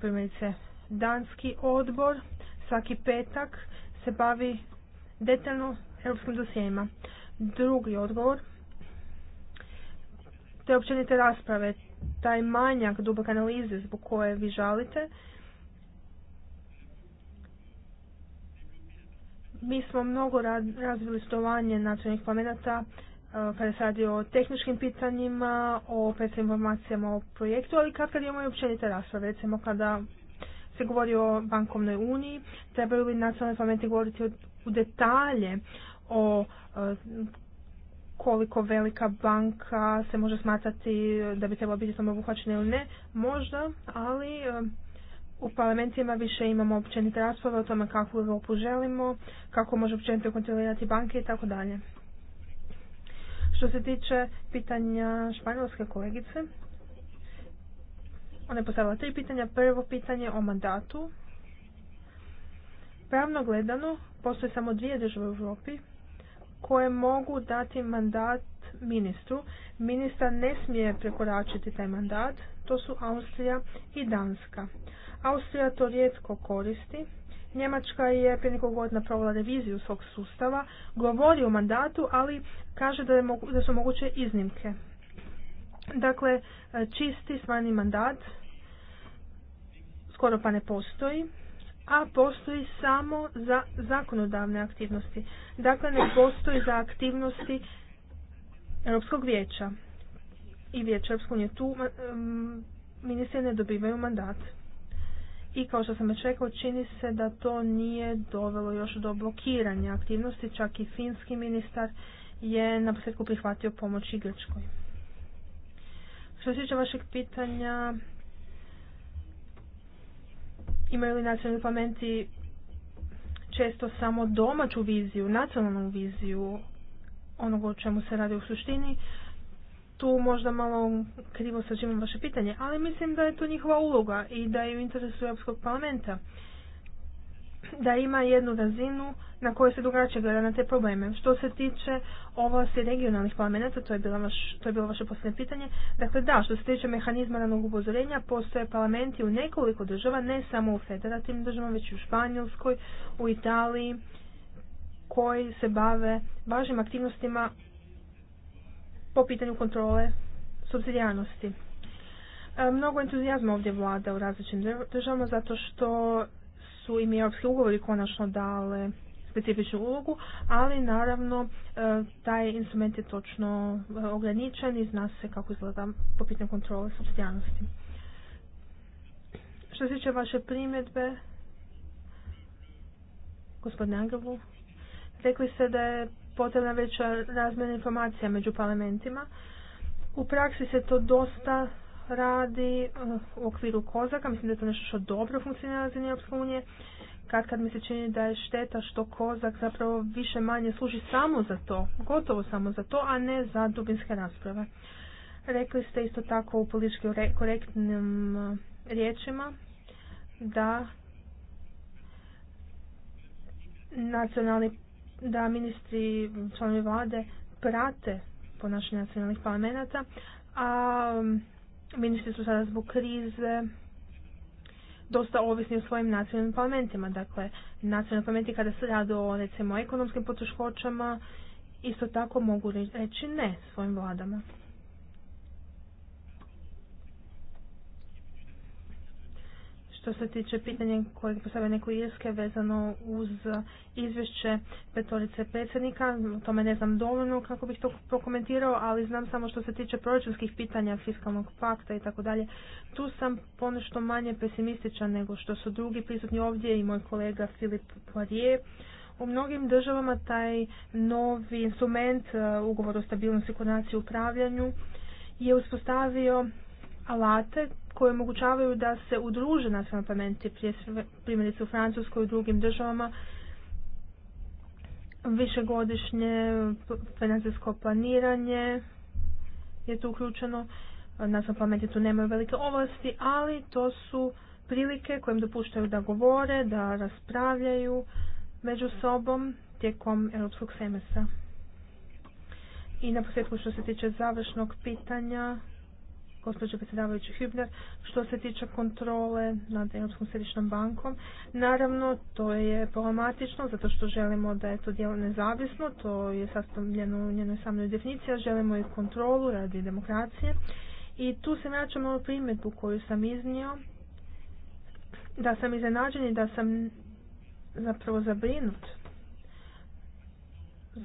Primjerice, danski odbor svaki petak se bavi detaljno europskim dosijema. Drugi odgovor, te općenite rasprave, taj manjak duboke analize zbog koje vi žalite, Mi smo mnogo razvili stovanje nacionalnih pomenata e, kada se radi o tehničkim pitanjima, o predstavnim informacijama o projektu, ali kad kad imamo i općenite rasprave, recimo kada se govori o bankovnoj uniji, trebaju li nacionalne pameti govoriti u detalje o e, koliko velika banka se može smatrati da bi trebalo biti samo obuhvaćena ili ne, možda, ali e, u parlamentima više imamo općenite rasprave o tome kakvu Europu želimo, kako može općenito kontrolirati banke i tako dalje. Što se tiče pitanja španjolske kolegice, ona je postavila tri pitanja. Prvo pitanje o mandatu. Pravno gledano, postoje samo dvije države u Europi koje mogu dati mandat ministru. Ministar ne smije prekoračiti taj mandat, to su Austrija i Danska. Austrija to rijetko koristi. Njemačka je prije nekog godina provela reviziju svog sustava, govori o mandatu, ali kaže da, je, da su moguće iznimke. Dakle, čisti stvarni mandat skoro pa ne postoji, a postoji samo za zakonodavne aktivnosti. Dakle, ne postoji za aktivnosti Europskog vijeća i vijeća Europske Tu mm, ministri ne dobivaju mandat. I kao što sam već rekao, čini se da to nije dovelo još do blokiranja aktivnosti, čak i finski ministar je na posljedku prihvatio pomoć i Grčkoj. Što se tiče vašeg pitanja, imaju li nacionalni parlamenti često samo domaću viziju, nacionalnu viziju onoga o čemu se radi u suštini, tu možda malo krivo sažimam vaše pitanje, ali mislim da je to njihova uloga i da je u interesu Europskog parlamenta da ima jednu razinu na kojoj se drugačije gleda na te probleme. Što se tiče ovlasti regionalnih parlamenta, to je, to je bilo vaše posljednje pitanje, dakle da, što se tiče mehanizma ranog upozorenja, postoje parlamenti u nekoliko država, ne samo u federativnim državama, već i u Španjolskoj, u Italiji, koji se bave važnim aktivnostima po pitanju kontrole subsidijarnosti. E, mnogo entuzijazma ovdje vlada u različitim državama zato što su im europski ugovori konačno dale specifičnu ulogu, ali naravno e, taj instrument je točno e, ograničen i zna se kako izgleda po pitanju kontrole subsidijarnosti. Što se tiče vaše primjedbe, gospodine Angelu, rekli ste da je potrebna veća razmjena informacija među parlamentima. U praksi se to dosta radi eh, u okviru Kozaka, mislim da je to nešto što dobro funkcionira za Europske Kad kad mi se čini da je šteta što Kozak zapravo više manje služi samo za to, gotovo samo za to, a ne za dubinske rasprave. Rekli ste isto tako u politički korektnim eh, riječima da nacionalni da ministri članovi vlade prate ponašanje nacionalnih parlamenta, a ministri su sada zbog krize dosta ovisni u svojim nacionalnim parlamentima. Dakle, nacionalni parlamenti kada se radi o recimo ekonomskim poteškoćama isto tako mogu reći ne svojim vladama. Što se tiče pitanja koje postavlja neko Irske vezano uz izvješće petorice predsjednika, o tome ne znam dovoljno kako bih to prokomentirao, ali znam samo što se tiče proračunskih pitanja, fiskalnog pakta i tako dalje. Tu sam ponešto manje pesimističan nego što su drugi prisutni ovdje i moj kolega Filip Poirier. U mnogim državama taj novi instrument, e, ugovor o stabilnosti koordinaciji upravljanju, je uspostavio alate koje omogućavaju da se udruže nacionalni parlamenti, primjerice u Francuskoj i drugim državama, višegodišnje financijsko planiranje je tu uključeno. Nacionalni parlamenti tu nemaju velike ovlasti, ali to su prilike kojim dopuštaju da govore, da raspravljaju među sobom tijekom europskog semestra. I na posljedku što se tiče završnog pitanja, gospođo predsjedavajući Hübner, što se tiče kontrole nad Europskom središnjom bankom. Naravno, to je problematično zato što želimo da je to djelo nezavisno, to je sastavljeno u njenoj samoj definiciji, želimo i kontrolu radi demokracije. I tu se vraćamo u primjedbu koju sam iznio, da sam iznenađen i da sam zapravo zabrinut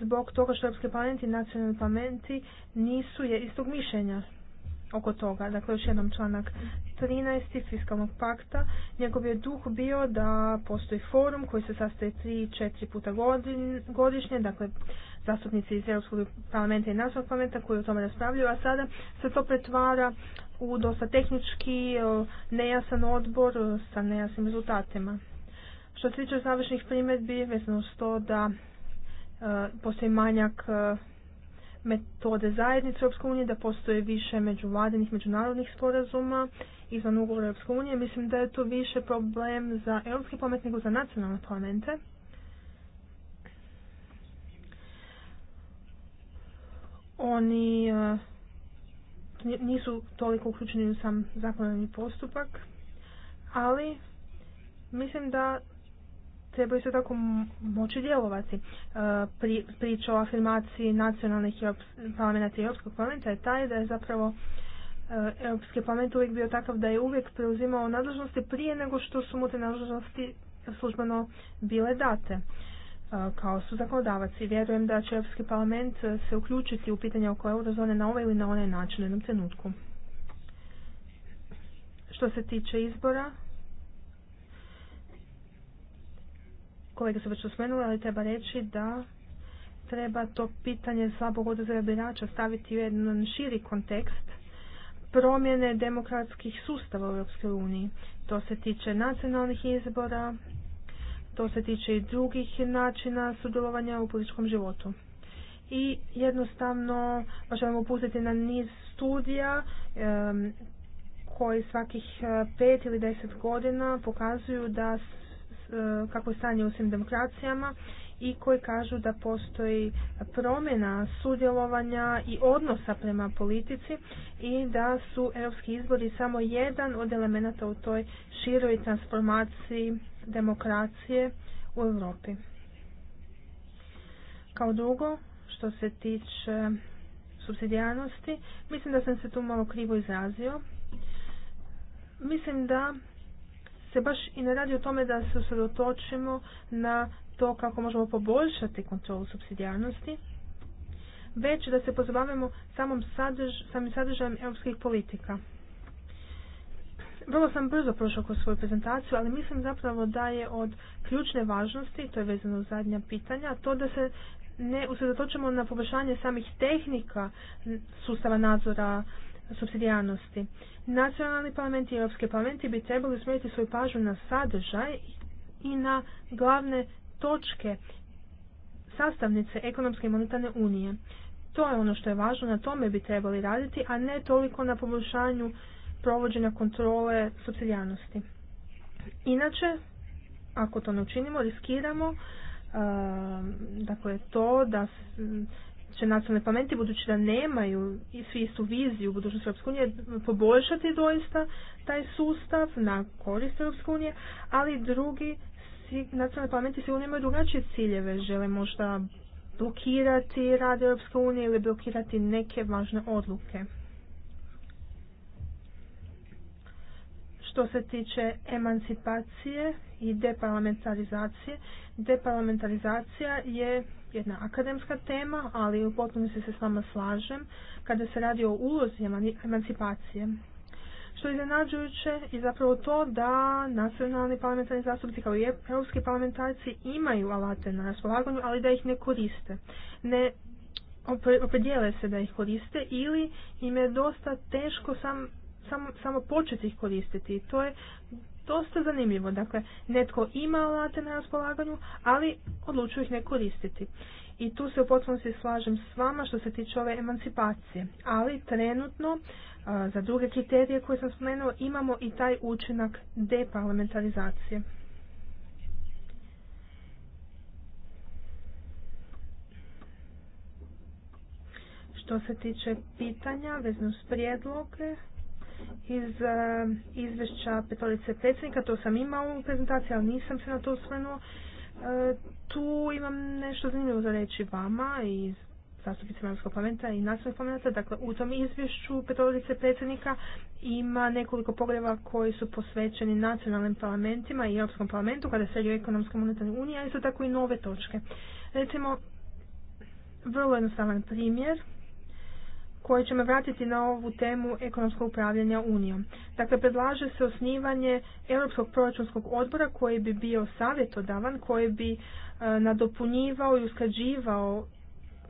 zbog toga što Europski parlamenti i nacionalni parlamenti nisu je istog mišljenja oko toga. Dakle, još jednom članak 13. fiskalnog pakta. Njegov je duh bio da postoji forum koji se sastoji 3-4 puta godišnje, dakle, zastupnici iz Europskog parlamenta i nacionalnog parlamenta koji o tome raspravljaju, a sada se to pretvara u dosta tehnički nejasan odbor sa nejasnim rezultatima. Što se tiče završnih primjedbi, vezano s to da e, postoji manjak e, metode zajednice Europske unije, da postoje više međuvladinih, međunarodnih sporazuma izvan ugovora Europske unije. Mislim da je to više problem za Europski parlament nego za nacionalne parlamente. Oni eh, nisu toliko uključeni u sam zakonodavni postupak, ali mislim da treba isto tako moći djelovati. E, pri, priča o afirmaciji nacionalnih parlamenta i Europskog parlamenta je taj da je zapravo e, Europski parlament uvijek bio takav da je uvijek preuzimao nadležnosti prije nego što su mu te nadležnosti službeno bile date e, kao su zakonodavac vjerujem da će Europski parlament se uključiti u pitanje oko eurozone na ovaj ili na onaj način u jednom trenutku. Što se tiče izbora, kolege su već usmenuli, ali treba reći da treba to pitanje slabog odazora birača staviti u jedan širi kontekst promjene demokratskih sustava u Europskoj uniji. To se tiče nacionalnih izbora, to se tiče i drugih načina sudjelovanja u političkom životu. I jednostavno možemo pustiti na niz studija koji svakih eh, pet ili deset godina pokazuju da kako je stanje u svim demokracijama i koji kažu da postoji promjena sudjelovanja i odnosa prema politici i da su europski izbori samo jedan od elemenata u toj široj transformaciji demokracije u Europi. Kao drugo, što se tiče subsidijarnosti, mislim da sam se tu malo krivo izrazio. Mislim da se baš i ne radi o tome da se usredotočimo na to kako možemo poboljšati kontrolu subsidijarnosti, već da se pozabavimo samom sadrž, samim sadržajem europskih politika. Vrlo sam brzo prošao kroz svoju prezentaciju, ali mislim zapravo da je od ključne važnosti, to je vezano uz zadnja pitanja, to da se ne usredotočimo na poboljšanje samih tehnika sustava nadzora subsidijarnosti. Nacionalni parlamenti i europski parlamenti bi trebali usmjeriti svoju pažnju na sadržaj i na glavne točke sastavnice ekonomske i monetarne unije. To je ono što je važno, na tome bi trebali raditi, a ne toliko na poboljšanju provođenja kontrole subsidijarnosti. Inače, ako to ne učinimo, riskiramo um, dakle, to da će nacionalne parlamenti, budući da nemaju i svi istu viziju budućnosti Europske unije, poboljšati doista taj sustav na korist Europske unije, ali drugi nacionalni parlamenti sigurno imaju drugačije ciljeve. Žele možda blokirati rad Europske unije ili blokirati neke važne odluke. Što se tiče emancipacije i deparlamentarizacije, deparlamentarizacija je jedna akademska tema, ali u potpunosti se s vama slažem kada se radi o ulozi emancipacije. Što je iznenađujuće je zapravo to da nacionalni parlamentarni zastupnici kao i europski parlamentarci imaju alate na raspolaganju, ali da ih ne koriste. Ne opredijele se da ih koriste ili im je dosta teško sam, sam, samo početi ih koristiti. To je dosta zanimljivo. Dakle, netko ima alate na raspolaganju, ali odlučuje ih ne koristiti. I tu se u potpunosti slažem s vama što se tiče ove emancipacije. Ali trenutno za druge kriterije koje sam spomenuo imamo i taj učinak deparlamentarizacije. Što se tiče pitanja vezno s prijedloge, iz eh, izvješća petorice predsjednika, to sam imao u prezentaciji, ali nisam se na to osvrnuo. Eh, tu imam nešto zanimljivo za reći vama i zastupnicima Europskog parlamenta i nacionalnih parlamenta. Dakle, u tom izvješću petorice predsjednika ima nekoliko pogreba koji su posvećeni nacionalnim parlamentima i Europskom parlamentu kada se radi o monetarna unija uniji, a isto tako i nove točke. Recimo, vrlo jednostavan primjer koje ćemo vratiti na ovu temu ekonomskog upravljanja Unijom. Dakle, predlaže se osnivanje Europskog proračunskog odbora koji bi bio savjetodavan, koji bi e, nadopunjivao i usklađivao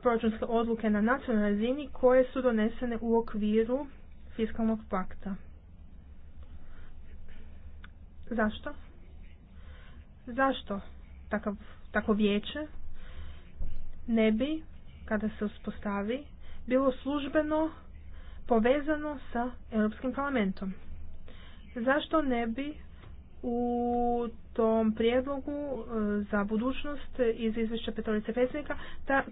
proračunske odluke na nacionalnoj razini koje su donesene u okviru fiskalnog pakta. Zašto? Zašto takav, tako vijeće ne bi, kada se uspostavi, bilo službeno povezano sa Europskim parlamentom. Zašto ne bi u tom prijedlogu e, za budućnost iz izvješća petorice predsjednika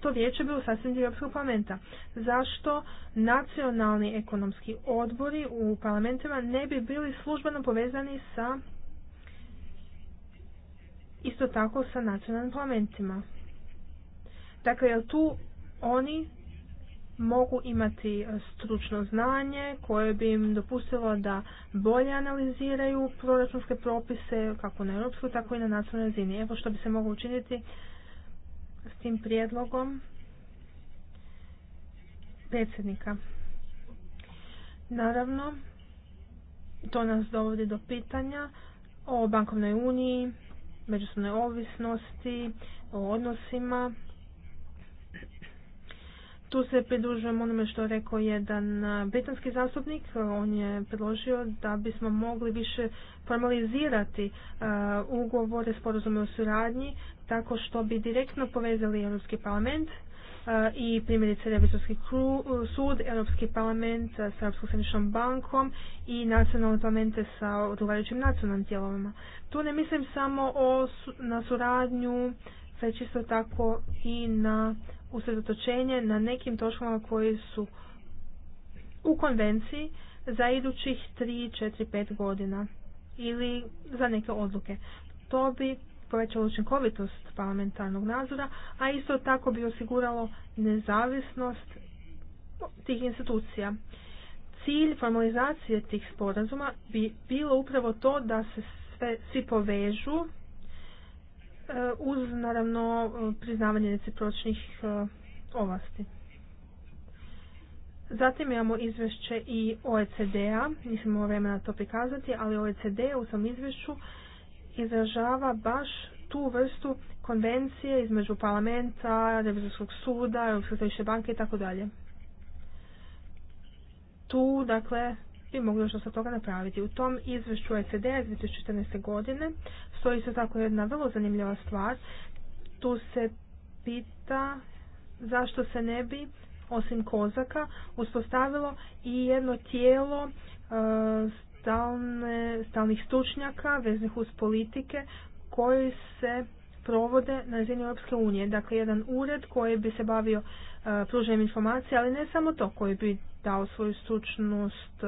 to vijeće bilo sasvim dio Europskog parlamenta. Zašto nacionalni ekonomski odbori u parlamentima ne bi bili službeno povezani sa isto tako sa nacionalnim parlamentima? Dakle, jel tu oni mogu imati stručno znanje koje bi im dopustilo da bolje analiziraju proračunske propise kako na europskoj tako i na nacionalnoj razini. Evo što bi se moglo učiniti s tim prijedlogom predsjednika. Naravno, to nas dovodi do pitanja o bankovnoj uniji, međusobnoj ovisnosti, o odnosima tu se pridružujem onome što je rekao jedan e, britanski zastupnik. On je predložio da bismo mogli više formalizirati e, ugovore, sporazume o suradnji, tako što bi direktno povezali Europski parlament e, i primjerice Revizorski sud, Europski parlament sa Europskom bankom i nacionalne parlamente sa odgovarajućim nacionalnim tijelovima. Tu ne mislim samo na suradnju već isto tako i na usredotočenje na nekim točkama koji su u konvenciji za idućih 3, 4, 5 godina ili za neke odluke. To bi povećalo učinkovitost parlamentarnog nadzora, a isto tako bi osiguralo nezavisnost tih institucija. Cilj formalizacije tih sporazuma bi bilo upravo to da se sve, svi povežu E, uz naravno priznavanje recipročnih e, ovlasti. Zatim imamo izvješće i OECD-a, nisam imao vremena to prikazati, ali OECD u tom izvješću izražava baš tu vrstu konvencije između parlamenta, revizorskog suda, Europske središnje banke i tako dalje. Tu, dakle, bi mogli još se toga napraviti. U tom izvješću OECD a iz 2014. godine to isto tako jedna vrlo zanimljiva stvar. Tu se pita zašto se ne bi osim kozaka uspostavilo i jedno tijelo e, stalne, stalnih stručnjaka veznih uz politike koji se provode na razini Europske unije. Dakle, jedan ured koji bi se bavio e, pruženjem informacija, ali ne samo to, koji bi dao svoju stručnost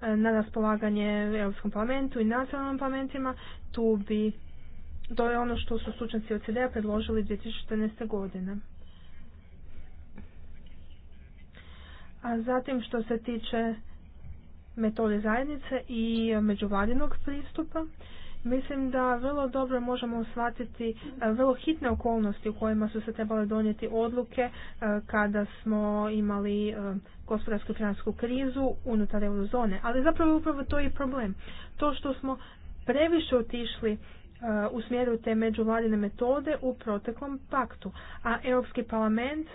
e, na raspolaganje Europskom parlamentu i nacionalnim parlamentima, tu bi to je ono što su stručnjaci OCD-a predložili 2014. godine. A zatim što se tiče metode zajednice i međuvladinog pristupa, Mislim da vrlo dobro možemo shvatiti e, vrlo hitne okolnosti u kojima su se trebale donijeti odluke e, kada smo imali e, gospodarsku i krizu unutar eurozone. Ali zapravo upravo to i problem. To što smo previše otišli u smjeru te međuvladine metode u proteklom paktu. A Europski parlament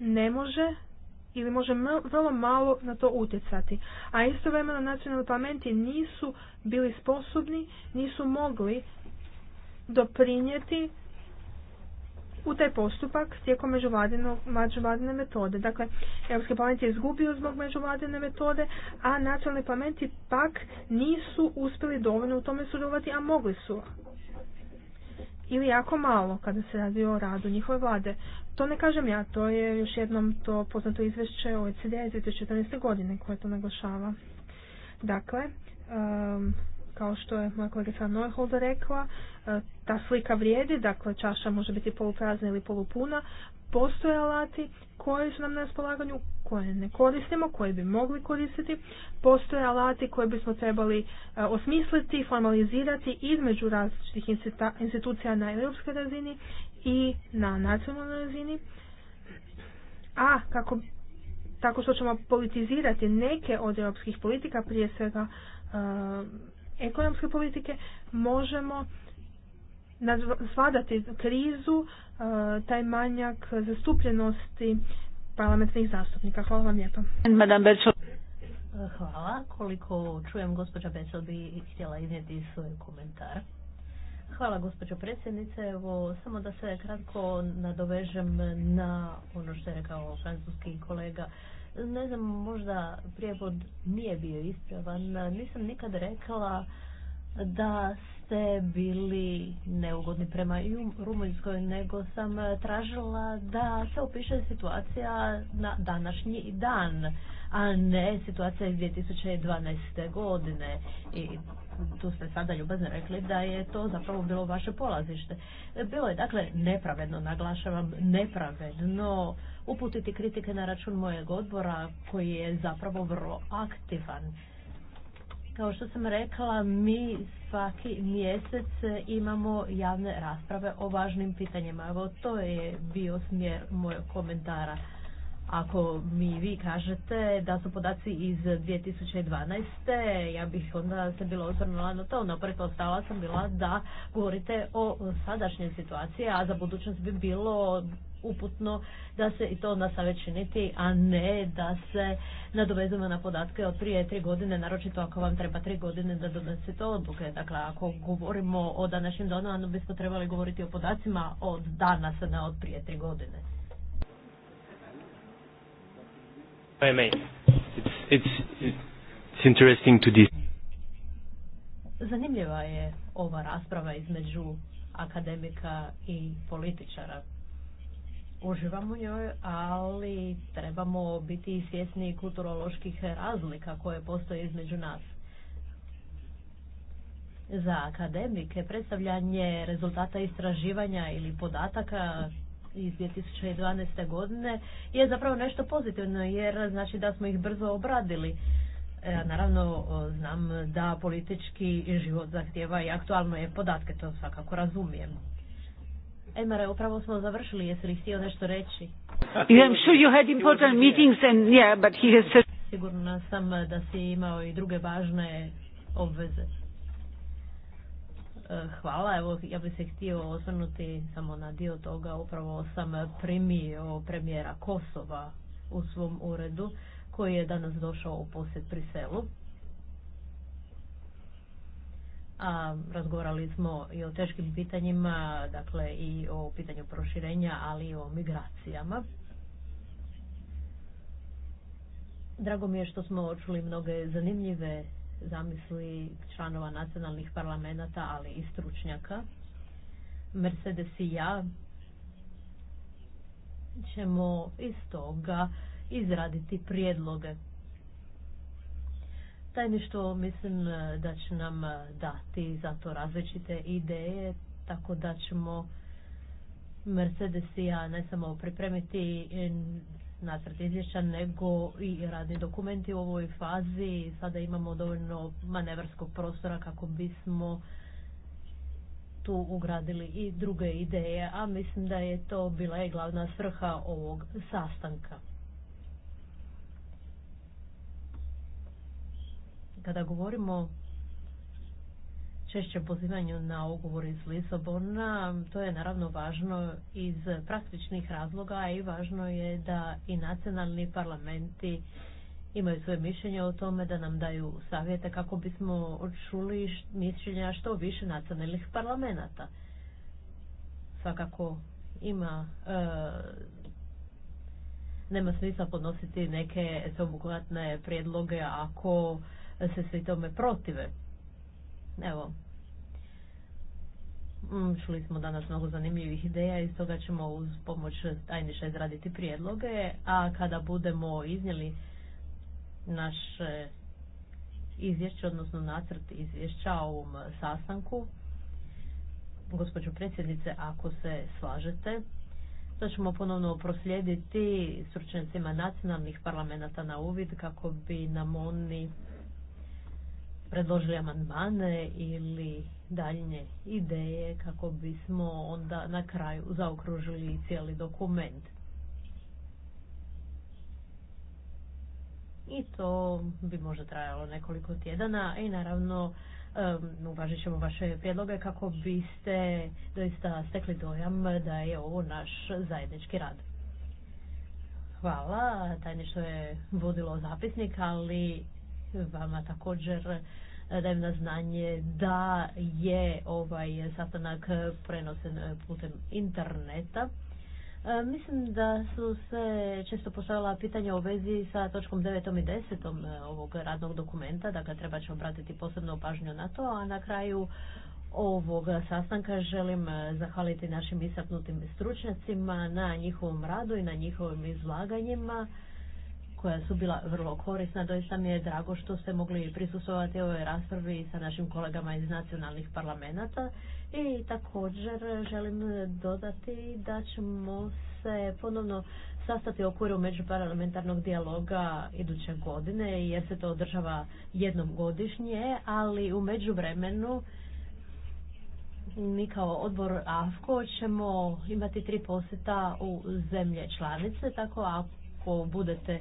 ne može ili može vrlo malo na to utjecati. A istovremeno nacionalni parlamenti nisu bili sposobni, nisu mogli doprinijeti u taj postupak tijekom međuvladine metode. Dakle, Europski parlament je izgubio zbog međuvladine metode, a nacionalni parlamenti pak nisu uspjeli dovoljno u tome sudjelovati, a mogli su ili jako malo kada se radi o radu njihove vlade. To ne kažem ja, to je još jednom to poznato izvješće OECD-a iz 2014. godine koje to naglašava. Dakle, kao što je moja kolegica Neuholda rekla, eh, ta slika vrijedi, dakle čaša može biti poluprazna ili polupuna, postoje alati koji su nam na raspolaganju, koje ne koristimo, koje bi mogli koristiti. Postoje alati koje bismo trebali e, osmisliti, formalizirati između različitih institucija na europskoj razini i na nacionalnoj razini. A kako tako što ćemo politizirati neke od europskih politika, prije svega e, ekonomske politike, možemo svadati krizu, e, taj manjak zastupljenosti parlamentnih zastupnika. Hvala vam lijepa. E, hvala. Koliko čujem, gospođa Besel bi htjela iznijeti svoj komentar. Hvala gospođo predsjednice. Evo, samo da se kratko nadovežem na ono što je rekao francuski kolega. Ne znam, možda prijevod nije bio ispravan. Nisam nikad rekla da ste bili neugodni prema Rumunjskoj, nego sam tražila da se opiše situacija na današnji dan, a ne situacija iz 2012. godine. I tu ste sada ljubazno rekli da je to zapravo bilo vaše polazište. Bilo je dakle nepravedno, naglašavam nepravedno, uputiti kritike na račun mojeg odbora koji je zapravo vrlo aktivan kao što sam rekla, mi svaki mjesec imamo javne rasprave o važnim pitanjima. Evo, to je bio smjer mojeg komentara. Ako mi vi kažete da su podaci iz 2012. ja bih onda se bila osvrnula na to, no ostala sam bila da govorite o sadašnjoj situaciji, a za budućnost bi bilo uputno da se i to već činiti, a ne da se nadovezujemo na podatke od prije tri godine, naročito ako vam treba tri godine da donesete odluke. Dakle, ako govorimo o današnjem danu, bismo trebali govoriti o podacima od danas, a ne od prije tri godine. Zanimljiva je ova rasprava između akademika i političara uživamo njoj, ali trebamo biti svjesni kulturoloških razlika koje postoje između nas. Za akademike predstavljanje rezultata istraživanja ili podataka iz 2012. godine je zapravo nešto pozitivno jer znači da smo ih brzo obradili. E, naravno znam da politički život zahtjeva i aktualno je podatke, to svakako razumijem. Emare, upravo smo završili, jesi li htio nešto reći? I'm sure you had important meetings and yeah, but he has Sigurno sam da si imao i druge važne obveze. E, hvala, evo ja bih se htio osvrnuti samo na dio toga, upravo sam primio premijera Kosova u svom uredu koji je danas došao u posjet selu a razgovarali smo i o teškim pitanjima, dakle i o pitanju proširenja, ali i o migracijama. Drago mi je što smo očuli mnoge zanimljive zamisli članova nacionalnih parlamenta, ali i stručnjaka. Mercedes i ja ćemo iz toga izraditi prijedloge Tajništvo mislim e, da će nam e, dati za to različite ideje, tako da ćemo Mercedes i ja ne samo pripremiti nacrt izvješća, nego i radni dokumenti u ovoj fazi. Sada imamo dovoljno manevrskog prostora kako bismo tu ugradili i druge ideje, a mislim da je to bila i glavna svrha ovog sastanka. Kada govorimo češće pozivanju na ugovor iz Lisabona, to je naravno važno iz praktičnih razloga i važno je da i nacionalni parlamenti imaju svoje mišljenje o tome da nam daju savjete kako bismo čuli mišljenja što više nacionalnih parlamenta. Svakako ima e, nema smisla podnositi neke sveobuhvatne prijedloge ako se svi tome protive. Evo, mm, Čuli smo danas mnogo zanimljivih ideja i stoga ćemo uz pomoć tajniša izraditi prijedloge, a kada budemo iznijeli naš izvješće, odnosno nacrt izvješća o ovom sastanku, gospođo predsjednice, ako se slažete, to ćemo ponovno proslijediti stručnjacima nacionalnih parlamenta na uvid kako bi nam oni predložili amandmane ili daljnje ideje kako bismo onda na kraju zaokružili cijeli dokument. I to bi možda trajalo nekoliko tjedana i naravno uvažit ćemo vaše prijedloge kako biste doista stekli dojam da je ovo naš zajednički rad. Hvala, tajništvo je vodilo zapisnik, ali Vama također eh, dajem na znanje da je ovaj sastanak prenosen eh, putem interneta. Eh, mislim da su se često postavila pitanja u vezi sa točkom 9. i 10. ovog radnog dokumenta, dakle treba ćemo obratiti posebno pažnju na to, a na kraju ovog sastanka želim zahvaliti našim istaknutim stručnjacima na njihovom radu i na njihovim izlaganjima koja su bila vrlo korisna. Doista mi je drago što ste mogli prisustovati ovoj raspravi sa našim kolegama iz nacionalnih parlamenta i također želim dodati da ćemo se ponovno sastati u okviru međuparlamentarnog dijaloga iduće godine jer se to održava jednom godišnje, ali u međuvremenu mi kao odbor AFKO ćemo imati tri posjeta u zemlje članice, tako ako budete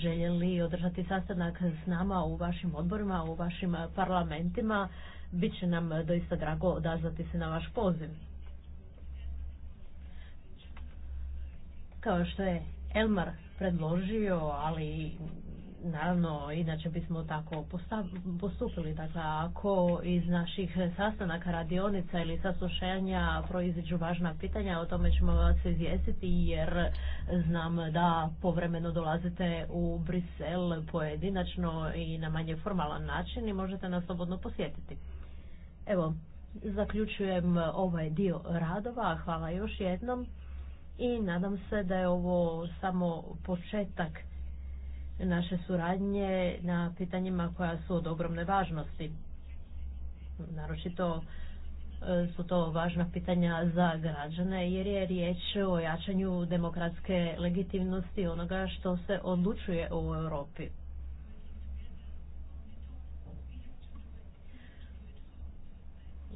željeli održati sastanak s nama u vašim odborima, u vašim parlamentima. Biće nam doista drago odazvati se na vaš poziv. Kao što je Elmar predložio, ali Naravno, inače bismo tako postupili. Dakle, ako iz naših sastanaka, radionica ili saslušanja proiziđu važna pitanja, o tome ćemo vas izvijestiti jer znam da povremeno dolazite u Brisel pojedinačno i na manje formalan način i možete nas slobodno posjetiti. Evo, zaključujem ovaj dio radova. Hvala još jednom i nadam se da je ovo samo početak naše suradnje na pitanjima koja su od ogromne važnosti. Naročito e, su to važna pitanja za građane jer je riječ o jačanju demokratske legitimnosti onoga što se odlučuje u Europi.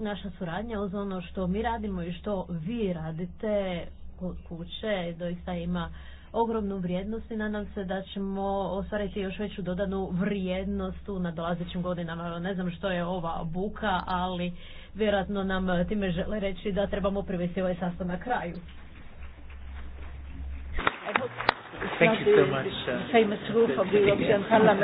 Naša suradnja uz ono što mi radimo i što vi radite kod kuće doista ima ogromnu vrijednost i nadam se da ćemo ostvariti još veću dodanu vrijednost u nadolazećim godinama. Ne znam što je ova buka, ali vjerojatno nam time žele reći da trebamo privesti ovaj sastav na kraju. Thank you so much. Uh, Famous roof the